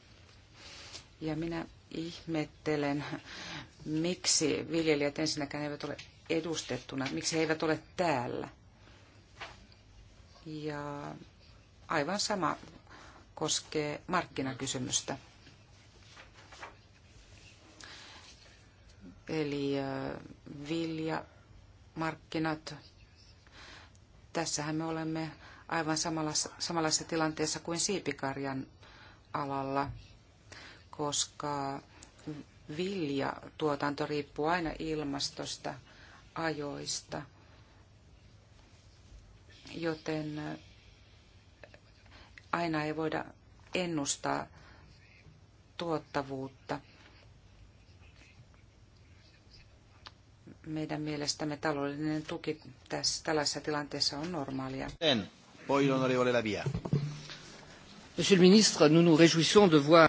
Ja minä ihmettelen, miksi viljelijät ensinnäkään eivät ole edustettuna, miksi he eivät ole täällä. Ja aivan sama koskee markkinakysymystä. Eli vilja markkinat. Tässähän me olemme aivan samalla samanlaisessa tilanteessa kuin siipikarjan alalla koska vilja tuotanto riippuu aina ilmastosta, ajoista, joten aina ei voida ennustaa tuottavuutta. Meidän mielestämme taloudellinen tuki tässä, tällaisessa tilanteessa on normaalia. En. Poi l'onorevole Lavia. Monsieur le ministre, nous nous réjouissons de voir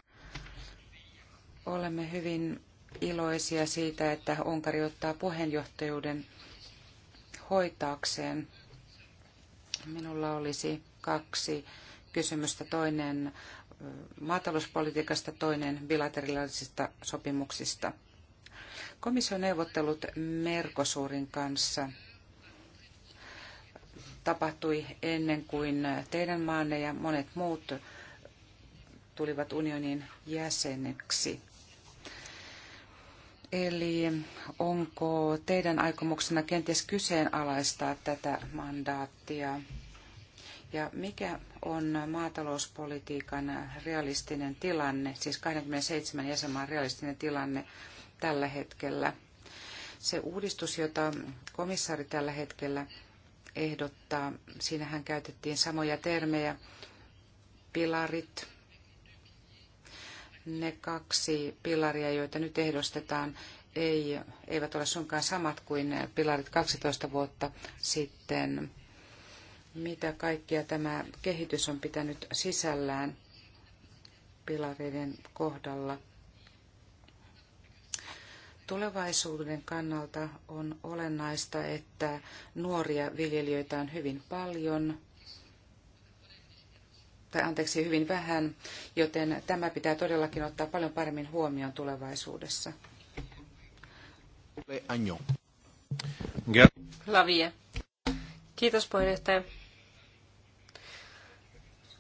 Olemme hyvin iloisia siitä, että Unkari ottaa puheenjohtajuuden hoitaakseen. Minulla olisi kaksi kysymystä. Toinen maatalouspolitiikasta, toinen bilateraalisista sopimuksista. Komission neuvottelut Merkosuurin kanssa tapahtui ennen kuin teidän maanne ja monet muut tulivat unionin jäseneksi. Eli onko teidän aikomuksena kenties kyseenalaistaa tätä mandaattia? Ja mikä on maatalouspolitiikan realistinen tilanne, siis 27 jäsenmaan realistinen tilanne tällä hetkellä? Se uudistus, jota komissaari tällä hetkellä ehdottaa, siinähän käytettiin samoja termejä, pilarit, ne kaksi pilaria, joita nyt ehdostetaan, ei, eivät ole suinkaan samat kuin pilarit 12 vuotta sitten. Mitä kaikkia tämä kehitys on pitänyt sisällään pilareiden kohdalla? Tulevaisuuden kannalta on olennaista, että nuoria viljelijöitä on hyvin paljon tai anteeksi, hyvin vähän, joten tämä pitää todellakin ottaa paljon paremmin huomioon tulevaisuudessa. LaVie. Kiitos puheenjohtaja.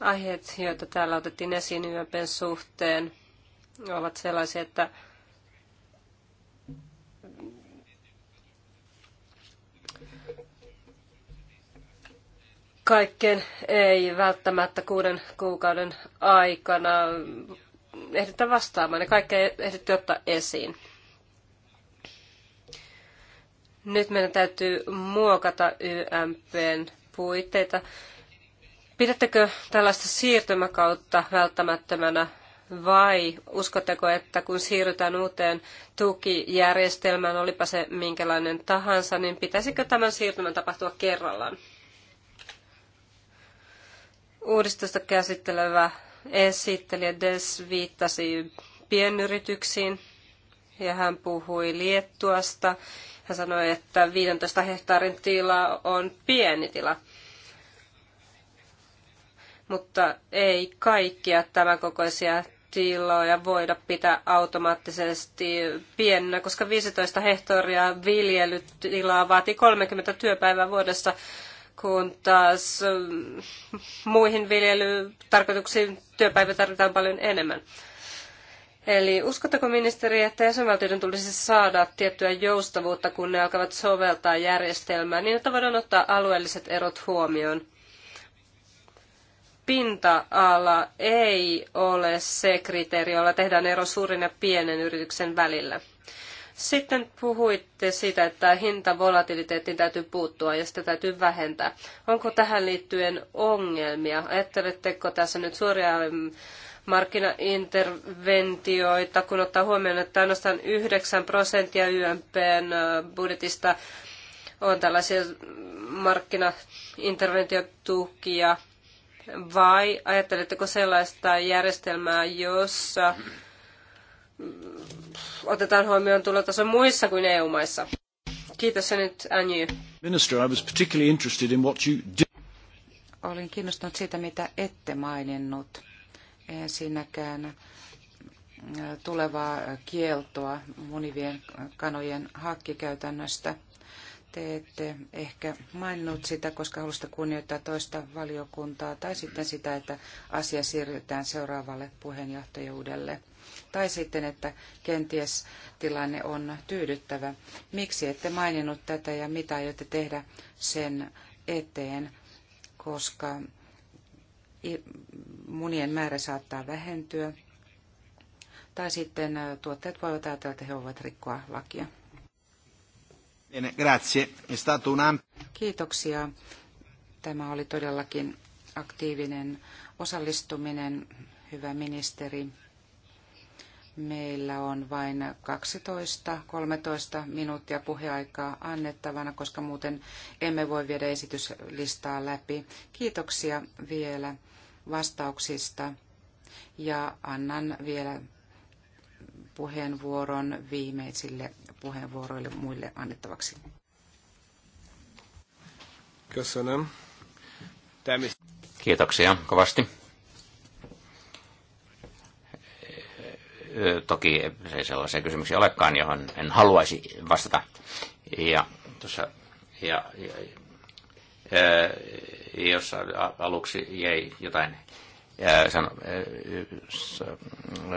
Aiheet, joita täällä otettiin esiin YMPn suhteen, ovat sellaisia, että kaikkeen ei välttämättä kuuden kuukauden aikana ehditä vastaamaan ja kaikkea ei ehditty ottaa esiin. Nyt meidän täytyy muokata YMPn puitteita. Pidättekö tällaista siirtymäkautta välttämättömänä vai uskotteko, että kun siirrytään uuteen tukijärjestelmään, olipa se minkälainen tahansa, niin pitäisikö tämän siirtymän tapahtua kerrallaan? Uudistusta käsittelevä esittelijä Des viittasi pienyrityksiin ja hän puhui Liettuasta. Hän sanoi, että 15 hehtaarin tila on pieni tila. Mutta ei kaikkia tämän kokoisia tiloja voida pitää automaattisesti pieninä, koska 15 hehtaaria viljelytilaa vaatii 30 työpäivää vuodessa kun taas mm, muihin viljelytarkoituksiin työpäivä tarvitaan paljon enemmän. Eli uskotteko ministeri, että jäsenvaltioiden tulisi saada tiettyä joustavuutta, kun ne alkavat soveltaa järjestelmää, niin että voidaan ottaa alueelliset erot huomioon? Pinta-ala ei ole se kriteeri, jolla tehdään ero suurin ja pienen yrityksen välillä. Sitten puhuitte siitä, että hintavolatiliteettiin täytyy puuttua ja sitä täytyy vähentää. Onko tähän liittyen ongelmia? Ajatteletteko tässä nyt suoria mm, markkinainterventioita, kun ottaa huomioon, että ainoastaan 9 prosenttia YMPn budjetista on tällaisia mm, markkinainterventiotukia, vai ajatteletteko sellaista järjestelmää, jossa Mm, otetaan huomioon tulotaso muissa kuin EU-maissa. Kiitos se nyt Anju. Minister, I was particularly interested in what you did. Olin kiinnostunut siitä, mitä ette maininnut. Ensinnäkään äh, tulevaa kieltoa munivien kanojen hakkikäytännöstä. Te ette ehkä maininnut sitä, koska haluaisitte kunnioittaa toista valiokuntaa, tai sitten sitä, että asia siirretään seuraavalle puheenjohtajuudelle tai sitten, että kenties tilanne on tyydyttävä. Miksi ette maininnut tätä ja mitä aiotte tehdä sen eteen, koska munien määrä saattaa vähentyä, tai sitten tuotteet voivat ajatella, että he voivat rikkoa lakia. Kiitoksia. Tämä oli todellakin aktiivinen osallistuminen, hyvä ministeri. Meillä on vain 12-13 minuuttia puheaikaa annettavana, koska muuten emme voi viedä esityslistaa läpi. Kiitoksia vielä vastauksista ja annan vielä puheenvuoron viimeisille puheenvuoroille muille annettavaksi. Kiitoksia kovasti. Toki se ei sellaisia kysymyksiä olekaan, johon en haluaisi vastata. Ja, tuossa, ja, ja, ja jos aluksi jäi jotain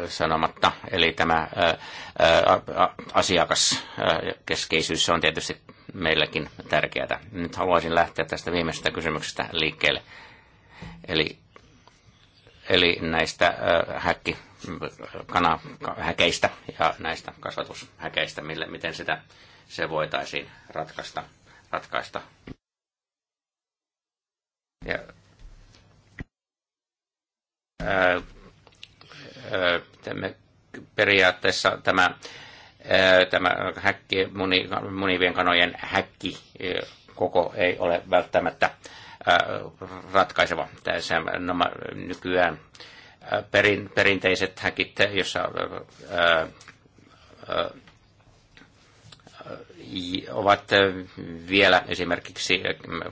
sanomatta. Eli tämä asiakaskeskeisyys on tietysti meillekin tärkeää. Nyt haluaisin lähteä tästä viimeisestä kysymyksestä liikkeelle. Eli, eli näistä häkki kanahäkeistä ja näistä kasvatushäkeistä, mille, miten sitä se voitaisiin ratkaista. ratkaista. Ja, ää, ää, periaatteessa tämä, ää, tämä häkki, muni, munivien kanojen häkki koko ei ole välttämättä ää, ratkaiseva. Tässä no, nykyään Äh, perin, perinteiset häkit, jossa ää, äh, ää, äh, ovat vielä esimerkiksi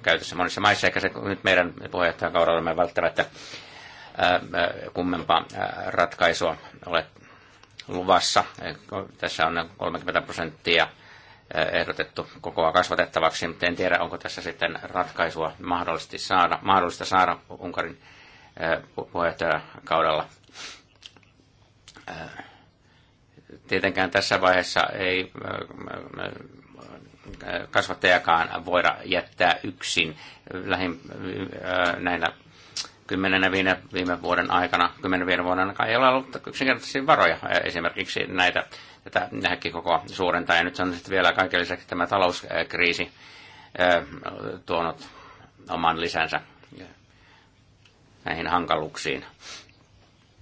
käytössä monissa maissa, eikä se nyt meidän puheenjohtajakaudella välttämättä kummempaa ratkaisua ole luvassa. Tässä on 30 prosenttia ehdotettu kokoa kasvatettavaksi, mutta en tiedä, onko tässä sitten ratkaisua mahdollisesti saada, mahdollista saada Unkarin kaudella. Tietenkään tässä vaiheessa ei kasvattajakaan voida jättää yksin lähin, näinä kymmenenä viime, viime vuoden aikana, kymmenen viime vuoden aikana ei ole ollut yksinkertaisesti varoja esimerkiksi näitä, tätä koko suurentaa. Ja nyt on sitten vielä kaiken lisäksi tämä talouskriisi tuonut oman lisänsä näihin hankaluuksiin.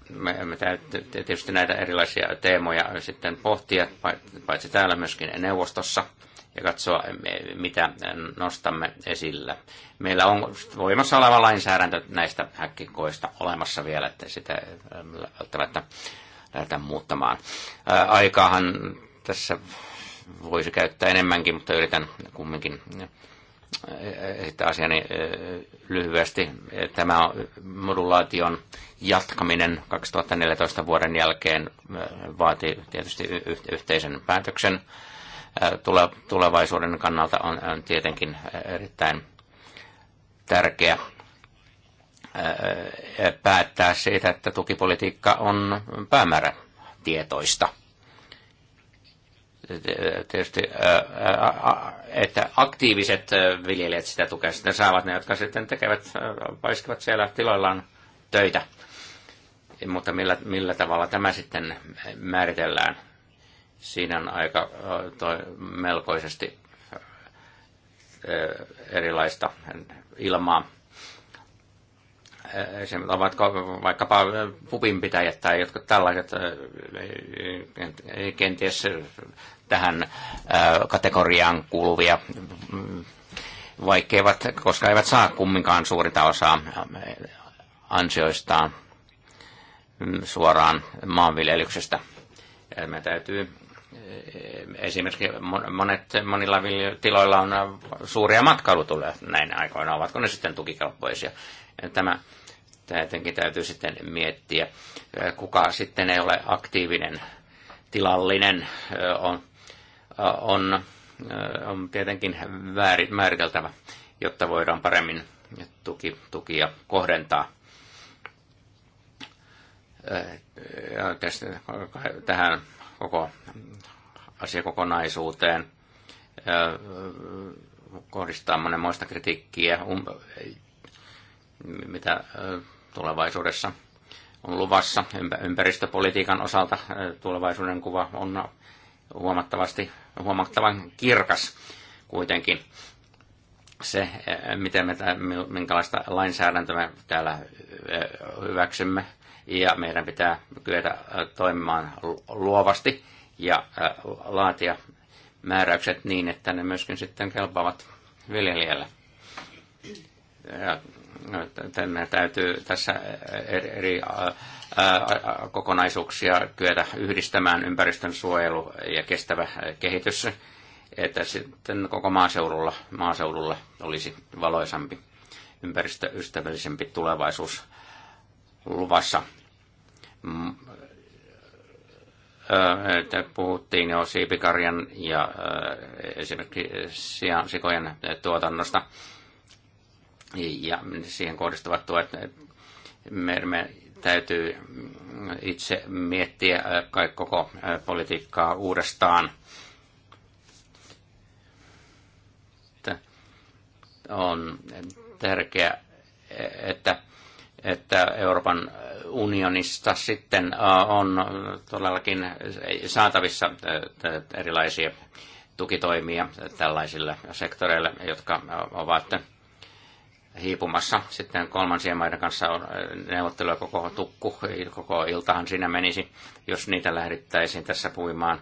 Me, me täytyy tietysti näitä erilaisia teemoja sitten pohtia, paitsi täällä myöskin neuvostossa, ja katsoa, mitä nostamme esille. Meillä on voimassa oleva lainsäädäntö näistä häkkikoista olemassa vielä, että sitä välttämättä lähdetään muuttamaan. Aikaahan tässä voisi käyttää enemmänkin, mutta yritän kumminkin asiani eh, lyhyesti. Tämä on modulaation jatkaminen 2014 vuoden jälkeen eh, vaati tietysti yhteisen päätöksen. Eh, tulevaisuuden kannalta on tietenkin erittäin tärkeä päättää siitä, että tukipolitiikka on päämäärätietoista. tietoista – tietysti, että aktiiviset viljelijät sitä tukea sitten saavat, ne jotka sitten tekevät, paiskivat siellä tiloillaan töitä. Mutta millä, millä tavalla tämä sitten määritellään, siinä on aika toi, melkoisesti erilaista ilmaa. Esimerkiksi ovatko vaikkapa pupinpitäjät tai jotkut tällaiset kenties tähän äh, kategoriaan kuuluvia, mm, vaikkeivat, koska eivät saa kumminkaan suurita osaa äh, ansioistaan mm, suoraan maanviljelyksestä. Me täytyy äh, esimerkiksi monet, monilla tiloilla on suuria matkailutuloja Näin aikoina, ovatko ne sitten tukikelpoisia. Tämä tietenkin täytyy sitten miettiä, kuka sitten ei ole aktiivinen tilallinen, on on, äh, on tietenkin määriteltävä, jotta voidaan paremmin tuki, tukia kohdentaa. Äh, tähän koko asiakokonaisuuteen äh, kohdistaa monenmoista kritiikkiä, um, mitä tulevaisuudessa on luvassa ympäristöpolitiikan osalta. Tulevaisuuden kuva on huomattavasti, huomattavan kirkas kuitenkin se, eh, miten me, minkälaista lainsäädäntöä me täällä eh, hyväksymme. Ja meidän pitää kyetä eh, toimimaan luovasti ja laatia määräykset niin, että ne myöskin sitten kelpaavat viljelijälle. Ja no, me täytyy tässä eri, eri kokonaisuuksia kyetä yhdistämään ympäristön suojelu ja kestävä kehitys, että sitten koko maaseudulla, maaseudulla olisi valoisampi, ympäristöystävällisempi tulevaisuus luvassa. Mm, että puhuttiin jo siipikarjan ja esimerkiksi sikojen tuotannosta ja siihen kohdistuvat tuet. Me, me täytyy itse miettiä kai koko politiikkaa uudestaan. On tärkeää, että, että Euroopan unionista sitten on todellakin saatavissa erilaisia tukitoimia tällaisille sektoreille, jotka ovat hiipumassa sitten kolmansien maiden kanssa äh, neuvotteluja koko tukku, koko iltahan siinä menisi, jos niitä lähdettäisiin tässä puimaan.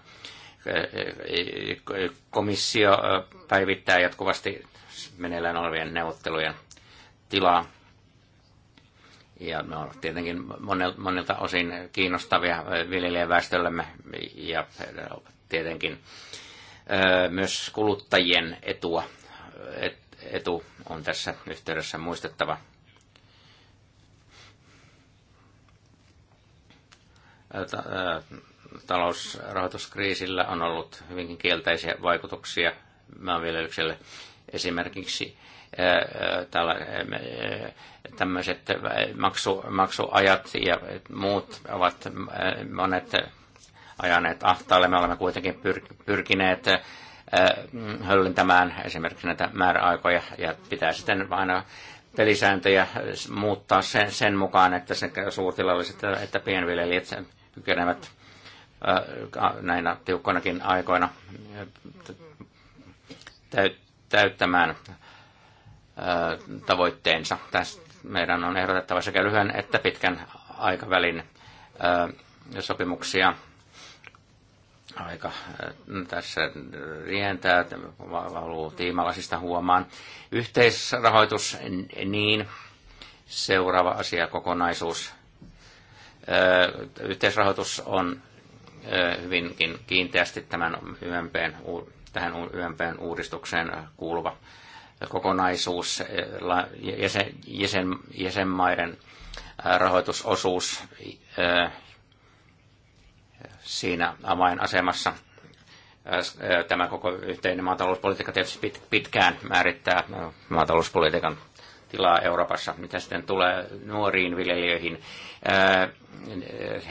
Äh, äh, komissio päivittää jatkuvasti meneillään olevien neuvottelujen tilaa. Ja ne on tietenkin monilta osin kiinnostavia viljelijäväestöllemme ja tietenkin myös kuluttajien etua, että etu on tässä yhteydessä muistettava. Talousrahoituskriisillä on ollut hyvinkin kielteisiä vaikutuksia maanviljelykselle. Esimerkiksi tämmöiset maksu, maksuajat ja muut ovat monet ajaneet ahtaalle. Me olemme kuitenkin pyrkineet Mm, höllentämään esimerkiksi näitä määräaikoja ja pitää sitten aina pelisääntöjä muuttaa sen, sen mukaan, että sekä suurtilalliset että pienviljelijät kykenevät näinä tiukkoinakin aikoina täyttämään tavoitteensa. Tästä meidän on ehdotettava sekä lyhyen että pitkän aikavälin sopimuksia aika äh, tässä rientää, valuu tiimalasista huomaan. Yhteisrahoitus, niin seuraava asia kokonaisuus. Äh, yhteisrahoitus on äh, hyvinkin kiinteästi tämän YMPn, tähän YMPn uudistukseen kuuluva kokonaisuus, jäsen, jäsen, jäsenmaiden rahoitusosuus siinä avainasemassa. Äh, tämä koko yhteinen maatalouspolitiikka tietysti pitkään määrittää äh, maatalouspolitiikan tilaa Euroopassa, mitä sitten tulee nuoriin viljelijöihin. Äh,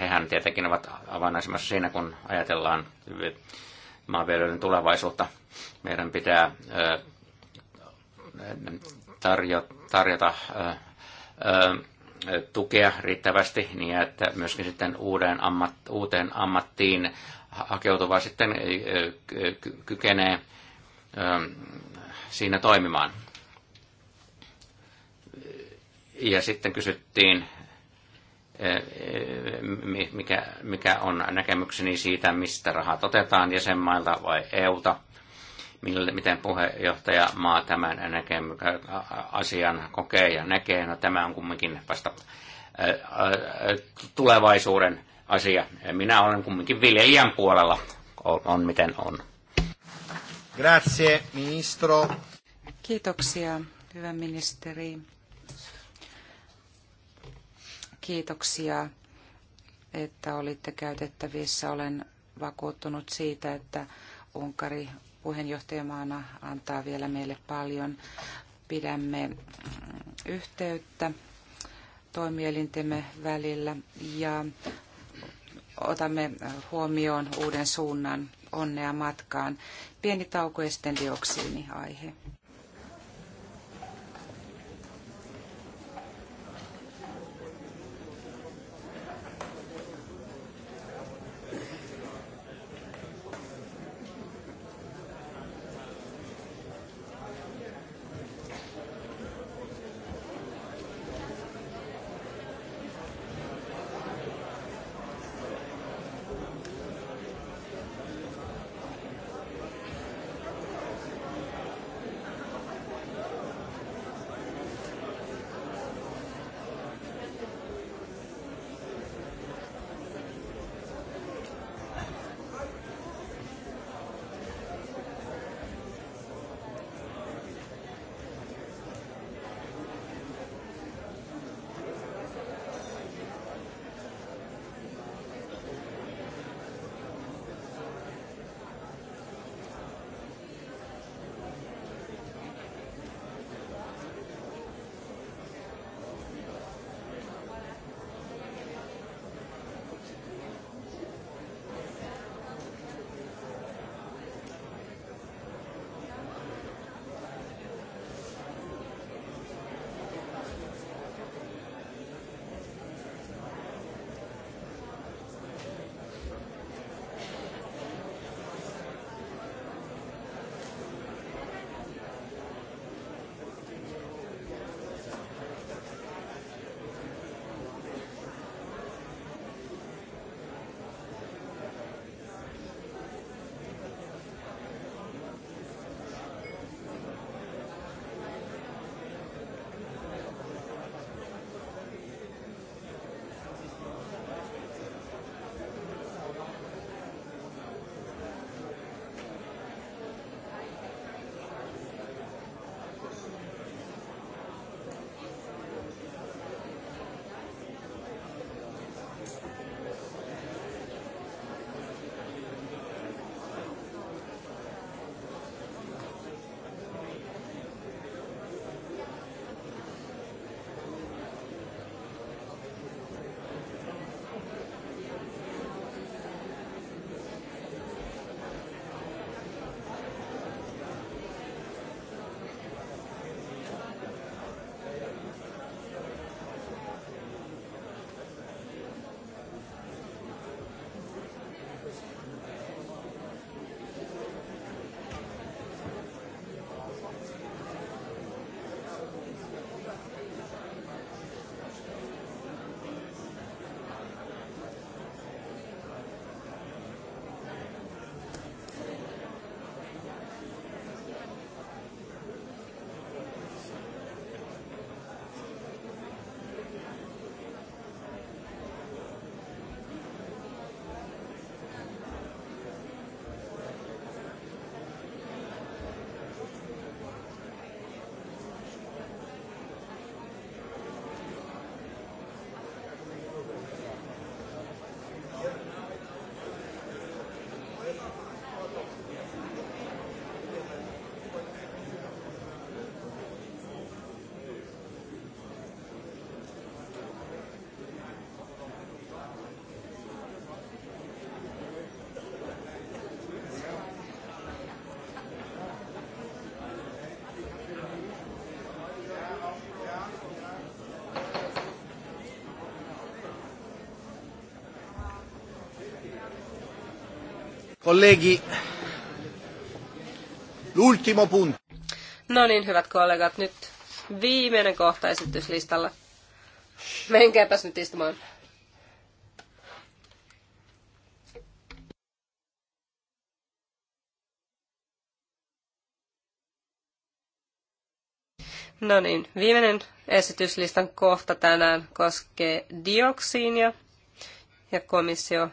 hehän tietenkin ovat avainasemassa siinä, kun ajatellaan maanviljelyn tulevaisuutta. Meidän pitää tarjota, tarjota tukea riittävästi niin, että myöskin sitten uuden ammat, uuteen ammattiin hakeutuva sitten kykenee siinä toimimaan. Ja sitten kysyttiin, mikä, mikä on näkemykseni siitä, mistä rahat otetaan jäsenmailta vai EUta miten puheenjohtaja maa tämän näkee, asian kokee ja näkee. No tämä on kumminkin vasta tulevaisuuden asia. Minä olen kumminkin viljelijän puolella, on, on miten on. Grazie, ministro. Kiitoksia, hyvä ministeri. Kiitoksia, että olitte käytettävissä. Olen vakuuttunut siitä, että Unkari puheenjohtajamaana antaa vielä meille paljon. Pidämme yhteyttä toimielintemme välillä ja otamme huomioon uuden suunnan onnea matkaan. Pieni tauko ja sitten dioksiiniaihe. Kollegi, l'ultimo punto. No niin, hyvät kollegat, nyt viimeinen kohta esityslistalla. Menkääpäs nyt istumaan. No niin, viimeinen esityslistan kohta tänään koskee dioksiinia ja komissio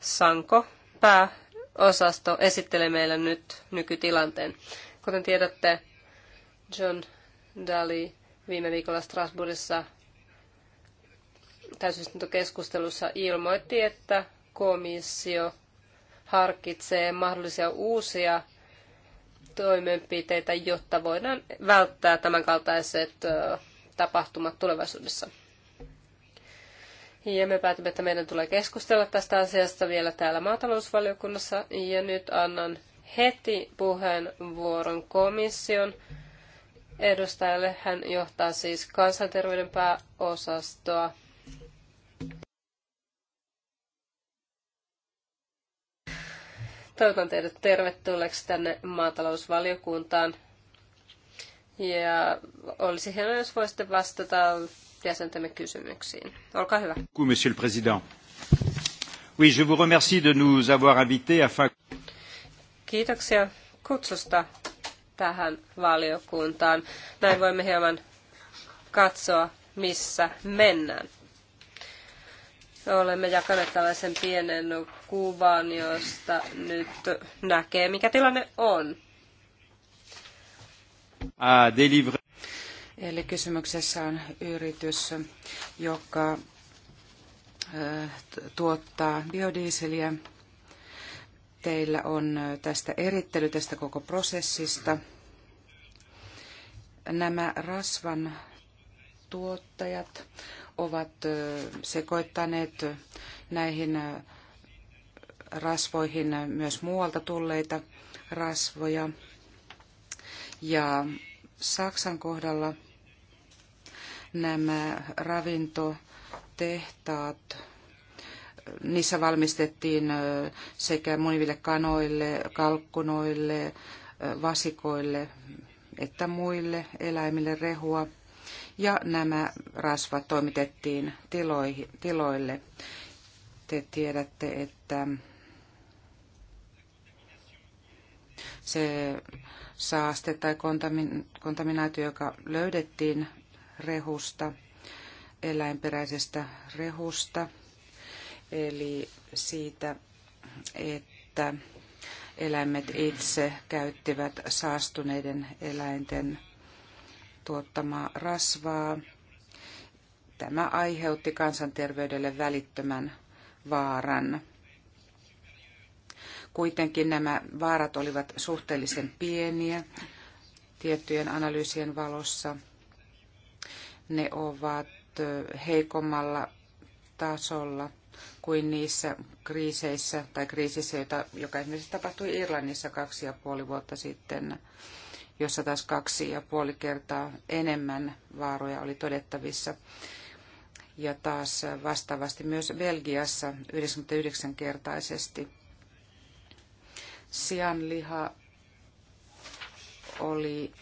sanko pääosasto esittelee meille nyt nykytilanteen. Kuten tiedätte, John Daly viime viikolla Strasbourgissa täysistuntokeskustelussa ilmoitti, että komissio harkitsee mahdollisia uusia toimenpiteitä, jotta voidaan välttää tämänkaltaiset tapahtumat tulevaisuudessa. Ja me päätimme, että meidän tulee keskustella tästä asiasta vielä täällä maatalousvaliokunnassa. Ja nyt annan heti puheenvuoron komission edustajalle. Hän johtaa siis kansanterveyden pääosastoa. Toivotan teidät tervetulleeksi tänne maatalousvaliokuntaan. Ja olisi hienoa, jos voisitte vastata jäsentemme kysymyksiin. Olkaa hyvä. Monsieur le Président. Oui, je vous remercie de nous avoir invités afin... Kiitoksia kutsusta tähän valiokuntaan. Näin voimme hieman katsoa, missä mennään. Olemme jakaneet tällaisen pienen kuvan, josta nyt näkee, mikä tilanne on. délivrer Eli kysymyksessä on yritys, joka tuottaa biodieseliä. Teillä on tästä erittely tästä koko prosessista. Nämä rasvan tuottajat ovat sekoittaneet näihin rasvoihin myös muualta tulleita rasvoja. Ja Saksan kohdalla – nämä ravintotehtaat, niissä valmistettiin sekä moniville kanoille, kalkkunoille, vasikoille että muille eläimille rehua. Ja nämä rasvat toimitettiin tiloille. Te tiedätte, että se saaste tai kontaminaatio, joka löydettiin rehusta, eläinperäisestä rehusta, eli siitä, että eläimet itse käyttivät saastuneiden eläinten tuottamaa rasvaa. Tämä aiheutti kansanterveydelle välittömän vaaran. Kuitenkin nämä vaarat olivat suhteellisen pieniä tiettyjen analyysien valossa – ne ovat heikommalla tasolla kuin niissä kriiseissä tai kriisissä, joita, joka esimerkiksi tapahtui Irlannissa kaksi ja puoli vuotta sitten, jossa taas kaksi ja puoli kertaa enemmän vaaroja oli todettavissa. Ja taas vastaavasti myös Belgiassa 99-kertaisesti. Sianliha oli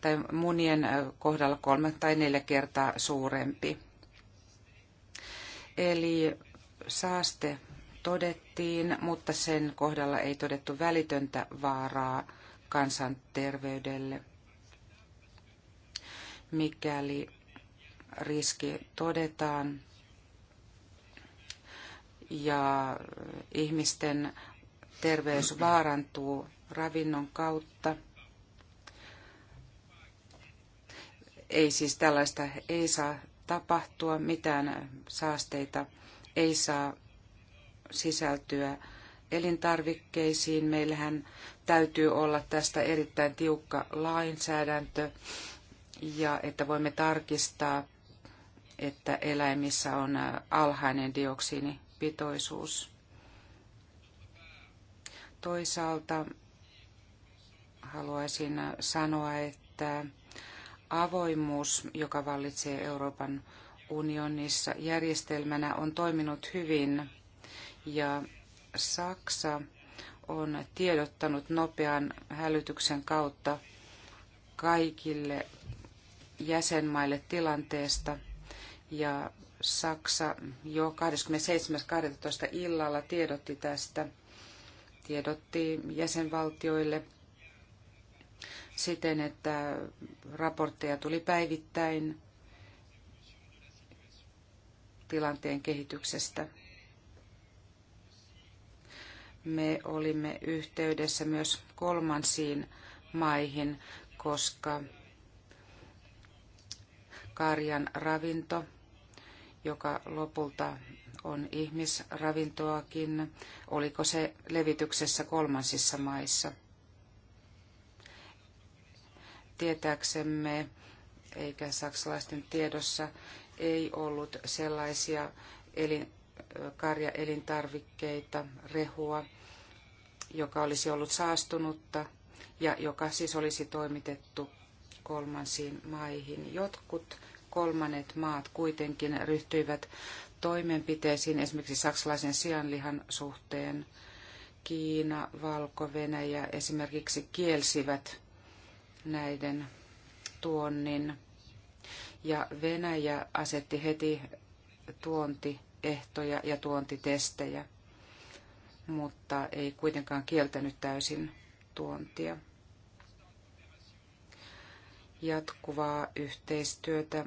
tai munien kohdalla kolme tai neljä kertaa suurempi. Eli saaste todettiin, mutta sen kohdalla ei todettu välitöntä vaaraa kansanterveydelle. Mikäli riski todetaan ja ihmisten terveys vaarantuu ravinnon kautta, Ei siis tällaista ei saa tapahtua, mitään saasteita ei saa sisältyä elintarvikkeisiin. Meillähän täytyy olla tästä erittäin tiukka lainsäädäntö ja että voimme tarkistaa, että eläimissä on alhainen dioksiinipitoisuus. Toisaalta haluaisin sanoa, että avoimuus, joka vallitsee Euroopan unionissa järjestelmänä, on toiminut hyvin ja Saksa on tiedottanut nopean hälytyksen kautta kaikille jäsenmaille tilanteesta ja Saksa jo 27.12. illalla tiedotti tästä, tiedotti jäsenvaltioille – siten, että raportteja tuli päivittäin tilanteen kehityksestä. Me olimme yhteydessä myös kolmansiin maihin, koska karjan ravinto, joka lopulta on ihmisravintoakin, oliko se levityksessä kolmansissa maissa – tietääksemme, eikä saksalaisten tiedossa, ei ollut sellaisia elin, karjaelintarvikkeita, rehua, joka olisi ollut saastunutta ja joka siis olisi toimitettu kolmansiin maihin. Jotkut kolmannet maat kuitenkin ryhtyivät toimenpiteisiin esimerkiksi saksalaisen sianlihan suhteen. Kiina, Valko-Venäjä esimerkiksi kielsivät näiden tuonnin. Ja Venäjä asetti heti tuontiehtoja ja tuontitestejä, mutta ei kuitenkaan kieltänyt täysin tuontia. Jatkuvaa yhteistyötä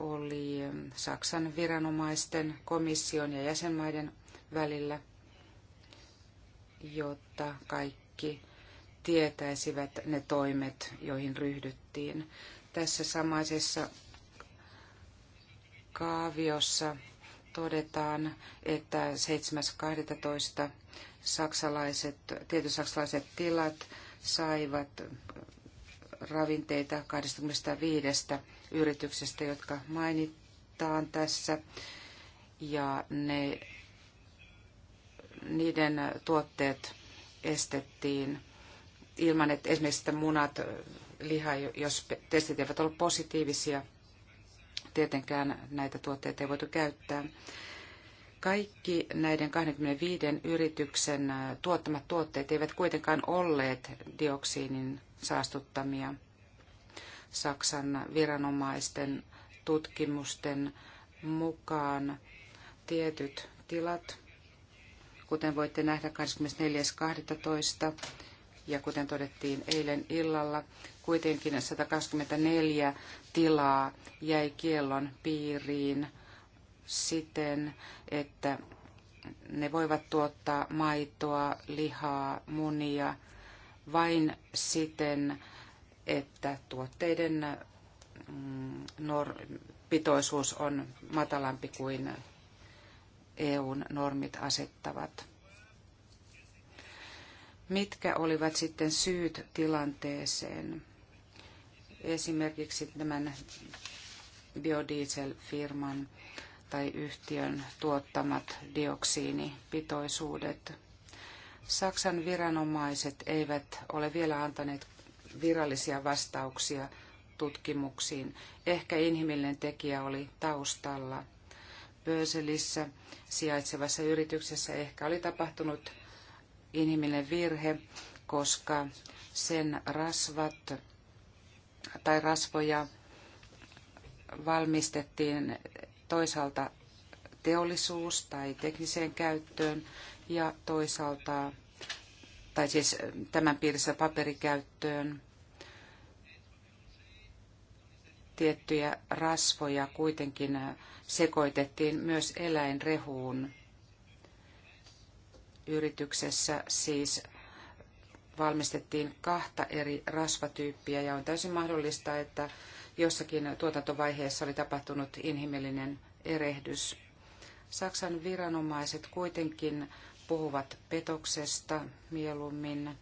oli Saksan viranomaisten, komission ja jäsenmaiden välillä, jotta kaikki tietäisivät ne toimet, joihin ryhdyttiin. Tässä samaisessa kaaviossa todetaan, että 7.12. saksalaiset, tietyt saksalaiset tilat saivat ravinteita 25 yrityksestä, jotka mainitaan tässä. Ja ne, niiden tuotteet estettiin ilman, että esimerkiksi munat, liha, jos testit eivät ole positiivisia, tietenkään näitä tuotteita ei voitu käyttää. Kaikki näiden 25 yrityksen tuottamat tuotteet eivät kuitenkaan olleet dioksiinin saastuttamia. Saksan viranomaisten tutkimusten mukaan tietyt tilat, kuten voitte nähdä 24.12 ja kuten todettiin eilen illalla, kuitenkin 124 tilaa jäi kiellon piiriin siten, että ne voivat tuottaa maitoa, lihaa, munia vain siten, että tuotteiden mm, pitoisuus on matalampi kuin EUn normit asettavat. Mitkä olivat sitten syyt tilanteeseen? Esimerkiksi tämän biodieselfirman tai yhtiön tuottamat dioksiinipitoisuudet. Saksan viranomaiset eivät ole vielä antaneet virallisia vastauksia tutkimuksiin. Ehkä inhimillinen tekijä oli taustalla. Böselissä sijaitsevassa yrityksessä ehkä oli tapahtunut inhimillinen virhe, koska sen rasvat tai rasvoja valmistettiin toisaalta teollisuus- tai tekniseen käyttöön ja toisaalta, tai siis tämän piirissä paperikäyttöön. Tiettyjä rasvoja kuitenkin sekoitettiin myös eläinrehuun yrityksessä siis valmistettiin kahta eri rasvatyyppiä ja on täysin mahdollista, että jossakin tuotantovaiheessa oli tapahtunut inhimillinen erehdys. Saksan viranomaiset kuitenkin puhuvat petoksesta mieluummin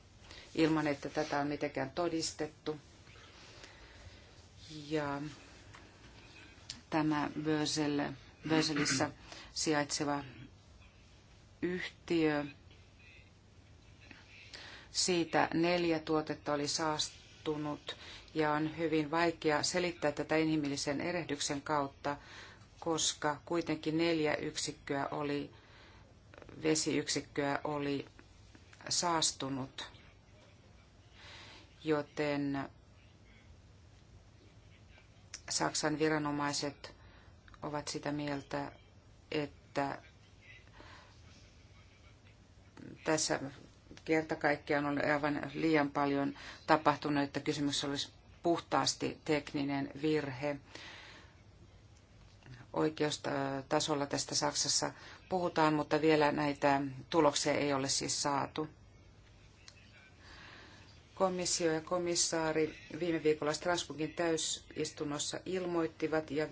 ilman, että tätä on mitenkään todistettu. Ja tämä Bösel, Böselissä sijaitseva yhtiö. Siitä neljä tuotetta oli saastunut ja on hyvin vaikea selittää tätä inhimillisen erehdyksen kautta, koska kuitenkin neljä yksikköä oli, vesiyksikköä oli saastunut, joten Saksan viranomaiset ovat sitä mieltä, että tässä kerta kaikkiaan on aivan liian paljon tapahtunut, että kysymys olisi puhtaasti tekninen virhe. Oikeustasolla tästä Saksassa puhutaan, mutta vielä näitä tuloksia ei ole siis saatu. Komissio ja komissaari viime viikolla Strasbourgin täysistunnossa ilmoittivat ja,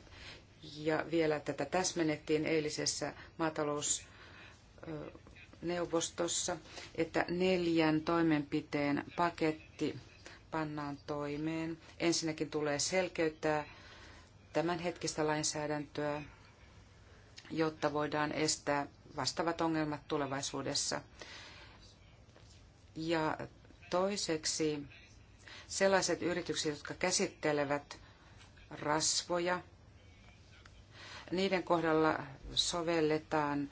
ja vielä tätä täsmennettiin eilisessä maatalous neuvostossa, että neljän toimenpiteen paketti pannaan toimeen. Ensinnäkin tulee selkeyttää tämänhetkistä lainsäädäntöä, jotta voidaan estää vastaavat ongelmat tulevaisuudessa. Ja toiseksi sellaiset yritykset, jotka käsittelevät rasvoja, niiden kohdalla sovelletaan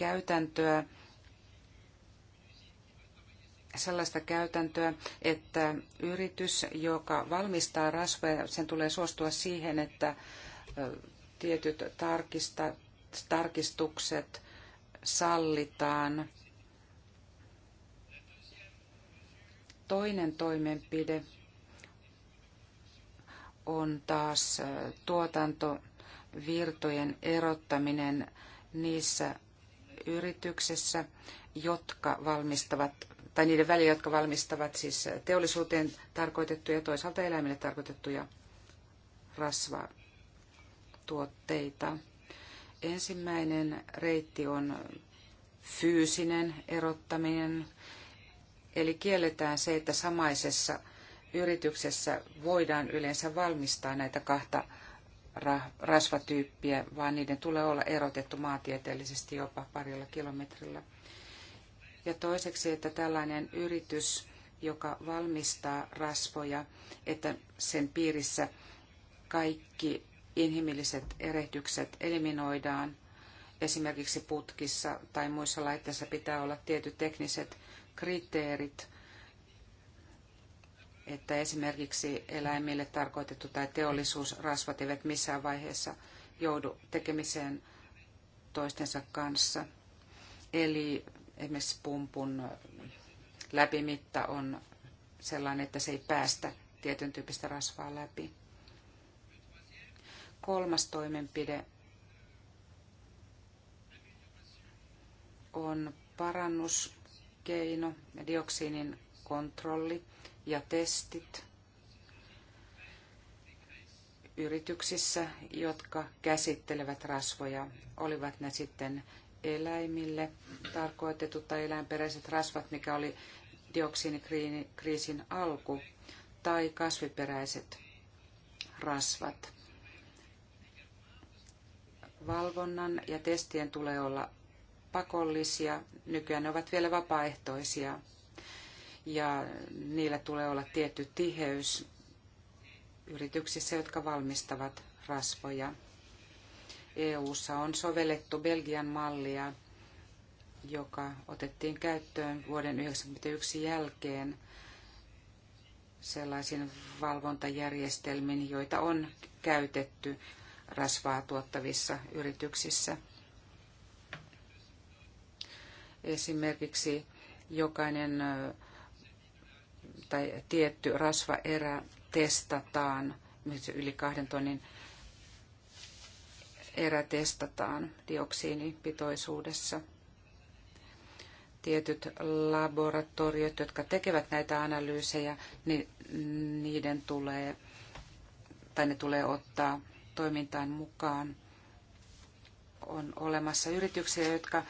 käytäntöä, sellaista käytäntöä, että yritys, joka valmistaa rasvoja, sen tulee suostua siihen, että tietyt tarkista, tarkistukset sallitaan. Toinen toimenpide on taas tuotantovirtojen erottaminen niissä yrityksessä, jotka valmistavat tai niiden välillä, jotka valmistavat siis teollisuuteen tarkoitettuja ja toisaalta eläimille tarkoitettuja rasvatuotteita. Ensimmäinen reitti on fyysinen erottaminen, eli kielletään se, että samaisessa yrityksessä voidaan yleensä valmistaa näitä kahta rasvatyyppiä, vaan niiden tulee olla erotettu maantieteellisesti jopa parilla kilometrillä. Ja toiseksi, että tällainen yritys, joka valmistaa rasvoja, että sen piirissä kaikki inhimilliset erehdykset eliminoidaan. Esimerkiksi putkissa tai muissa laitteissa pitää olla tietyt tekniset kriteerit, että esimerkiksi eläimille tarkoitettu tai teollisuusrasvat eivät missään vaiheessa joudu tekemiseen toistensa kanssa. Eli esimerkiksi pumpun läpimitta on sellainen, että se ei päästä tietyn tyyppistä rasvaa läpi. Kolmas toimenpide on parannuskeino ja dioksiinin kontrolli ja testit yrityksissä, jotka käsittelevät rasvoja, olivat ne sitten eläimille tarkoitetut tai eläinperäiset rasvat, mikä oli dioksiinikriisin alku, tai kasviperäiset rasvat. Valvonnan ja testien tulee olla pakollisia, nykyään ne ovat vielä vapaaehtoisia ja niillä tulee olla tietty tiheys yrityksissä, jotka valmistavat rasvoja. EU:ssa on sovellettu Belgian mallia, joka otettiin käyttöön vuoden 1991 jälkeen sellaisin valvontajärjestelmiin, joita on käytetty rasvaa tuottavissa yrityksissä. Esimerkiksi jokainen tai tietty rasvaerä testataan, yli kahden tonnin erä testataan dioksiinipitoisuudessa. Tietyt laboratoriot, jotka tekevät näitä analyysejä, niin niiden tulee, tai ne tulee ottaa toimintaan mukaan. On olemassa yrityksiä, jotka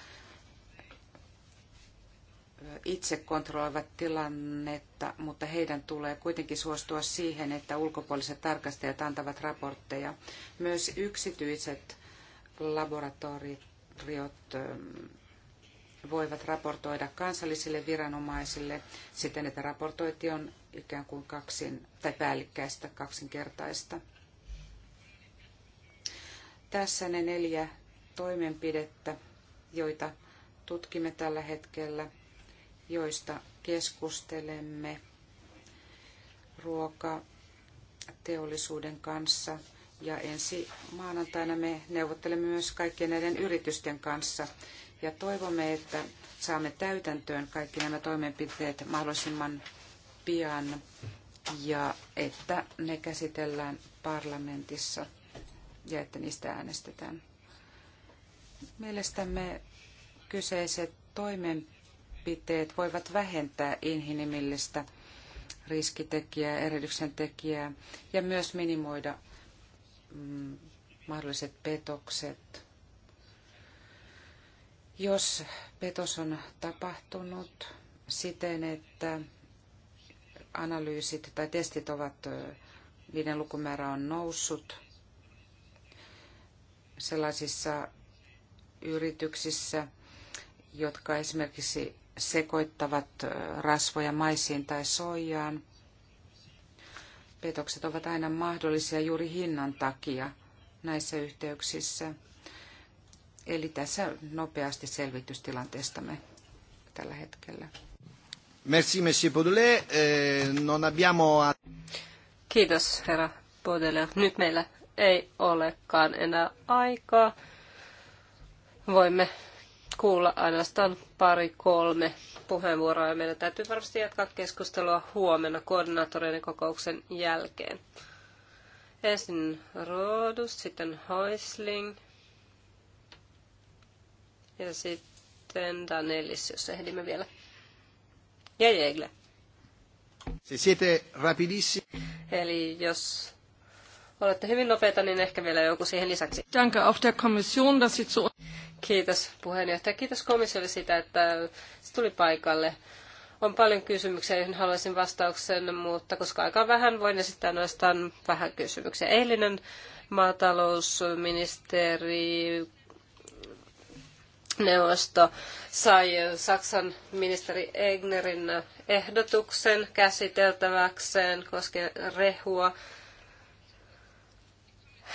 itse kontrolloivat tilannetta, mutta heidän tulee kuitenkin suostua siihen, että ulkopuoliset tarkastajat antavat raportteja. Myös yksityiset laboratoriot ähm, voivat raportoida kansallisille viranomaisille siten, että raportointi on ikään kuin kaksin, tai päällikkäistä kaksinkertaista. Tässä ne neljä toimenpidettä, joita tutkimme tällä hetkellä – joista keskustelemme ruokateollisuuden kanssa. Ja ensi maanantaina me neuvottelemme myös kaikkien näiden yritysten kanssa. Ja toivomme, että saamme täytäntöön kaikki nämä toimenpiteet mahdollisimman pian ja että ne käsitellään parlamentissa ja että niistä äänestetään. Mielestämme kyseiset toimenpiteet toimenpiteet voivat vähentää inhimillistä riskitekijää, erehdyksen tekijää ja myös minimoida mm, mahdolliset petokset. Jos petos on tapahtunut siten, että analyysit tai testit ovat, niiden lukumäärä on noussut sellaisissa yrityksissä, jotka esimerkiksi sekoittavat rasvoja maisiin tai soijaan. Petokset ovat aina mahdollisia juuri hinnan takia näissä yhteyksissä. Eli tässä nopeasti selvitystilanteestamme tällä hetkellä. Merci, monsieur Baudelaire. Eh, non abbiamo... Kiitos, herra Baudelaire. Nyt meillä ei olekaan enää aikaa. Voimme kuulla ainoastaan pari kolme puheenvuoroa ja meidän täytyy varmasti jatkaa keskustelua huomenna koordinaattoreiden kokouksen jälkeen. Ensin Rodus, sitten Hoisling ja sitten Danelis, jos ehdimme vielä. Ja Jägle. Se siete rapidissi. Eli jos olette hyvin nopeita, niin ehkä vielä joku siihen lisäksi. Danke auf der Kommission, dass Sie zu... Kiitos puheenjohtaja. Kiitos komissiolle siitä, että se tuli paikalle. On paljon kysymyksiä, joihin haluaisin vastauksen, mutta koska aika vähän, voin esittää noistaan vähän kysymyksiä. Eilinen maatalousministeri neuvosto sai Saksan ministeri Egnerin ehdotuksen käsiteltäväkseen koskien rehua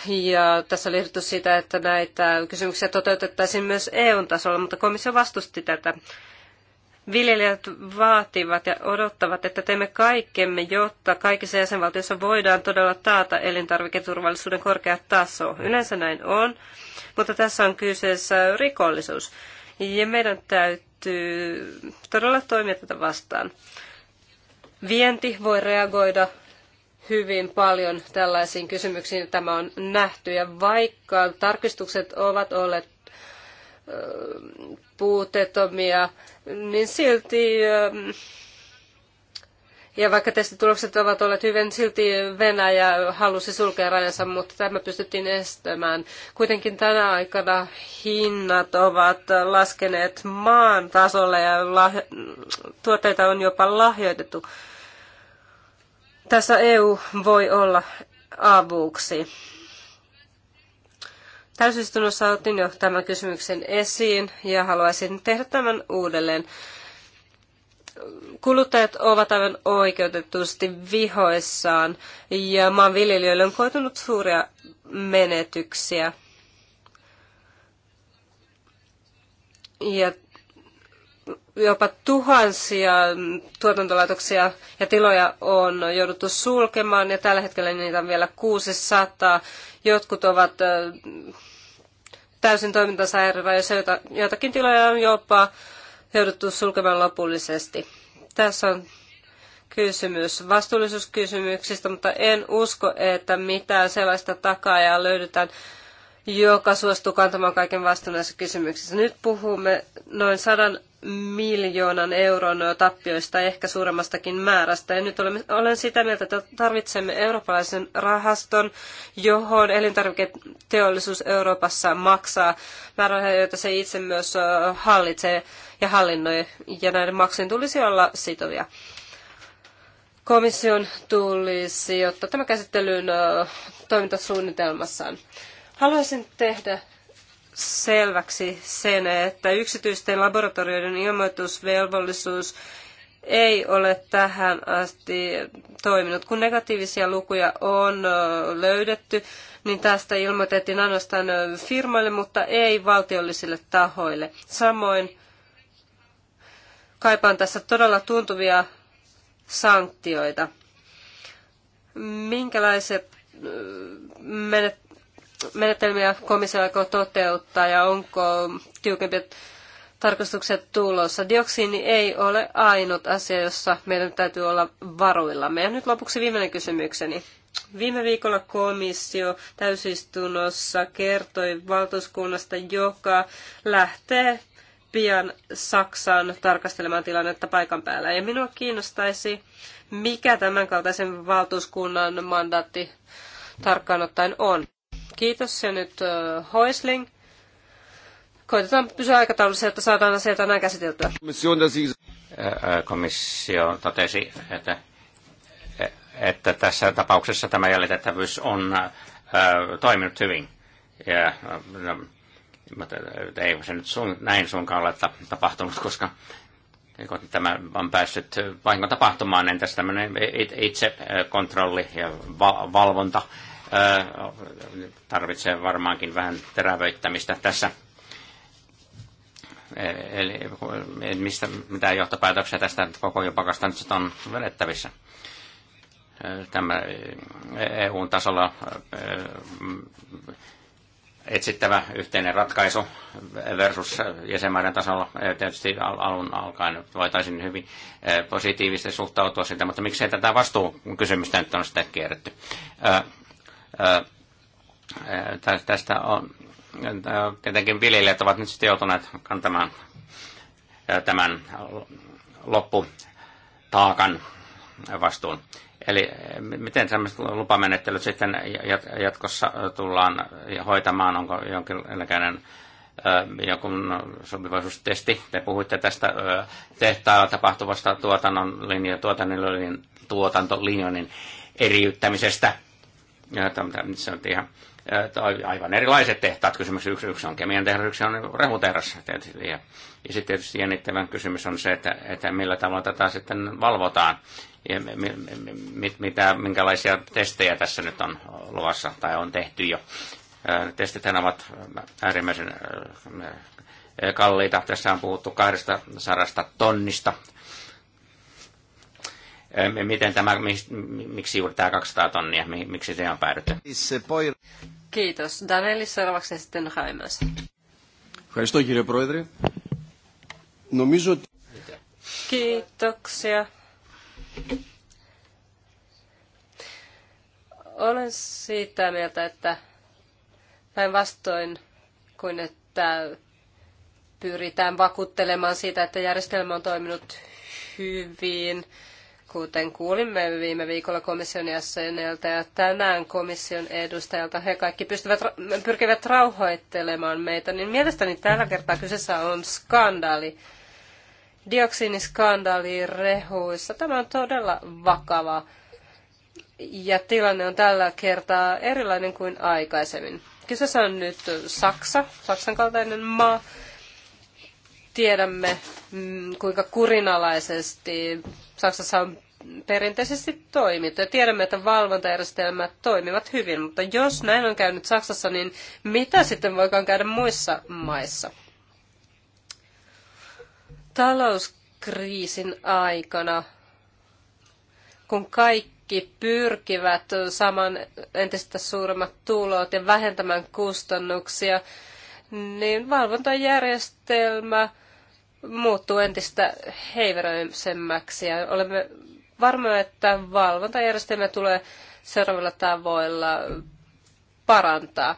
ja tässä oli ehdotus siitä, että näitä kysymyksiä toteutettaisiin myös EU-tasolla, mutta komissio vastusti tätä. Viljelijät vaativat ja odottavat, että teemme kaikkemme, jotta kaikissa jäsenvaltioissa voidaan todella taata elintarviketurvallisuuden korkea taso. Yleensä näin on, mutta tässä on kyseessä rikollisuus. Ja meidän täytyy todella toimia tätä vastaan. Vienti voi reagoida hyvin paljon tällaisiin kysymyksiin. Tämä on nähty ja vaikka tarkistukset ovat olleet puutetomia, niin silti, ja vaikka testitulokset ovat olleet hyvin, silti Venäjä halusi sulkea rajansa, mutta tämä pystyttiin estämään. Kuitenkin tänä aikana hinnat ovat laskeneet maan tasolle ja tuotteita on jopa lahjoitettu tässä EU voi olla avuksi. Täysistunnossa otin jo tämän kysymyksen esiin ja haluaisin tehdä tämän uudelleen. Kuluttajat ovat aivan oikeutetusti vihoissaan ja maanviljelijöille on koitunut suuria menetyksiä. Ja jopa tuhansia tuotantolaitoksia ja tiloja on jouduttu sulkemaan ja tällä hetkellä niitä on vielä 600. Jotkut ovat täysin toimintansa jos joitakin tiloja on jopa jouduttu sulkemaan lopullisesti. Tässä on kysymys vastuullisuuskysymyksistä, mutta en usko, että mitään sellaista takaajaa löydetään, joka suostuu kantamaan kaiken vastuun näissä kysymyksissä. Nyt puhumme noin sadan miljoonan euron tappioista, ehkä suuremmastakin määrästä. Ja nyt olen sitä mieltä, että tarvitsemme eurooppalaisen rahaston, johon elintarviketeollisuus Euroopassa maksaa määrärahoja, joita se itse myös hallitsee ja hallinnoi, ja näiden maksujen tulisi olla sitovia. Komission tulisi ottaa tämä käsittelyyn toimintasuunnitelmassaan. Haluaisin tehdä selväksi sen, että yksityisten laboratorioiden ilmoitusvelvollisuus ei ole tähän asti toiminut. Kun negatiivisia lukuja on löydetty, niin tästä ilmoitettiin ainoastaan firmoille, mutta ei valtiollisille tahoille. Samoin kaipaan tässä todella tuntuvia sanktioita. Minkälaiset menet menetelmiä komissio aikoo toteuttaa ja onko tiukempia tarkastukset tulossa. Dioksiini ei ole ainut asia, jossa meidän täytyy olla varuillamme. Ja nyt lopuksi viimeinen kysymykseni. Viime viikolla komissio täysistunnossa kertoi valtuuskunnasta, joka lähtee pian Saksaan tarkastelemaan tilannetta paikan päällä. Ja minua kiinnostaisi, mikä tämän valtuuskunnan mandaatti tarkkaan ottaen on. Kiitos. Ja nyt uh, Hoisling. Koitetaan pysyä aikataulussa, että saadaan asia tänään käsiteltyä. Komissio totesi, että, e, että tässä tapauksessa tämä jäljitettävyys on toiminut hyvin. Ja, no, mutta ei se nyt sun, näin suinkaan ole tapahtunut, koska tämä on päässyt vahingon tapahtumaan, entäs niin tämmöinen kontrolli ja valvonta tarvitsee varmaankin vähän terävöittämistä tässä. E, eli e, mistä, mitä johtopäätöksiä tästä koko jopakasta nyt on vedettävissä? Tämä EU-tasolla etsittävä yhteinen ratkaisu versus jäsenmaiden tasolla. Tietysti alun alkaen voitaisiin hyvin positiivisesti suhtautua siitä, mutta miksei tätä vastuukysymystä nyt on sitten kierretty tästä on, tietenkin viljelijät ovat nyt sitten joutuneet kantamaan tämän lopputaakan vastuun. Eli miten tämmöiset lupamenettelyt sitten jatkossa tullaan hoitamaan, onko jonkinlainen jonkun sopivaisuustesti. Te puhuitte tästä tehtaalla tapahtuvasta tuotannon tuotannon tuotantolinjojen, tuotantolinjojen eriyttämisestä tämmöisiä, on ihan aivan erilaiset tehtaat. Kysymys yksi, yksi on kemian tehdas, yksi on rehutehdas. Tietysti. Ja, ja sitten tietysti jännittävän kysymys on se, että, että millä tavalla tätä sitten valvotaan ja mit, mitä, minkälaisia testejä tässä nyt on luvassa tai on tehty jo. Testit ovat äärimmäisen kalliita. Tässä on puhuttu 200 tonnista miten tämä, miksi juuri tämä 200 tonnia, miksi se on päädytty? Kiitos. Daneli seuraavaksi ja sitten Haimas. Kiitoksia. Olen siitä mieltä, että päinvastoin kuin että pyritään vakuuttelemaan siitä, että järjestelmä on toiminut hyvin, Kuten kuulimme viime viikolla komission jäseneltä ja tänään komission edustajalta, he kaikki pystyvät, pyrkivät rauhoittelemaan meitä, niin mielestäni tällä kertaa kyseessä on skandaali. Dioksiiniskandaali rehuissa. Tämä on todella vakava. Ja tilanne on tällä kertaa erilainen kuin aikaisemmin. Kyseessä on nyt Saksa, Saksan kaltainen maa. Tiedämme, mm, kuinka kurinalaisesti Saksassa on perinteisesti toiminut. Ja tiedämme, että valvontajärjestelmät toimivat hyvin, mutta jos näin on käynyt Saksassa, niin mitä sitten voikaan käydä muissa maissa? Talouskriisin aikana, kun kaikki pyrkivät saamaan entistä suuremmat tulot ja vähentämään kustannuksia, niin valvontajärjestelmä muuttuu entistä heiveröisemmäksi ja olemme varmoja, että valvontajärjestelmä tulee seuraavilla tavoilla parantaa.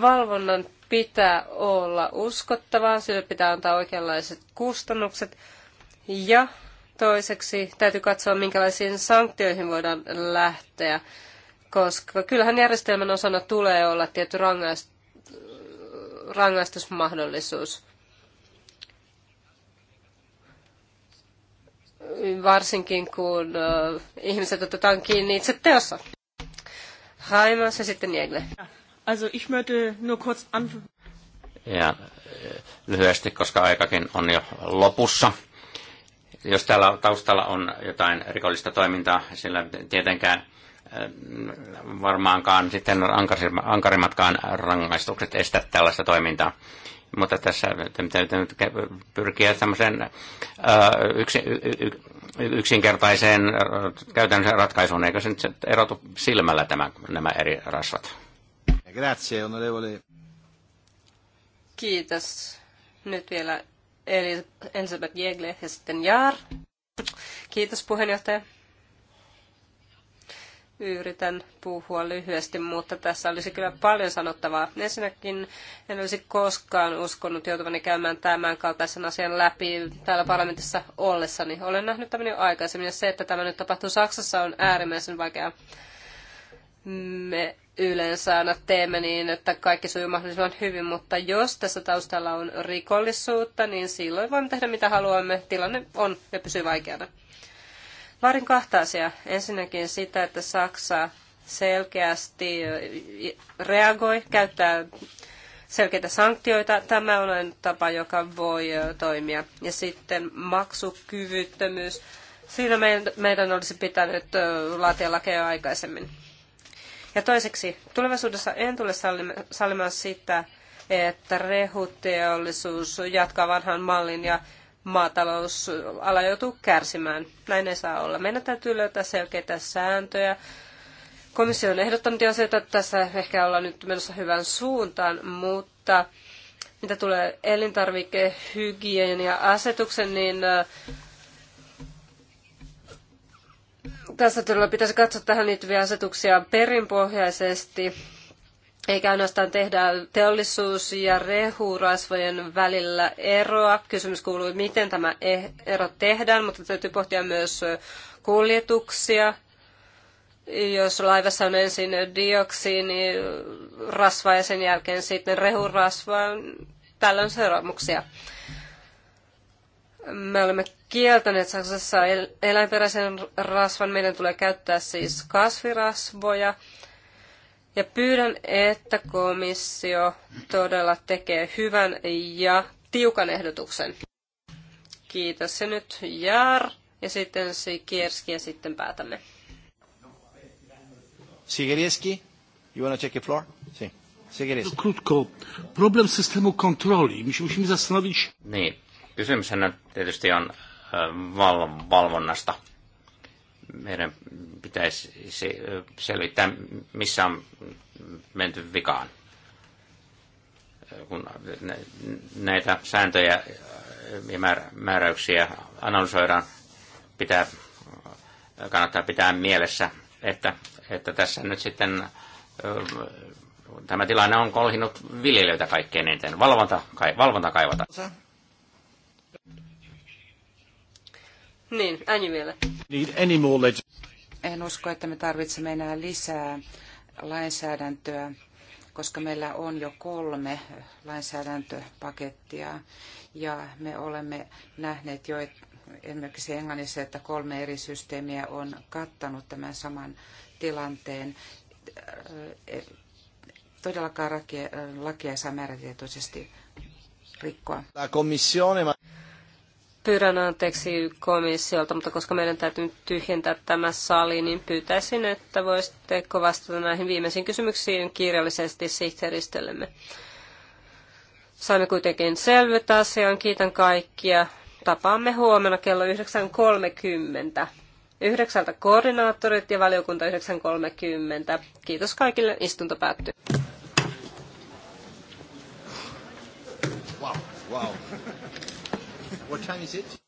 Valvonnan pitää olla uskottavaa, sille pitää antaa oikeanlaiset kustannukset ja toiseksi täytyy katsoa, minkälaisiin sanktioihin voidaan lähteä, koska kyllähän järjestelmän osana tulee olla tietty rangaist- rangaistusmahdollisuus. varsinkin kun ihmiset otetaan kiinni itse teossa. Haimas ja sitten Jägle. Also ich möchte nur kurz Ja lyhyesti, koska aikakin on jo lopussa. Jos täällä taustalla on jotain rikollista toimintaa, sillä tietenkään varmaankaan sitten ankarimmatkaan rangaistukset estä tällaista toimintaa mutta tässä täytyy nyt pyrkiä tämmöiseen yksi, yksinkertaiseen käytännön ratkaisuun, eikö se nyt erotu silmällä tämä, nämä eri rasvat? Grazie, onorevole. Kiitos. Nyt vielä Elisabeth Jegle ja sitten Jaar. Kiitos puheenjohtaja yritän puhua lyhyesti, mutta tässä olisi kyllä paljon sanottavaa. Ensinnäkin en olisi koskaan uskonut joutuvani käymään tämän kaltaisen asian läpi täällä parlamentissa ollessani. Olen nähnyt tämän jo aikaisemmin ja se, että tämä nyt tapahtuu Saksassa on äärimmäisen vaikeaa. Me yleensä aina teemme niin, että kaikki sujuu mahdollisimman hyvin, mutta jos tässä taustalla on rikollisuutta, niin silloin voimme tehdä mitä haluamme. Tilanne on ja pysyy vaikeana. Vaadin kahta asiaa. Ensinnäkin sitä, että Saksa selkeästi reagoi, käyttää selkeitä sanktioita. Tämä on tapa, joka voi toimia. Ja sitten maksukyvyttömyys. Siinä meidän olisi pitänyt laatia lakeja aikaisemmin. Ja toiseksi, tulevaisuudessa en tule sallimaan sitä, että rehuteollisuus jatkaa vanhan mallin ja maatalousala joutuu kärsimään. Näin ei saa olla. Meidän täytyy löytää selkeitä sääntöjä. Komissio on ehdottanut jo että tässä ehkä ollaan nyt menossa hyvän suuntaan, mutta mitä tulee elintarvikehygienia asetuksen, niin äh, tässä todella pitäisi katsoa tähän liittyviä asetuksia perinpohjaisesti eikä ainoastaan tehdä teollisuus- ja rehurasvojen välillä eroa. Kysymys kuuluu, miten tämä e- ero tehdään, mutta täytyy pohtia myös kuljetuksia. Jos laivassa on ensin dioksiini, rasva ja sen jälkeen sitten rehurasva, tällä on seuraamuksia. Me olemme kieltäneet Saksassa eläinperäisen rasvan. Meidän tulee käyttää siis kasvirasvoja ja pyydän, että komissio todella tekee hyvän ja tiukan ehdotuksen. Kiitos. Se nyt Jar ja sitten Sikierski ja sitten päätämme. Sikierski, you want to check the floor? Si. Sikierski. No, krutko, Problem systemu kontroli. My się musimy zastanowić... Niin. Kysymyshän tietysti on e, valvonnasta meidän pitäisi selvittää, missä on menty vikaan. Kun näitä sääntöjä ja määräyksiä analysoidaan, pitää, kannattaa pitää mielessä, että, että tässä nyt sitten tämä tilanne on kolhinut viljelijöitä kaikkein eniten. Valvonta, valvonta kaivataan. Niin, Need any more en usko, että me tarvitsemme enää lisää lainsäädäntöä, koska meillä on jo kolme lainsäädäntöpakettia ja me olemme nähneet jo esimerkiksi Englannissa, että kolme eri systeemiä on kattanut tämän saman tilanteen. Äh, todellakaan lakia, lakia ei saa määrätietoisesti rikkoa pyydän anteeksi komissiolta, mutta koska meidän täytyy nyt tyhjentää tämä sali, niin pyytäisin, että voisitteko vastata näihin viimeisiin kysymyksiin kirjallisesti sihteeristöllemme. Saimme kuitenkin selvyyttä asiaan. Kiitän kaikkia. Tapaamme huomenna kello 9.30. Yhdeksältä koordinaattorit ja valiokunta 9.30. Kiitos kaikille. Istunto päättyy. Wow, wow. What time is it?